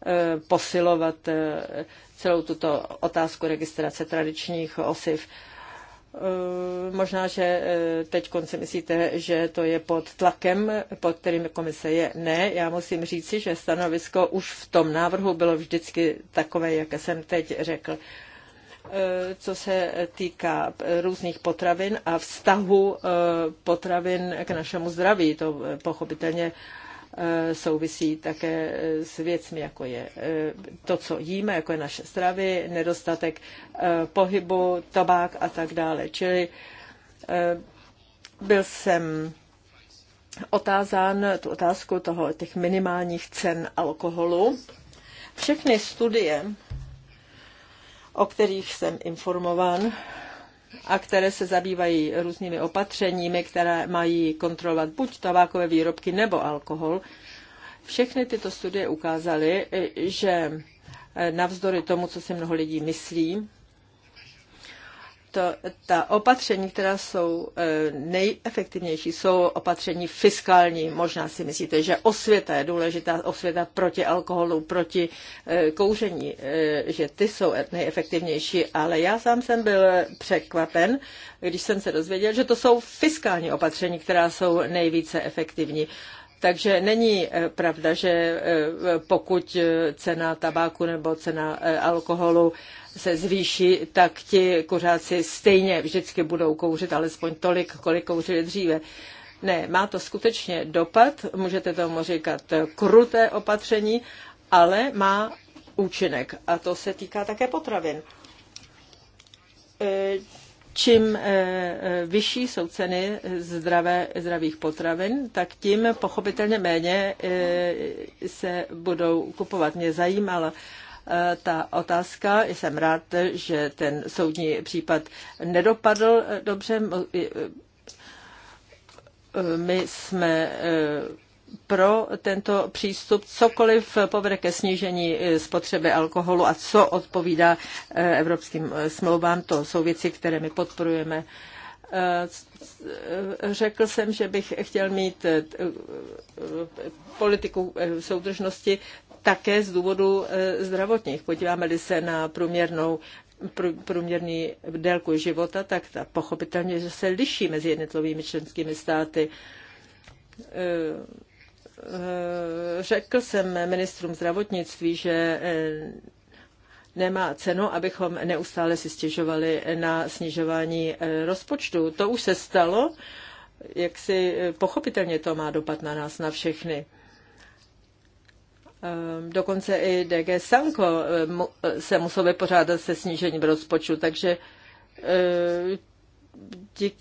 eh, posilovat eh, celou tuto otázku registrace tradičních osiv. Eh, možná, že teď konce myslíte, že to je pod tlakem, pod kterým komise je. Ne, já musím říci, že stanovisko už v tom návrhu bylo vždycky takové, jaké jsem teď řekl. Eh, co se týká různých potravin a vztahu eh, potravin k našemu zdraví. To eh, pochopitelně souvisí také s věcmi, jako je to, co jíme, jako je naše stravy, nedostatek pohybu, tabák a tak dále. Čili byl jsem otázán tu otázku toho, těch minimálních cen alkoholu. Všechny studie o kterých jsem informován a které se zabývají různými opatřeními, které mají kontrolovat buď tabákové výrobky nebo alkohol. Všechny tyto studie ukázaly, že navzdory tomu, co si mnoho lidí myslí, to, ta opatření, která jsou e, nejefektivnější, jsou opatření fiskální. Možná si myslíte, že osvěta je důležitá, osvěta proti alkoholu, proti e, kouření, e, že ty jsou nejefektivnější, ale já sám jsem byl překvapen, když jsem se dozvěděl, že to jsou fiskální opatření, která jsou nejvíce efektivní. Takže není eh, pravda, že eh, pokud eh, cena tabáku nebo cena alkoholu se zvýší, tak ti kuřáci stejně vždycky budou kouřit alespoň tolik, kolik kouřili dříve. Ne, má to skutečně dopad, můžete tomu říkat kruté opatření, ale má účinek a to se týká také potravin čím eh, eh, vyšší jsou ceny zdravé, zdravých potravin, tak tím pochopitelně méně eh, se budou kupovat. Mě zajímala ta otázka. Jsem rád, že ten soudní případ nedopadl dobře. My jsme pro tento přístup. Cokoliv povede ke snížení eh, spotřeby alkoholu a co odpovídá eh, evropským eh, smlouvám, to jsou věci, které my podporujeme. Řekl jsem, že bych chtěl mít politiku soudržnosti také z důvodu zdravotních. Podíváme-li se na průměrnou průměrný délku života, tak ta pochopitelně, že se liší mezi jednotlivými členskými státy Eh, řekl jsem ministrům zdravotnictví, že eh, nemá cenu, abychom neustále si stěžovali na snižování eh, rozpočtu. To už se stalo, jak si pochopitelně to má dopad na nás, na všechny. Ehm, dokonce i DG Sanko se musel vypořádat se snížením rozpočtu, takže dík,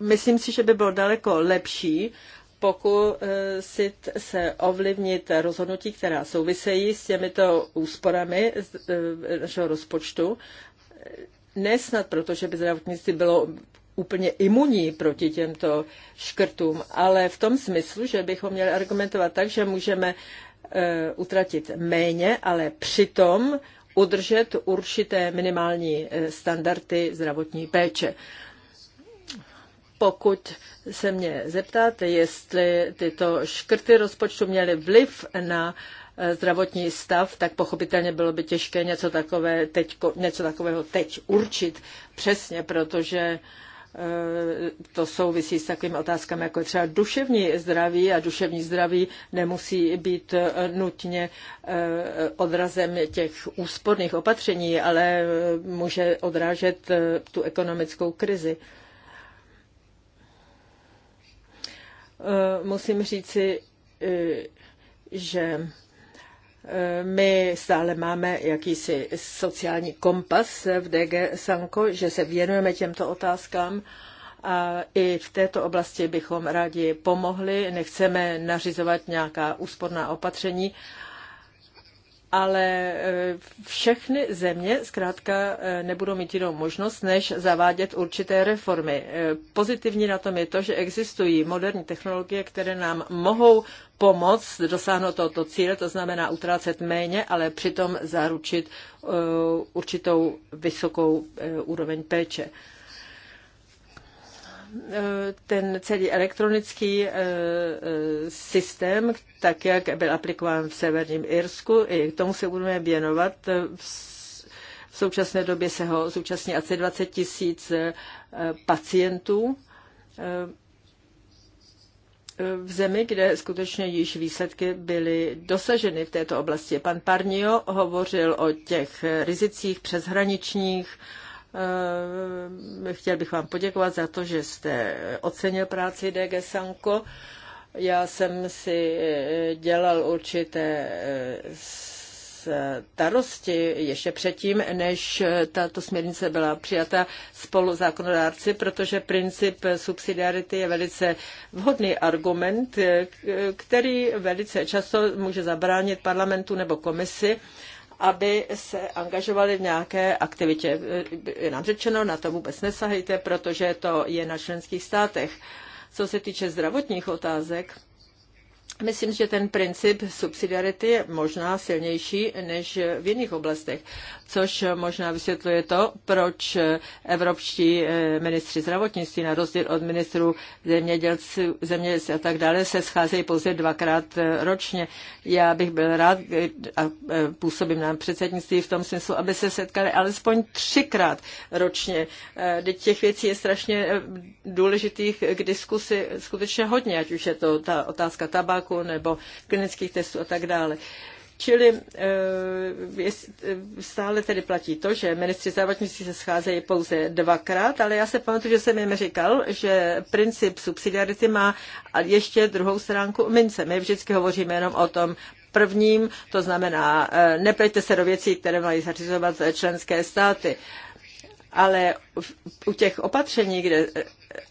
myslím si, že by bylo daleko lepší, pokusit se ovlivnit rozhodnutí, která souvisejí s těmito úsporami e, našeho rozpočtu. Nesnad snad proto, že by zdravotnictví bylo úplně imunní proti těmto škrtům, ale v tom smyslu, že bychom měli argumentovat tak, že můžeme e, utratit méně, ale přitom udržet určité minimální e, standardy zdravotní péče pokud se mě zeptáte, jestli tyto škrty rozpočtu měly vliv na eh, zdravotní stav, tak pochopitelně bylo by těžké něco, takové teď, něco takového teď určit přesně, protože eh, to souvisí s takovými otázkami, jako je třeba duševní zdraví a duševní zdraví nemusí být eh, nutně odrazem těch úsporných opatření, ale může odrážet tu ekonomickou krizi. Eh, musím říci, eh, že eh, my stále máme jakýsi sociální kompas v DG Sanko, že se věnujeme těmto otázkám a i v této oblasti bychom rádi pomohli. Nechceme nařizovat nějaká úsporná opatření, ale e, všechny země zkrátka e, nebudou mít jinou možnost, než zavádět určité reformy. E, pozitivní na tom je to, že existují moderní technologie, které nám mohou pomoct dosáhnout tohoto cíle, to znamená utrácet méně, ale přitom zaručit určitou vysokou úroveň péče ten celý elektronický eh, eh, systém, tak jak byl aplikován v Severním Irsku, i k tomu se budeme věnovat. V současné době se ho zúčastní asi 20 tisíc eh, pacientů v zemi, kde skutečně již výsledky byly dosaženy v této oblasti. Pan Parnio hovořil o těch rizicích přeshraničních, Eh, chtěl bych vám poděkovat za to, že jste ocenil práci DG Sanko. Já jsem si eh, dělal určité eh, starosti ještě předtím, než tato směrnice byla přijata spolu zákonodárci, protože princip subsidiarity je velice vhodný argument, který velice často může zabránit parlamentu nebo komisi, aby se angažovali v nějaké aktivitě. Je nám řečeno, na to vůbec nesahejte, protože to je na členských státech. Co se týče zdravotních otázek, Myslím, že ten princip subsidiarity je možná silnější než v jiných oblastech, což možná vysvětluje to, proč evropští eh, ministři zdravotnictví, na rozdíl od ministrů zemědělců, zemědělství a tak dále, se scházejí pouze dvakrát eh, ročně. Já bych byl rád, a eh, působím na předsednictví v tom smyslu, aby se setkali alespoň třikrát ročně. Teď těch věcí je strašně důležitých k diskusi skutečně hodně, ať už je to ta otázka tabáku, tlaku nebo klinických testů a tak dále. Čili eh, eh, stále tedy platí to, že ministři zdravotnictví se scházejí pouze dvakrát, ale já se pamatuju, že jsem jim říkal, že princip subsidiarity má ještě druhou stránku mince. My vždycky hovoříme jenom o tom prvním, to znamená, eh, nepleťte se do věcí, které mají zařizovat členské státy ale u těch opatření, kde,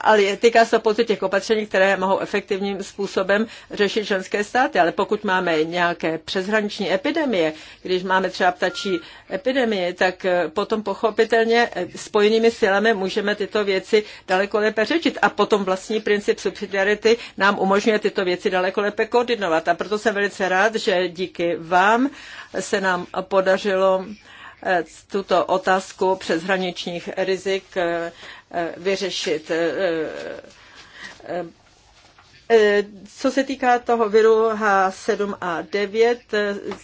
ale týká se pouze těch opatření, které mohou efektivním způsobem řešit ženské státy. Ale pokud máme nějaké přeshraniční epidemie, když máme třeba ptačí epidemie, tak eh, potom pochopitelně eh, spojenými silami můžeme tyto věci daleko lépe řečit. A potom vlastní princip subsidiarity nám umožňuje tyto věci daleko lépe koordinovat. A proto jsem velice rád, že díky vám se nám podařilo uh, tuto otázku přeshraničních rizik eh, eh, vyřešit. Eh, co se týká toho viru H7 a 9,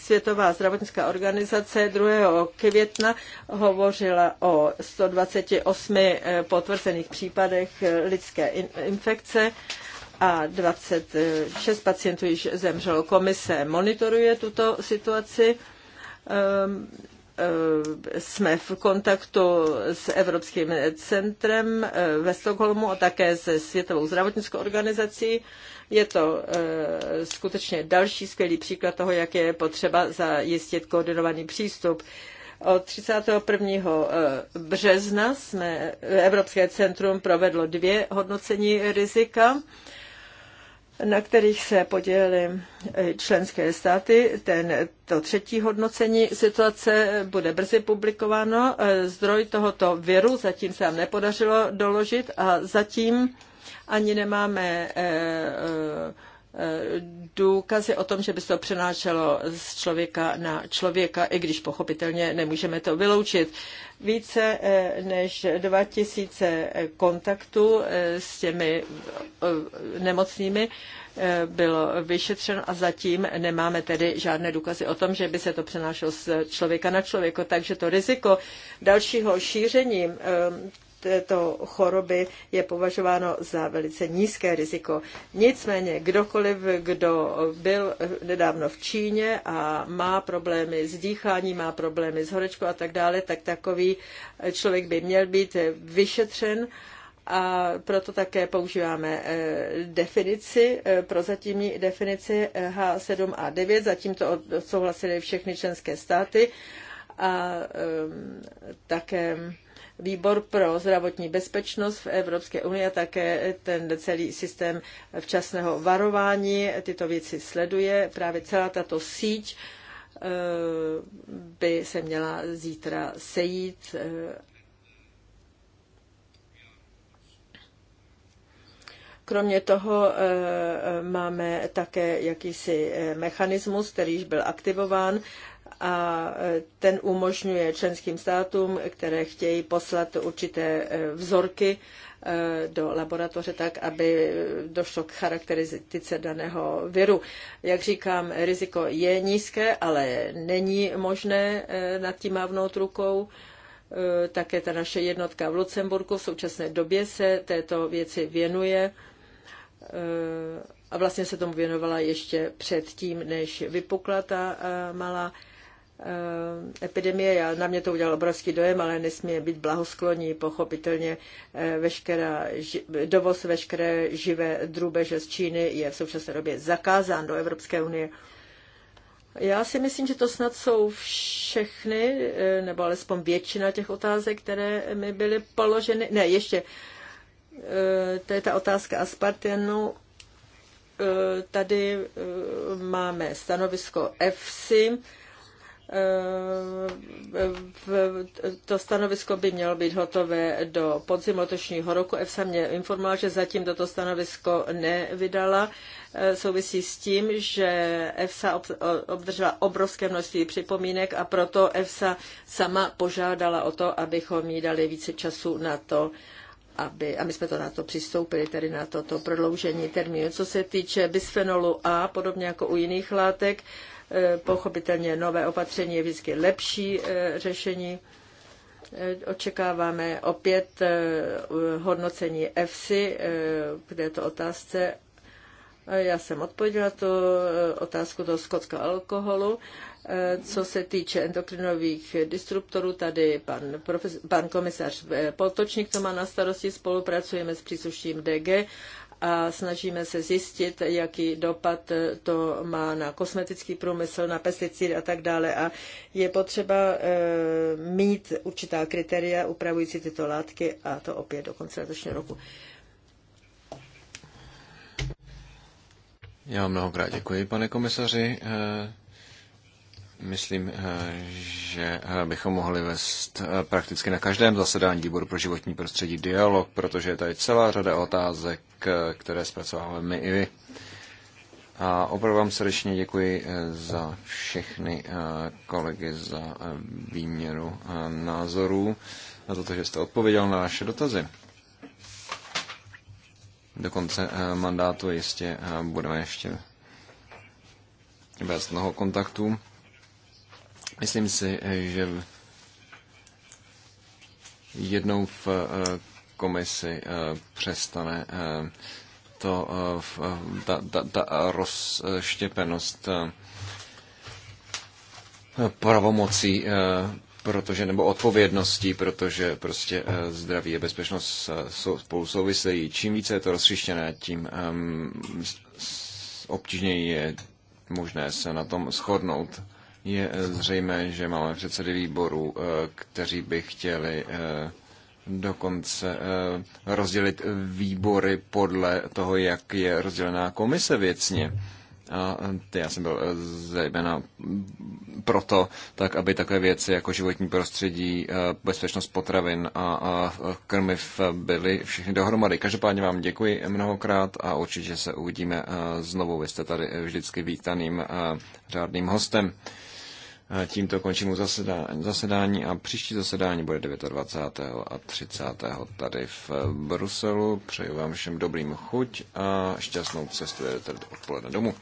Světová zdravotnická organizace 2. května hovořila o 128 potvrzených případech lidské infekce a 26 pacientů již zemřelo. Komise monitoruje tuto situaci ehm, Eh, jsme v kontaktu s Evropským centrem eh, ve Stockholmu a také se Světovou zdravotnickou organizací. Je to eh, skutečně další skvělý příklad toho, jak je potřeba zajistit koordinovaný přístup. Od 31. března jsme Evropské centrum provedlo dvě hodnocení rizika na kterých se podělily eh, členské státy. Ten, to třetí hodnocení situace bude brzy publikováno. Eh, Zdroj tohoto viru zatím se nám nepodařilo doložit a zatím ani nemáme eh, důkazy o tom, že by se to přenášelo z člověka na člověka, i když pochopitelně nemůžeme to vyloučit. Více eh, než 2000 kontaktů eh, s těmi eh, nemocnými bylo vyšetřeno a zatím nemáme tedy žádné důkazy o tom, že by se to přenášelo z člověka na člověka, takže to riziko dalšího šíření této choroby je považováno za velice nízké riziko. Nicméně kdokoliv, kdo byl nedávno v Číně a má problémy s dýcháním, má problémy s horečkou a tak dále, tak takový člověk by měl být vyšetřen a proto také používáme eh, definici, eh, prozatímní definici H7 eh, a 9, zatím to odsouhlasily všechny členské státy a ehm, také výbor pro zdravotní bezpečnost v Evropské unii a také ten celý systém včasného varování tyto věci sleduje. Právě celá tato síť eh, by se měla zítra sejít eh. Kromě toho eh, máme také jakýsi mechanismus, který již byl aktivován a e, ten umožňuje členským státům, které chtějí poslat určité e, vzorky e, do laboratoře tak, aby došlo k charakteristice daného viru. Jak říkám, riziko je nízké, ale není možné nad tím mávnout rukou. Také ta naše jednotka v Lucemburku v současné době se této věci věnuje a vlastně se tomu věnovala ještě předtím, než vypukla ta malá Eh, epidemie. já Na mě to udělal obrovský dojem, ale nesmí být blahoskloní, pochopitelně eh, veškerá, dovoz veškeré živé drůbeže z Číny je v současné době zakázán do Evropské unie. Já si myslím, že to snad jsou všechny, eh, nebo alespoň většina těch otázek, které mi byly položeny. Ne, ještě, to je ta otázka Aspartianu. Tady máme stanovisko EFSI Eh, to stanovisko by mělo být hotové do podzimu letošního roku. EFSA mě informovala, že zatím toto stanovisko nevydala. Eh, souvisí s tím, že EFSA obdržela obrovské množství připomínek a proto EFSA sama požádala o to, abychom jí dali více času na to, aby, a my jsme to na to přistoupili, tedy na toto to prodloužení termínu. Co se týče bisfenolu A, podobně jako u jiných látek, Eh, pochopitelně nové opatření je vždycky lepší eh, řešení. Eh, očekáváme opět hodnocení EFSI k této otázce. Já jsem odpověděla tu otázku toho skotského alkoholu. Co se týče endokrinových disruptorů, tady pan, profes, pan komisař Poltočník, to má na starosti, spolupracujeme s příslušným DG a snažíme se zjistit, jaký dopad to má na kosmetický průmysl, na pesticidy a tak dále. A je potřeba e, mít určitá kritéria upravující tyto látky a to opět do konce letošního roku. Já vám mnohokrát děkuji, pane komisaři. E, Myslím, eh, že eh, bychom mohli vést eh, prakticky na každém zasedání výboru pro životní prostředí dialog, protože je tady celá řada otázek, které zpracováváme my i vy. A opravdu vám srdečně děkuji za všechny kolegy, za výměru názorů a za to, že jste odpověděl na naše dotazy. Do konce mandátu jistě budeme ještě vést mnoho kontaktů. Myslím si, že jednou v eh, komisi eh, přestane eh, to, ta, ta, ta rozštěpenost pravomocí, protože, nebo odpovědností, protože prostě zdraví a bezpečnost spolu souvisejí. Čím více je to rozšištěné, tím ehm, obtížněji je možné se na tom shodnout. Je eh, zřejmé, že máme předsedy výborů, eh, kteří by chtěli eh, dokonce rozdělit výbory podle toho, jak je rozdělená komise věcně. A já jsem byl zejména proto, tak aby takové věci jako životní prostředí, bezpečnost potravin a krmiv byly všechny dohromady. Každopádně vám děkuji mnohokrát a určitě se uvidíme znovu. Vy jste tady vždycky vítaným řádným hostem. Tímto končím u zasedání a příští zasedání bude 29. a 30. tady v eh, Bruselu. Přeju vám všem dobrým chuť a šťastnou cestu odpoledne domů.